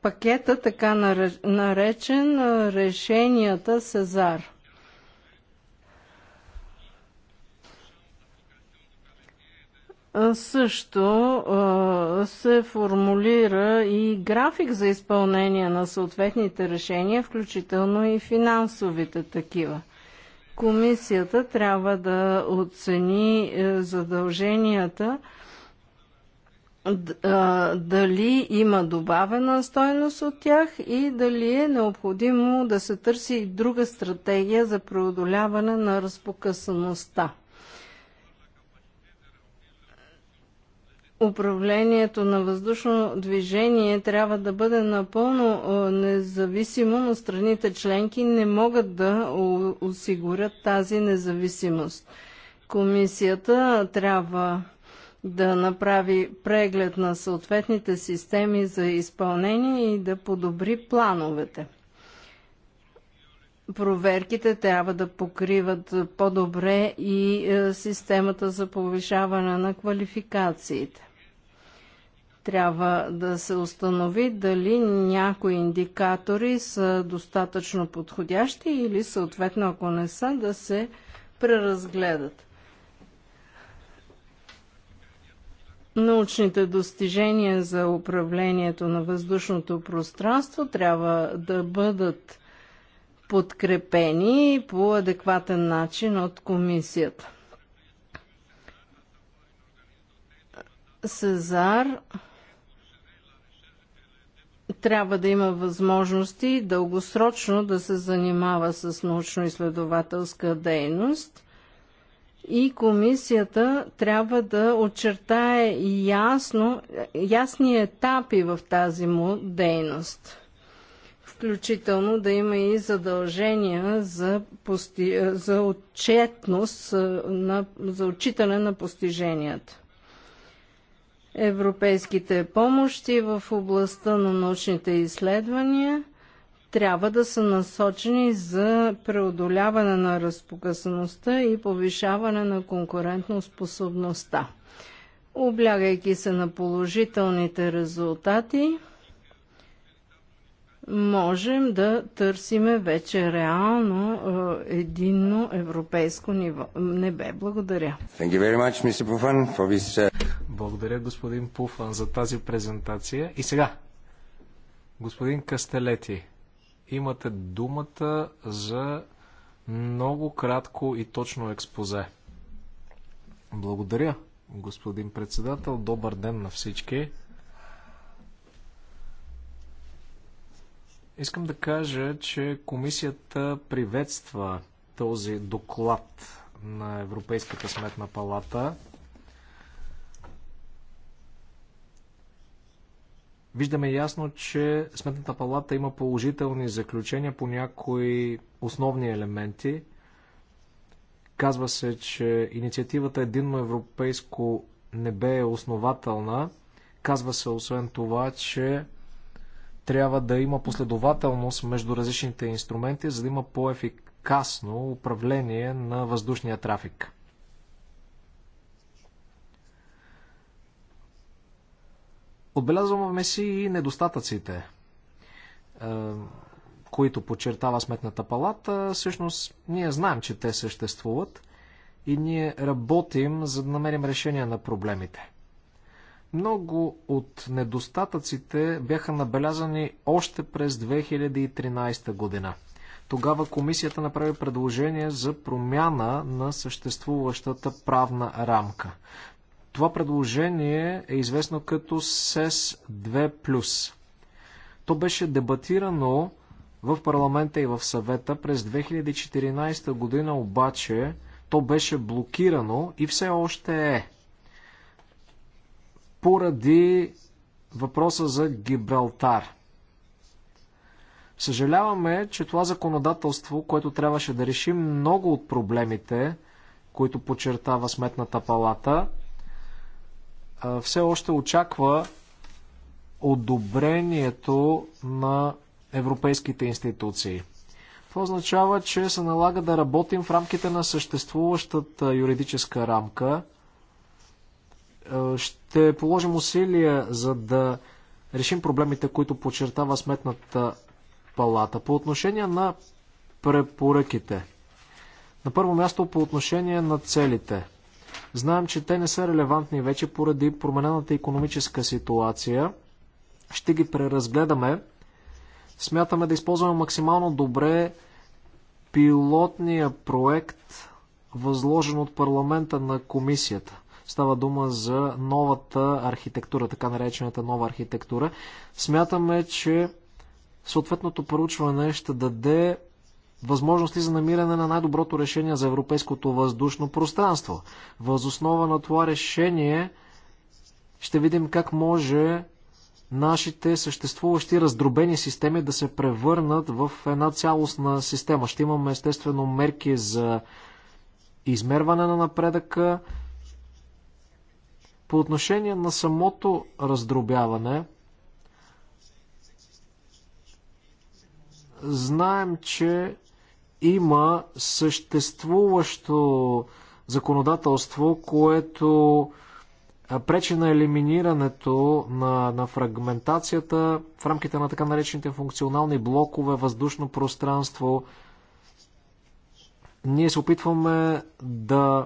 пакета, така наречен, решенията Сезар – също се формулира и график за изпълнение на съответните решения, включително и финансовите такива. Комисията трябва да оцени е, задълженията дали има добавена стойност от тях и дали е необходимо да се търси и друга стратегия за преодоляване на разпокъсаността. управлението на въздушно движение трябва да бъде напълно независимо, но страните членки не могат да осигурят тази независимост. Комисията трябва да направи преглед на съответните системи за изпълнение и да подобри плановете. Проверките трябва да покриват по-добре и е, системата за повишаване на квалификациите. Трябва да се установи дали някои индикатори са достатъчно подходящи или съответно, ако не са, да се преразгледат. Научните достижения за управлението на въздушното пространство трябва да бъдат подкрепени по адекватен начин от комисията. Сезар трябва да има възможности дългосрочно да се занимава с научно-изследователска дейност и комисията трябва да очертае ясно, ясни етапи в тази му дейност. Включително да има и задължения за, пости... за отчетност, на... за отчитане на постиженията. Европейските помощи в областта на научните изследвания трябва да са насочени за преодоляване на разпокъсаността и повишаване на конкурентоспособността. Облягайки се на положителните резултати, можем да търсиме вече реално е, единно европейско ниво. небе. Благодаря. Thank you very much, Mr. Pufan, for this... Uh, Благодаря, господин Пуфан, за тази презентация. И сега, господин Кастелети, имате думата за много кратко и точно експозе. Благодаря, господин председател. Добър ден на всички. Искам да кажа, че комисията приветства този доклад на Европейската сметна палата. Виждаме ясно, че Сметната палата има положителни заключения по някои основни елементи. Казва се, че инициативата Единно европейско не е основателна. Казва се освен това, че трябва да има последователност между различните инструменти, за да има по-ефикасно управление на въздушния трафик. Отбелязваме си и недостатъците, е, които подчертава Сметната палата. Всъщност, ние знаем, че те съществуват и ние работим, за да намерим решение на проблемите. Много от недостатъците бяха набелязани още през 2013 година. Тогава комисията направи предложение за промяна на съществуващата правна рамка. Това предложение е известно като СЕС 2+. То беше дебатирано в парламента и в съвета през 2014 година, обаче то беше блокирано и все още е поради въпроса за Гибралтар. Съжаляваме, че това законодателство, което трябваше да реши много от проблемите, които подчертава Сметната палата, все още очаква одобрението на европейските институции. Това означава, че се налага да работим в рамките на съществуващата юридическа рамка – е, ще положим усилия за да решим проблемите, които подчертава сметната палата. По отношение на препоръките. На първо място по отношение на целите. Знаем, че те не са релевантни вече поради променената економическа ситуация. Ще ги преразгледаме. Смятаме да използваме максимално добре пилотния проект, възложен от парламента на комисията. Става дума за новата архитектура, така наречената нова архитектура. Смятаме, че съответното проучване ще даде възможности за намиране на най-доброто решение за европейското въздушно пространство. Възоснова на това решение ще видим как може нашите съществуващи раздробени системи да се превърнат в една цялостна система. Ще имаме естествено мерки за измерване на напредъка, по отношение на самото раздробяване, знаем, че има съществуващо законодателство, което пречи на елиминирането на, на фрагментацията в рамките на така наречените функционални блокове, въздушно пространство. Ние се опитваме да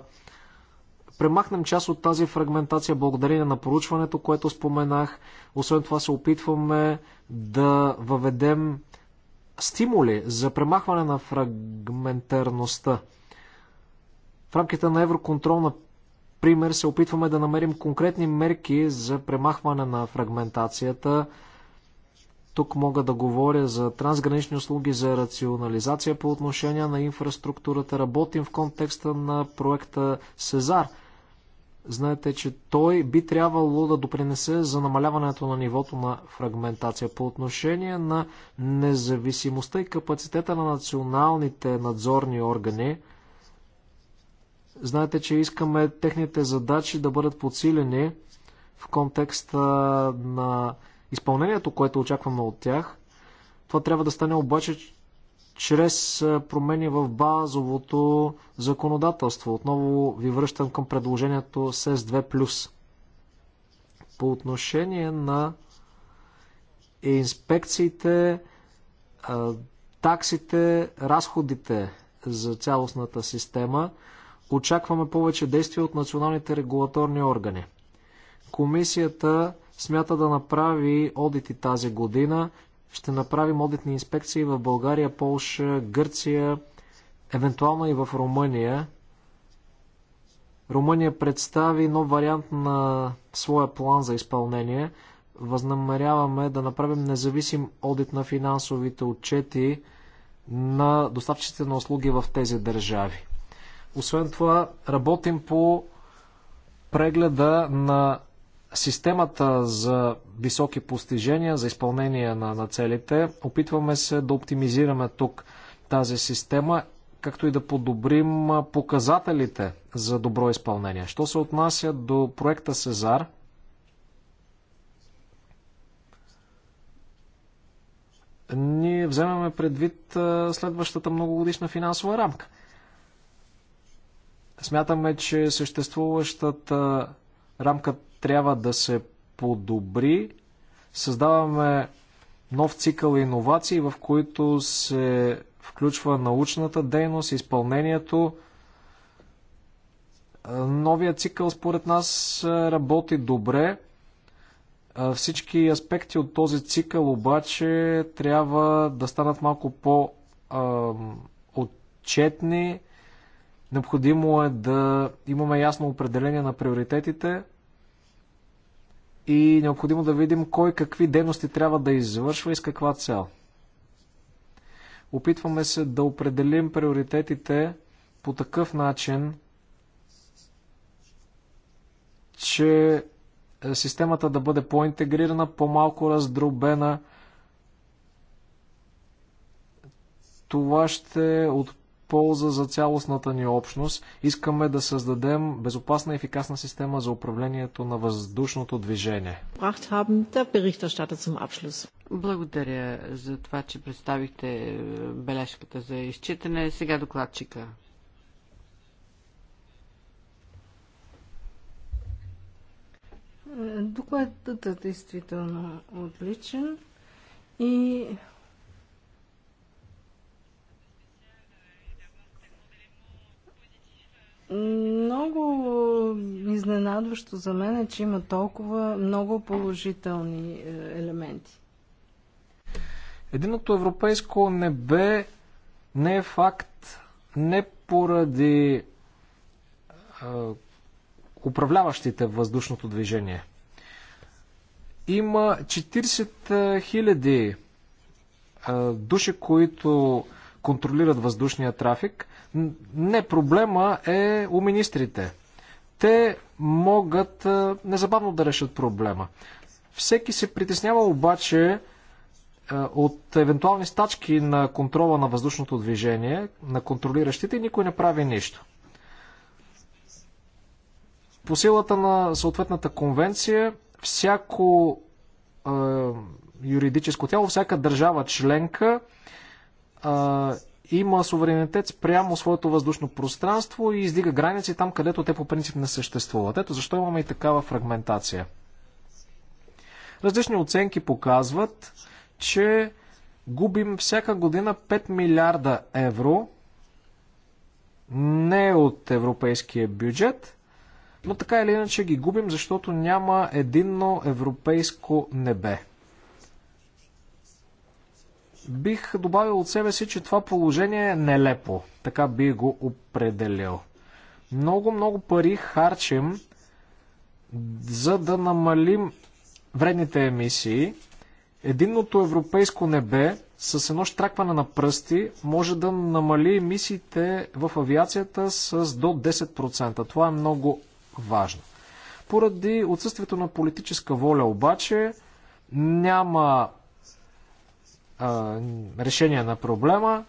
премахнем част от тази фрагментация благодарение на поручването, което споменах. Освен това се опитваме да въведем стимули за премахване на фрагментарността. В рамките на Евроконтрол, например, се опитваме да намерим конкретни мерки за премахване на фрагментацията. Тук мога да говоря за трансгранични услуги, за рационализация по отношение на инфраструктурата. Работим в контекста на проекта Сезар – Знаете, че той би трябвало да допринесе за намаляването на нивото на фрагментация. По отношение на независимостта и капацитета на националните надзорни органи, знаете, че искаме техните задачи да бъдат подсилени в контекста на изпълнението, което очакваме от тях. Това трябва да стане обаче чрез промени в базовото законодателство. Отново ви връщам към предложението СЕС-2+. По отношение на инспекциите, таксите, разходите за цялостната система, очакваме повече действия от националните регулаторни органи. Комисията смята да направи одити тази година. Ще направим одитни инспекции в България, Полша, Гърция, евентуално и в Румъния. Румъния представи нов вариант на своя план за изпълнение. Възнамеряваме да направим независим одит на финансовите отчети на доставчиците на услуги в тези държави. Освен това, работим по прегледа на системата за високи постижения, за изпълнение на, на целите. Опитваме се да оптимизираме тук тази система, както и да подобрим показателите за добро изпълнение. Що се отнася до проекта Сезар, ние вземаме предвид следващата многогодишна финансова рамка. Смятаме, че съществуващата рамка трябва да се подобри. Създаваме нов цикъл иновации, в които се включва научната дейност, изпълнението. Новия цикъл според нас работи добре. Всички аспекти от този цикъл обаче трябва да станат малко по-отчетни. Необходимо е да имаме ясно определение на приоритетите и необходимо да видим кой какви дейности трябва да извършва и с каква цел. Опитваме се да определим приоритетите по такъв начин, че е, системата да бъде по-интегрирана, по-малко раздробена. Това ще е от полза за цялостната ни общност. Искаме да създадем безопасна и ефикасна система за управлението на въздушното движение. Благодаря за това, че представихте е, бележката за изчитане. Сега докладчика. Е, докладът е действително отличен и Много изненадващо за мен е, че има толкова много положителни е, елементи. Единото европейско небе не е факт не поради е, управляващите въздушното движение. Има 40 хиляди души, които контролират въздушния трафик – не, проблема е у министрите. Те могат незабавно да решат проблема. Всеки се притеснява обаче от евентуални стачки на контрола на въздушното движение, на контролиращите, никой не прави нищо. По силата на съответната конвенция, всяко е, юридическо тяло, всяка държава членка е, има суверенитет спрямо своето въздушно пространство и издига граници там, където те по принцип не съществуват. Ето защо имаме и такава фрагментация. Различни оценки показват, че губим всяка година 5 милиарда евро, не от европейския бюджет, но така или иначе ги губим, защото няма единно европейско небе. Бих добавил от себе си, че това положение е нелепо. Така би го определил. Много, много пари харчим, за да намалим вредните емисии. Единното европейско небе с едно штракване на пръсти може да намали емисиите в авиацията с до 10%. Това е много важно. Поради отсъствието на политическа воля обаче няма решение на проблема.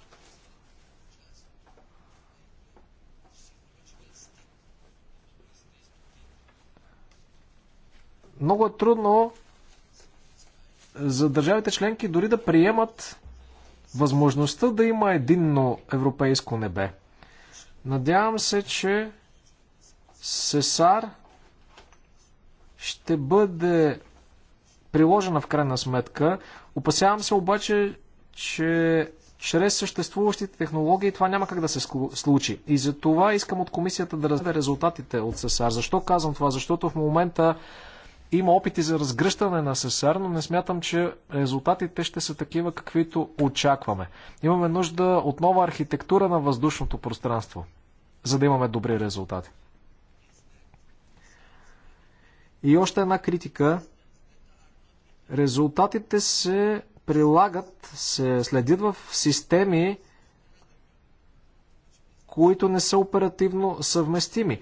Много е трудно за държавите членки дори да приемат възможността да има единно европейско небе. Надявам се, че Сесар ще бъде приложена в крайна сметка. Опасявам се обаче, че чрез съществуващите технологии това няма как да се случи. И за това искам от комисията да разбере резултатите от ССАР. Защо казвам това? Защото в момента има опити за разгръщане на ССАР, но не смятам, че резултатите ще са такива, каквито очакваме. Имаме нужда от нова архитектура на въздушното пространство, за да имаме добри резултати. И още една критика Резултатите се прилагат, се следят в системи, които не са оперативно съвместими.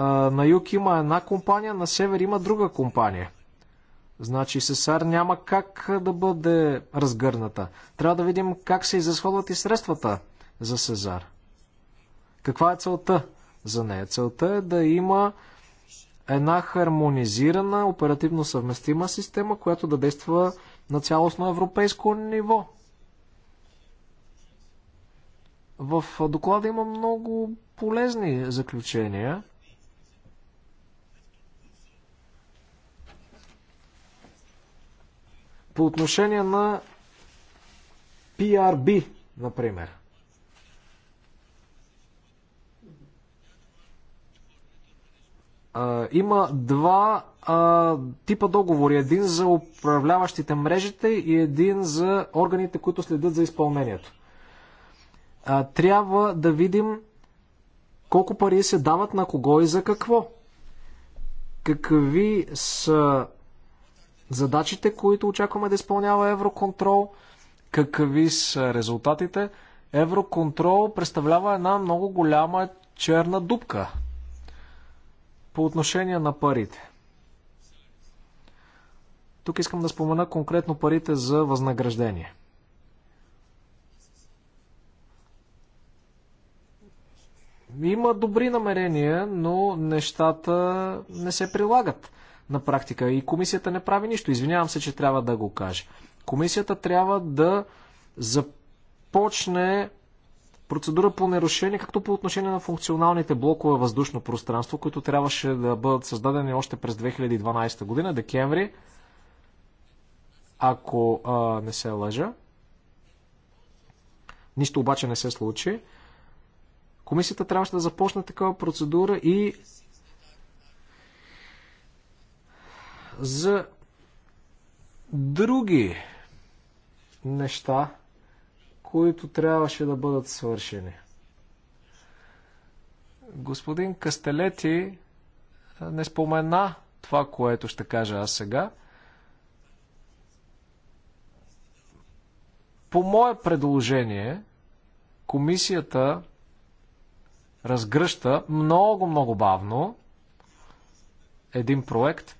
на юг има една компания, на север има друга компания. Значи СССР няма как да бъде разгърната. Трябва да видим как се изразходват и средствата за Сезар. Каква е целта за нея? Целта е да има една хармонизирана, оперативно съвместима система, която да действа на цялостно европейско ниво. В доклада има много полезни заключения. По отношение на PRB, например. Има два а, типа договори. Един за управляващите мрежите и един за органите, които следят за изпълнението. А, трябва да видим колко пари се дават на кого и за какво. Какви са задачите, които очакваме да изпълнява Евроконтрол, какви са резултатите. Евроконтрол представлява една много голяма черна дупка по отношение на парите. Тук искам да спомена конкретно парите за възнаграждение. Има добри намерения, но нещата не се прилагат на практика и комисията не прави нищо. Извинявам се, че трябва да го кажа. Комисията трябва да започне Процедура по нарушение, както по отношение на функционалните блокове въздушно пространство, които трябваше да бъдат създадени още през 2012 година, декември, ако а, не се лъжа. Нищо обаче не се случи. Комисията трябваше да започне такава процедура и за други неща, които трябваше да бъдат свършени. Господин Кастелети не спомена това, което ще кажа аз сега. По мое предложение, комисията разгръща много, много бавно един проект.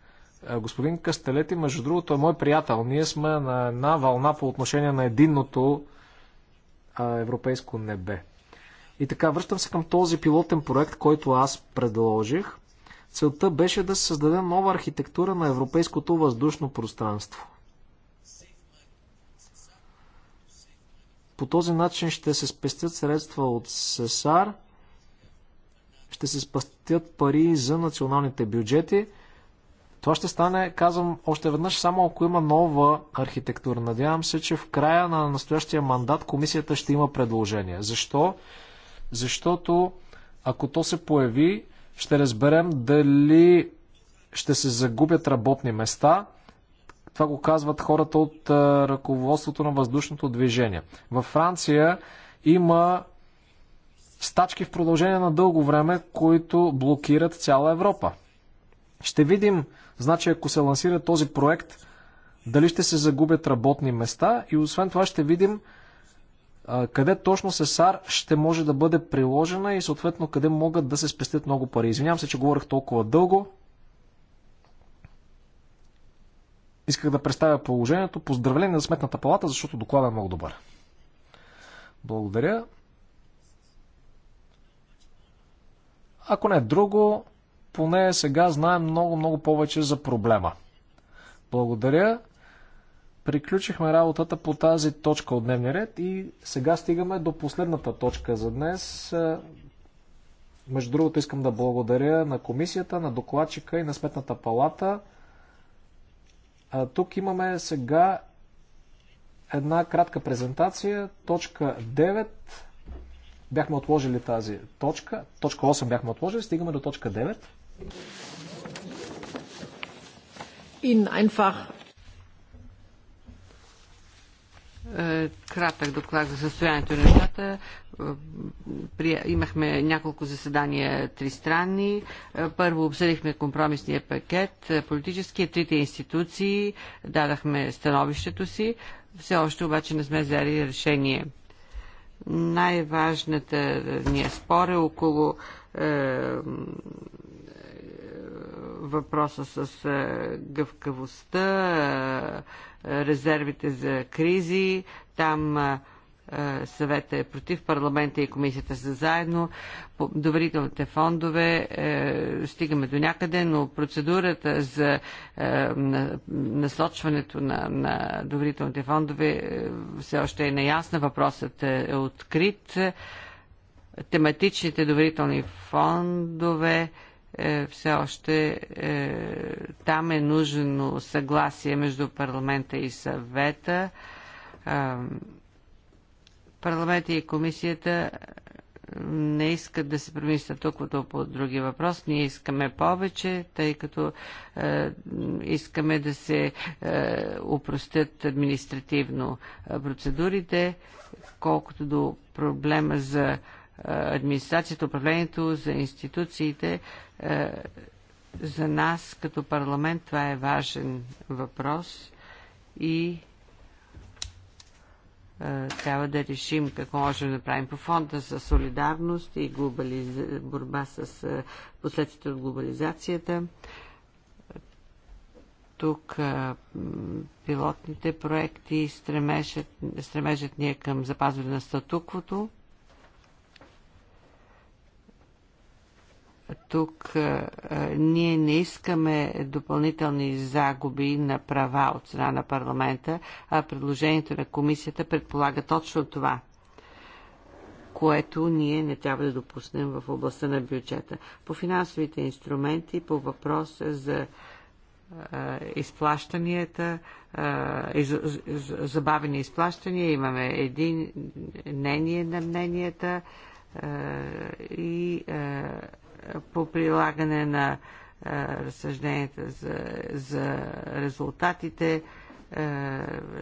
Господин Кастелети, между другото, е мой приятел. Ние сме на една вълна по отношение на единното европейско небе. И така, връщам се към този пилотен проект, който аз предложих. Целта беше да се създаде нова архитектура на европейското въздушно пространство. По този начин ще се спестят средства от СЕСАР, ще се спастят пари за националните бюджети – това ще стане, казвам още веднъж, само ако има нова архитектура. Надявам се, че в края на настоящия мандат комисията ще има предложение. Защо? Защото ако то се появи, ще разберем дали ще се загубят работни места. Това го казват хората от ръководството на въздушното движение. Във Франция има стачки в продължение на дълго време, които блокират цяла Европа. Ще видим Значи, ако се лансира този проект, дали ще се загубят работни места и освен това ще видим къде точно СЕСАР ще може да бъде приложена и съответно къде могат да се спестят много пари. Извинявам се, че говорих толкова дълго. Исках да представя положението. Поздравление на Сметната палата, защото докладът е много добър. Благодаря. Ако не е друго, поне сега знаем много, много повече за проблема. Благодаря. Приключихме работата по тази точка от дневния ред и сега стигаме до последната точка за днес. Между другото искам да благодаря на комисията, на докладчика и на сметната палата. А, тук имаме сега една кратка презентация. Точка 9. Бяхме отложили тази точка. Точка 8 бяхме отложили. Стигаме до точка 9. Ihnen einfach е, кратък доклад за състоянието на нещата. Е, имахме няколко заседания тристранни. Е, първо обсъдихме компромисния пакет, политически, трите институции, дадахме становището си. Все още обаче не сме взели решение. Най-важната ни е спор е около е, въпроса с е, гъвкавостта, е, е, резервите за кризи. Там съвета е против, парламента и комисията са заедно, доверителните фондове, стигаме до някъде, но процедурата за насочването на, на доверителните фондове все още е неясна, въпросът е открит. Тематичните доверителни фондове е, все още е, там е нужно съгласие между парламента и съвета. Е, парламента и комисията не искат да се премислят тук по други въпрос. Ние искаме повече, тъй като е, искаме да се е, упростят административно процедурите, колкото до проблема за администрацията, управлението, за институциите. Е, за нас като парламент това е важен въпрос и е, трябва да решим какво можем да направим по фонда за солидарност и глобализ... борба с е, последствията от глобализацията. Тук пилотните проекти стремежат, стремежат ние към запазване на статуквото тук ние не искаме допълнителни загуби на права от страна на парламента, а предложението на комисията предполага точно това което ние не трябва да допуснем в областта на бюджета. По финансовите инструменти, по въпроса за изплащанията, забавени изплащания, имаме един мнение на мненията и по прилагане на разсъжденията за, за резултатите.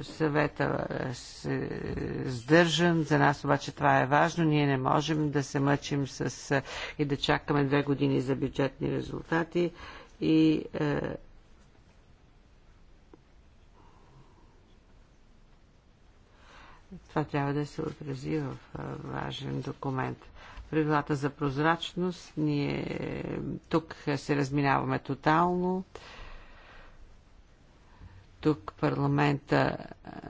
Съвета е сдържан, за нас обаче това е важно. Ние не можем да се мъчим с, и да чакаме две години за бюджетни резултати. И е, това трябва да се отрази в важен документ правилата за прозрачност. Ние тук се разминаваме тотално. Тук парламента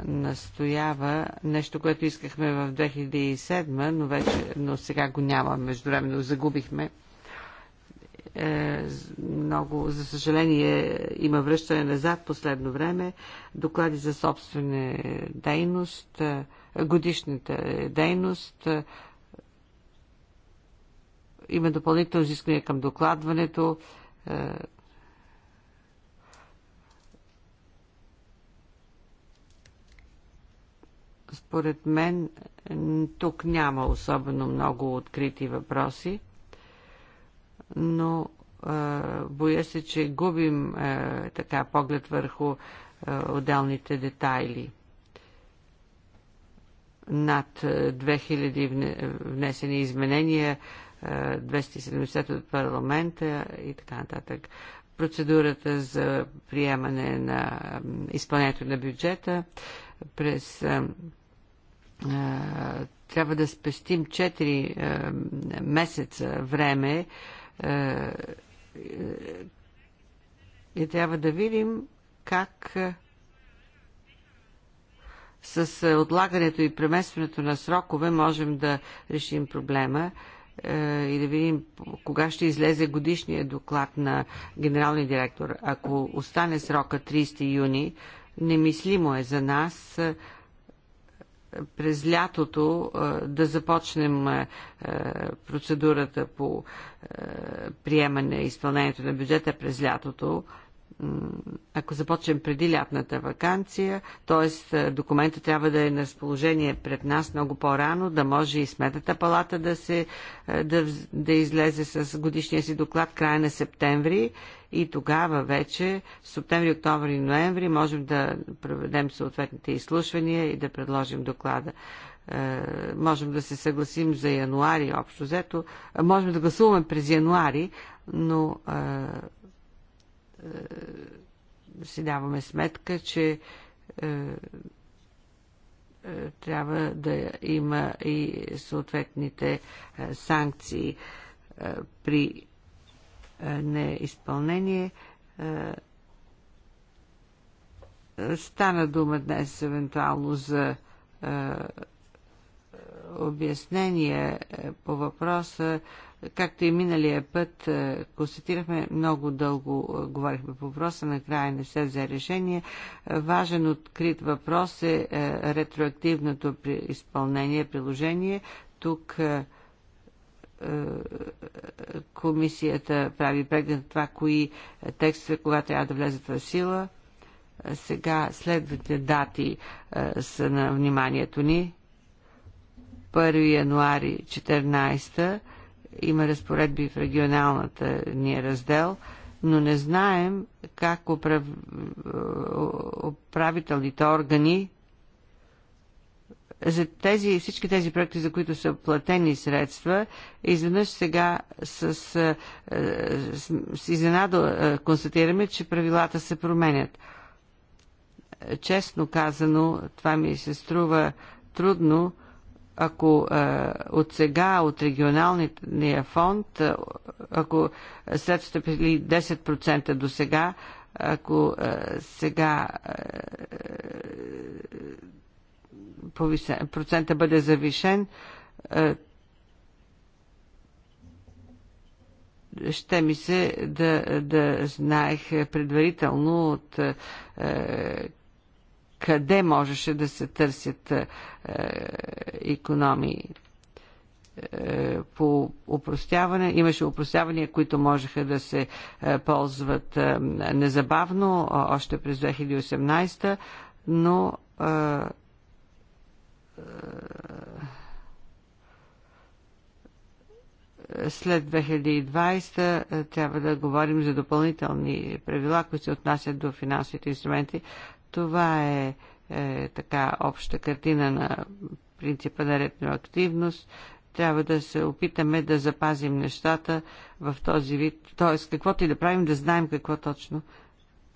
настоява нещо, което искахме в 2007, но, вече, но сега го няма. Междувременно загубихме е, много, за съжаление, има връщане назад последно време. Доклади за собствена дейност, е, годишната е дейност, има допълнително изискване към докладването. Е, според мен тук няма особено много открити въпроси, но е, боя се, че губим е, така поглед върху отделните детайли над 2000 внесени изменения 270 от парламента и така нататък. Процедурата за приемане на изпълнението на бюджета през трябва да спестим 4 месеца време и трябва да видим как с отлагането и преместването на срокове можем да решим проблема. Е, и да видим кога ще излезе годишния доклад на генералния директор. Ако остане срока 30 юни, немислимо е за нас е, през лятото е, да започнем процедурата по приемане и изпълнението на бюджета през лятото ако започнем преди лятната вакансия, т.е. документа трябва да е на разположение пред нас много по-рано, да може и сметната палата да, се, да, да излезе с годишния си доклад края на септември и тогава вече, в септември, октомври и ноември, можем да проведем съответните изслушвания и да предложим доклада. Е, можем да се съгласим за януари общо взето. Е, можем да гласуваме през януари, но е, е, си даваме сметка, че е, е, трябва да има и съответните санкции при неизпълнение. Стана дума днес евентуално за обяснение по въпроса Както и миналия път е, констатирахме, много дълго е, говорихме по въпроса, накрая не се взе решение. Важен открит въпрос е, е ретроактивното изпълнение, приложение. Тук комисията прави преглед на това, кои текстове, кога трябва да влезат в сила. Сега следвате дати са на вниманието ни. 1 януари 14 има разпоредби в регионалната ни раздел, но не знаем как управ... управителните органи за тези, всички тези проекти, за които са платени средства, изведнъж сега с, е, с, с изненада е, констатираме, че правилата се променят. Честно казано, това ми се струва трудно, ако а, е, от сега, от регионалния фонд, е, ако средствата били 10% до сега, ако а, е, сега а, повисен, процента бъде завишен, а, ще ми се да, да знаех предварително от а, къде можеше да се търсят е, економии е, по упростяване. Имаше упростявания, които можеха да се е, ползват е, незабавно, още през 2018, но след 2020 трябва да говорим за допълнителни правила, които се отнасят до финансовите инструменти това е, е така обща картина на принципа на ретроактивност. Трябва да се опитаме да запазим нещата в този вид. Тоест, каквото и да правим, да знаем какво точно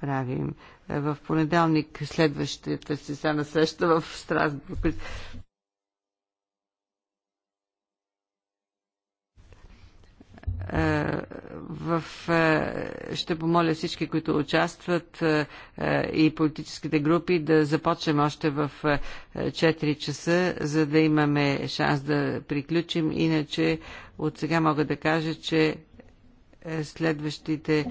правим. Е, в понеделник следващата се са насреща в Страсбург. Е, в, е, ще помоля всички, които участват е, и политическите групи да започнем още в 4 часа, за да имаме шанс да приключим. Иначе от сега мога да кажа, че следващите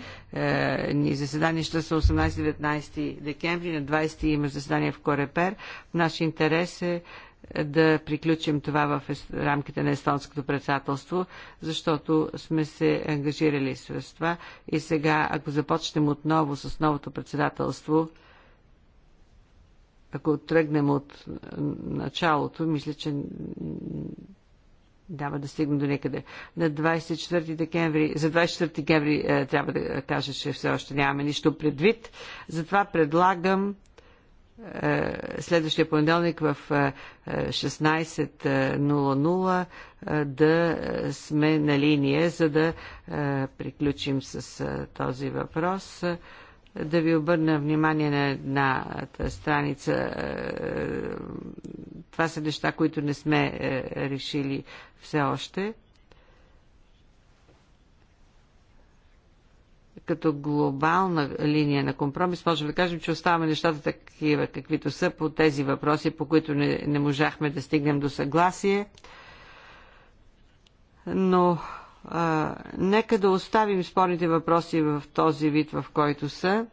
ни заседания ще са 18-19 декември. На 20 има заседание в Корепер. В наш интерес е да приключим това в рамките на естонското председателство, защото сме се ангажирали с това. И сега, ако започнем отново с новото председателство, ако тръгнем от началото, мисля, че дава да стигне до някъде. На 24 декември, за 24 декември е, трябва да кажа, че все още нямаме нищо предвид. Затова предлагам е, следващия понеделник в 16.00 е, е, да сме на линия, за да приключим с този въпрос. Да ви обърна внимание на едната страница. Това са неща, които не сме решили все още. като глобална линия на компромис, можем да кажем, че оставаме нещата такива, каквито са по тези въпроси, по които не, не можахме да стигнем до съгласие. Но а, нека да оставим спорните въпроси в този вид, в който са.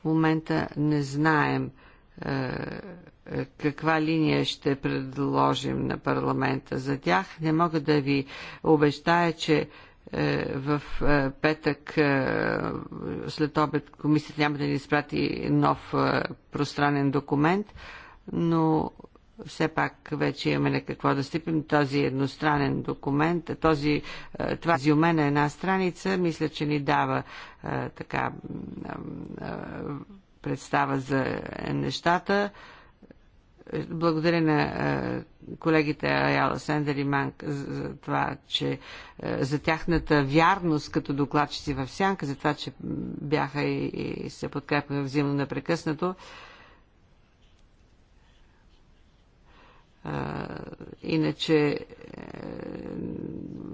В момента не знаем каква линия ще предложим на парламента за тях. Не мога да ви обещая, че е, в е, петък е, след обед комисията няма да ни изпрати нов пространен документ, но все пак вече имаме на какво да стъпим. Този едностранен документ, този, това зюме на една страница, мисля, че ни дава така представа за нещата. Благодаря на колегите Аяла Сендер и Манк за това, че за тяхната вярност като докладчици в Сянка, за това, че бяха и, и се подкрепяха взаимно непрекъснато. иначе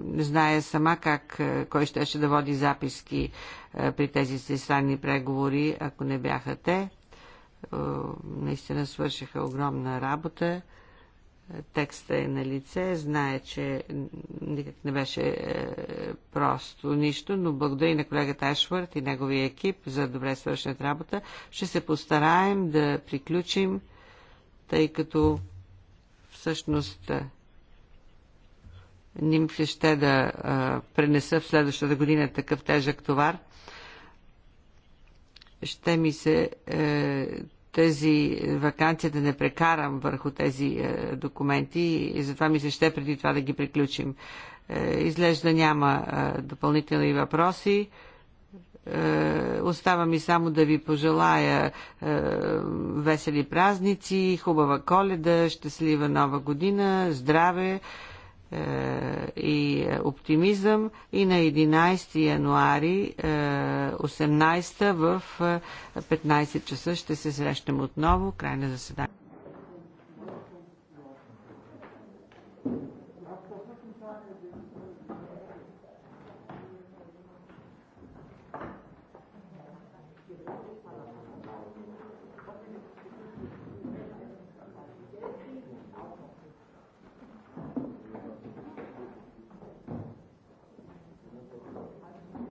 не зная сама как кой щеше да води записки при тези странни преговори, ако не бяха те наистина свършиха огромна работа. Текста е на лице, знае, че никак не беше е, просто нищо, но благодаря и на колегата Ашвард и неговия екип за добре свършената работа. Ще се постараем да приключим, тъй като всъщност е, Нимфи ще да а, е, пренеса в следващата година такъв тежък товар ще ми се е, тези вакансия да не прекарам върху тези е, документи и затова ми се ще преди това да ги приключим. Е, изглежда няма е, допълнителни въпроси. Е, остава ми само да ви пожелая е, весели празници, хубава коледа, щастлива нова година, здраве. Е, и оптимизъм и на 11 януари 18 е, в 15 е, часа ще се срещнем отново. Край на заседание.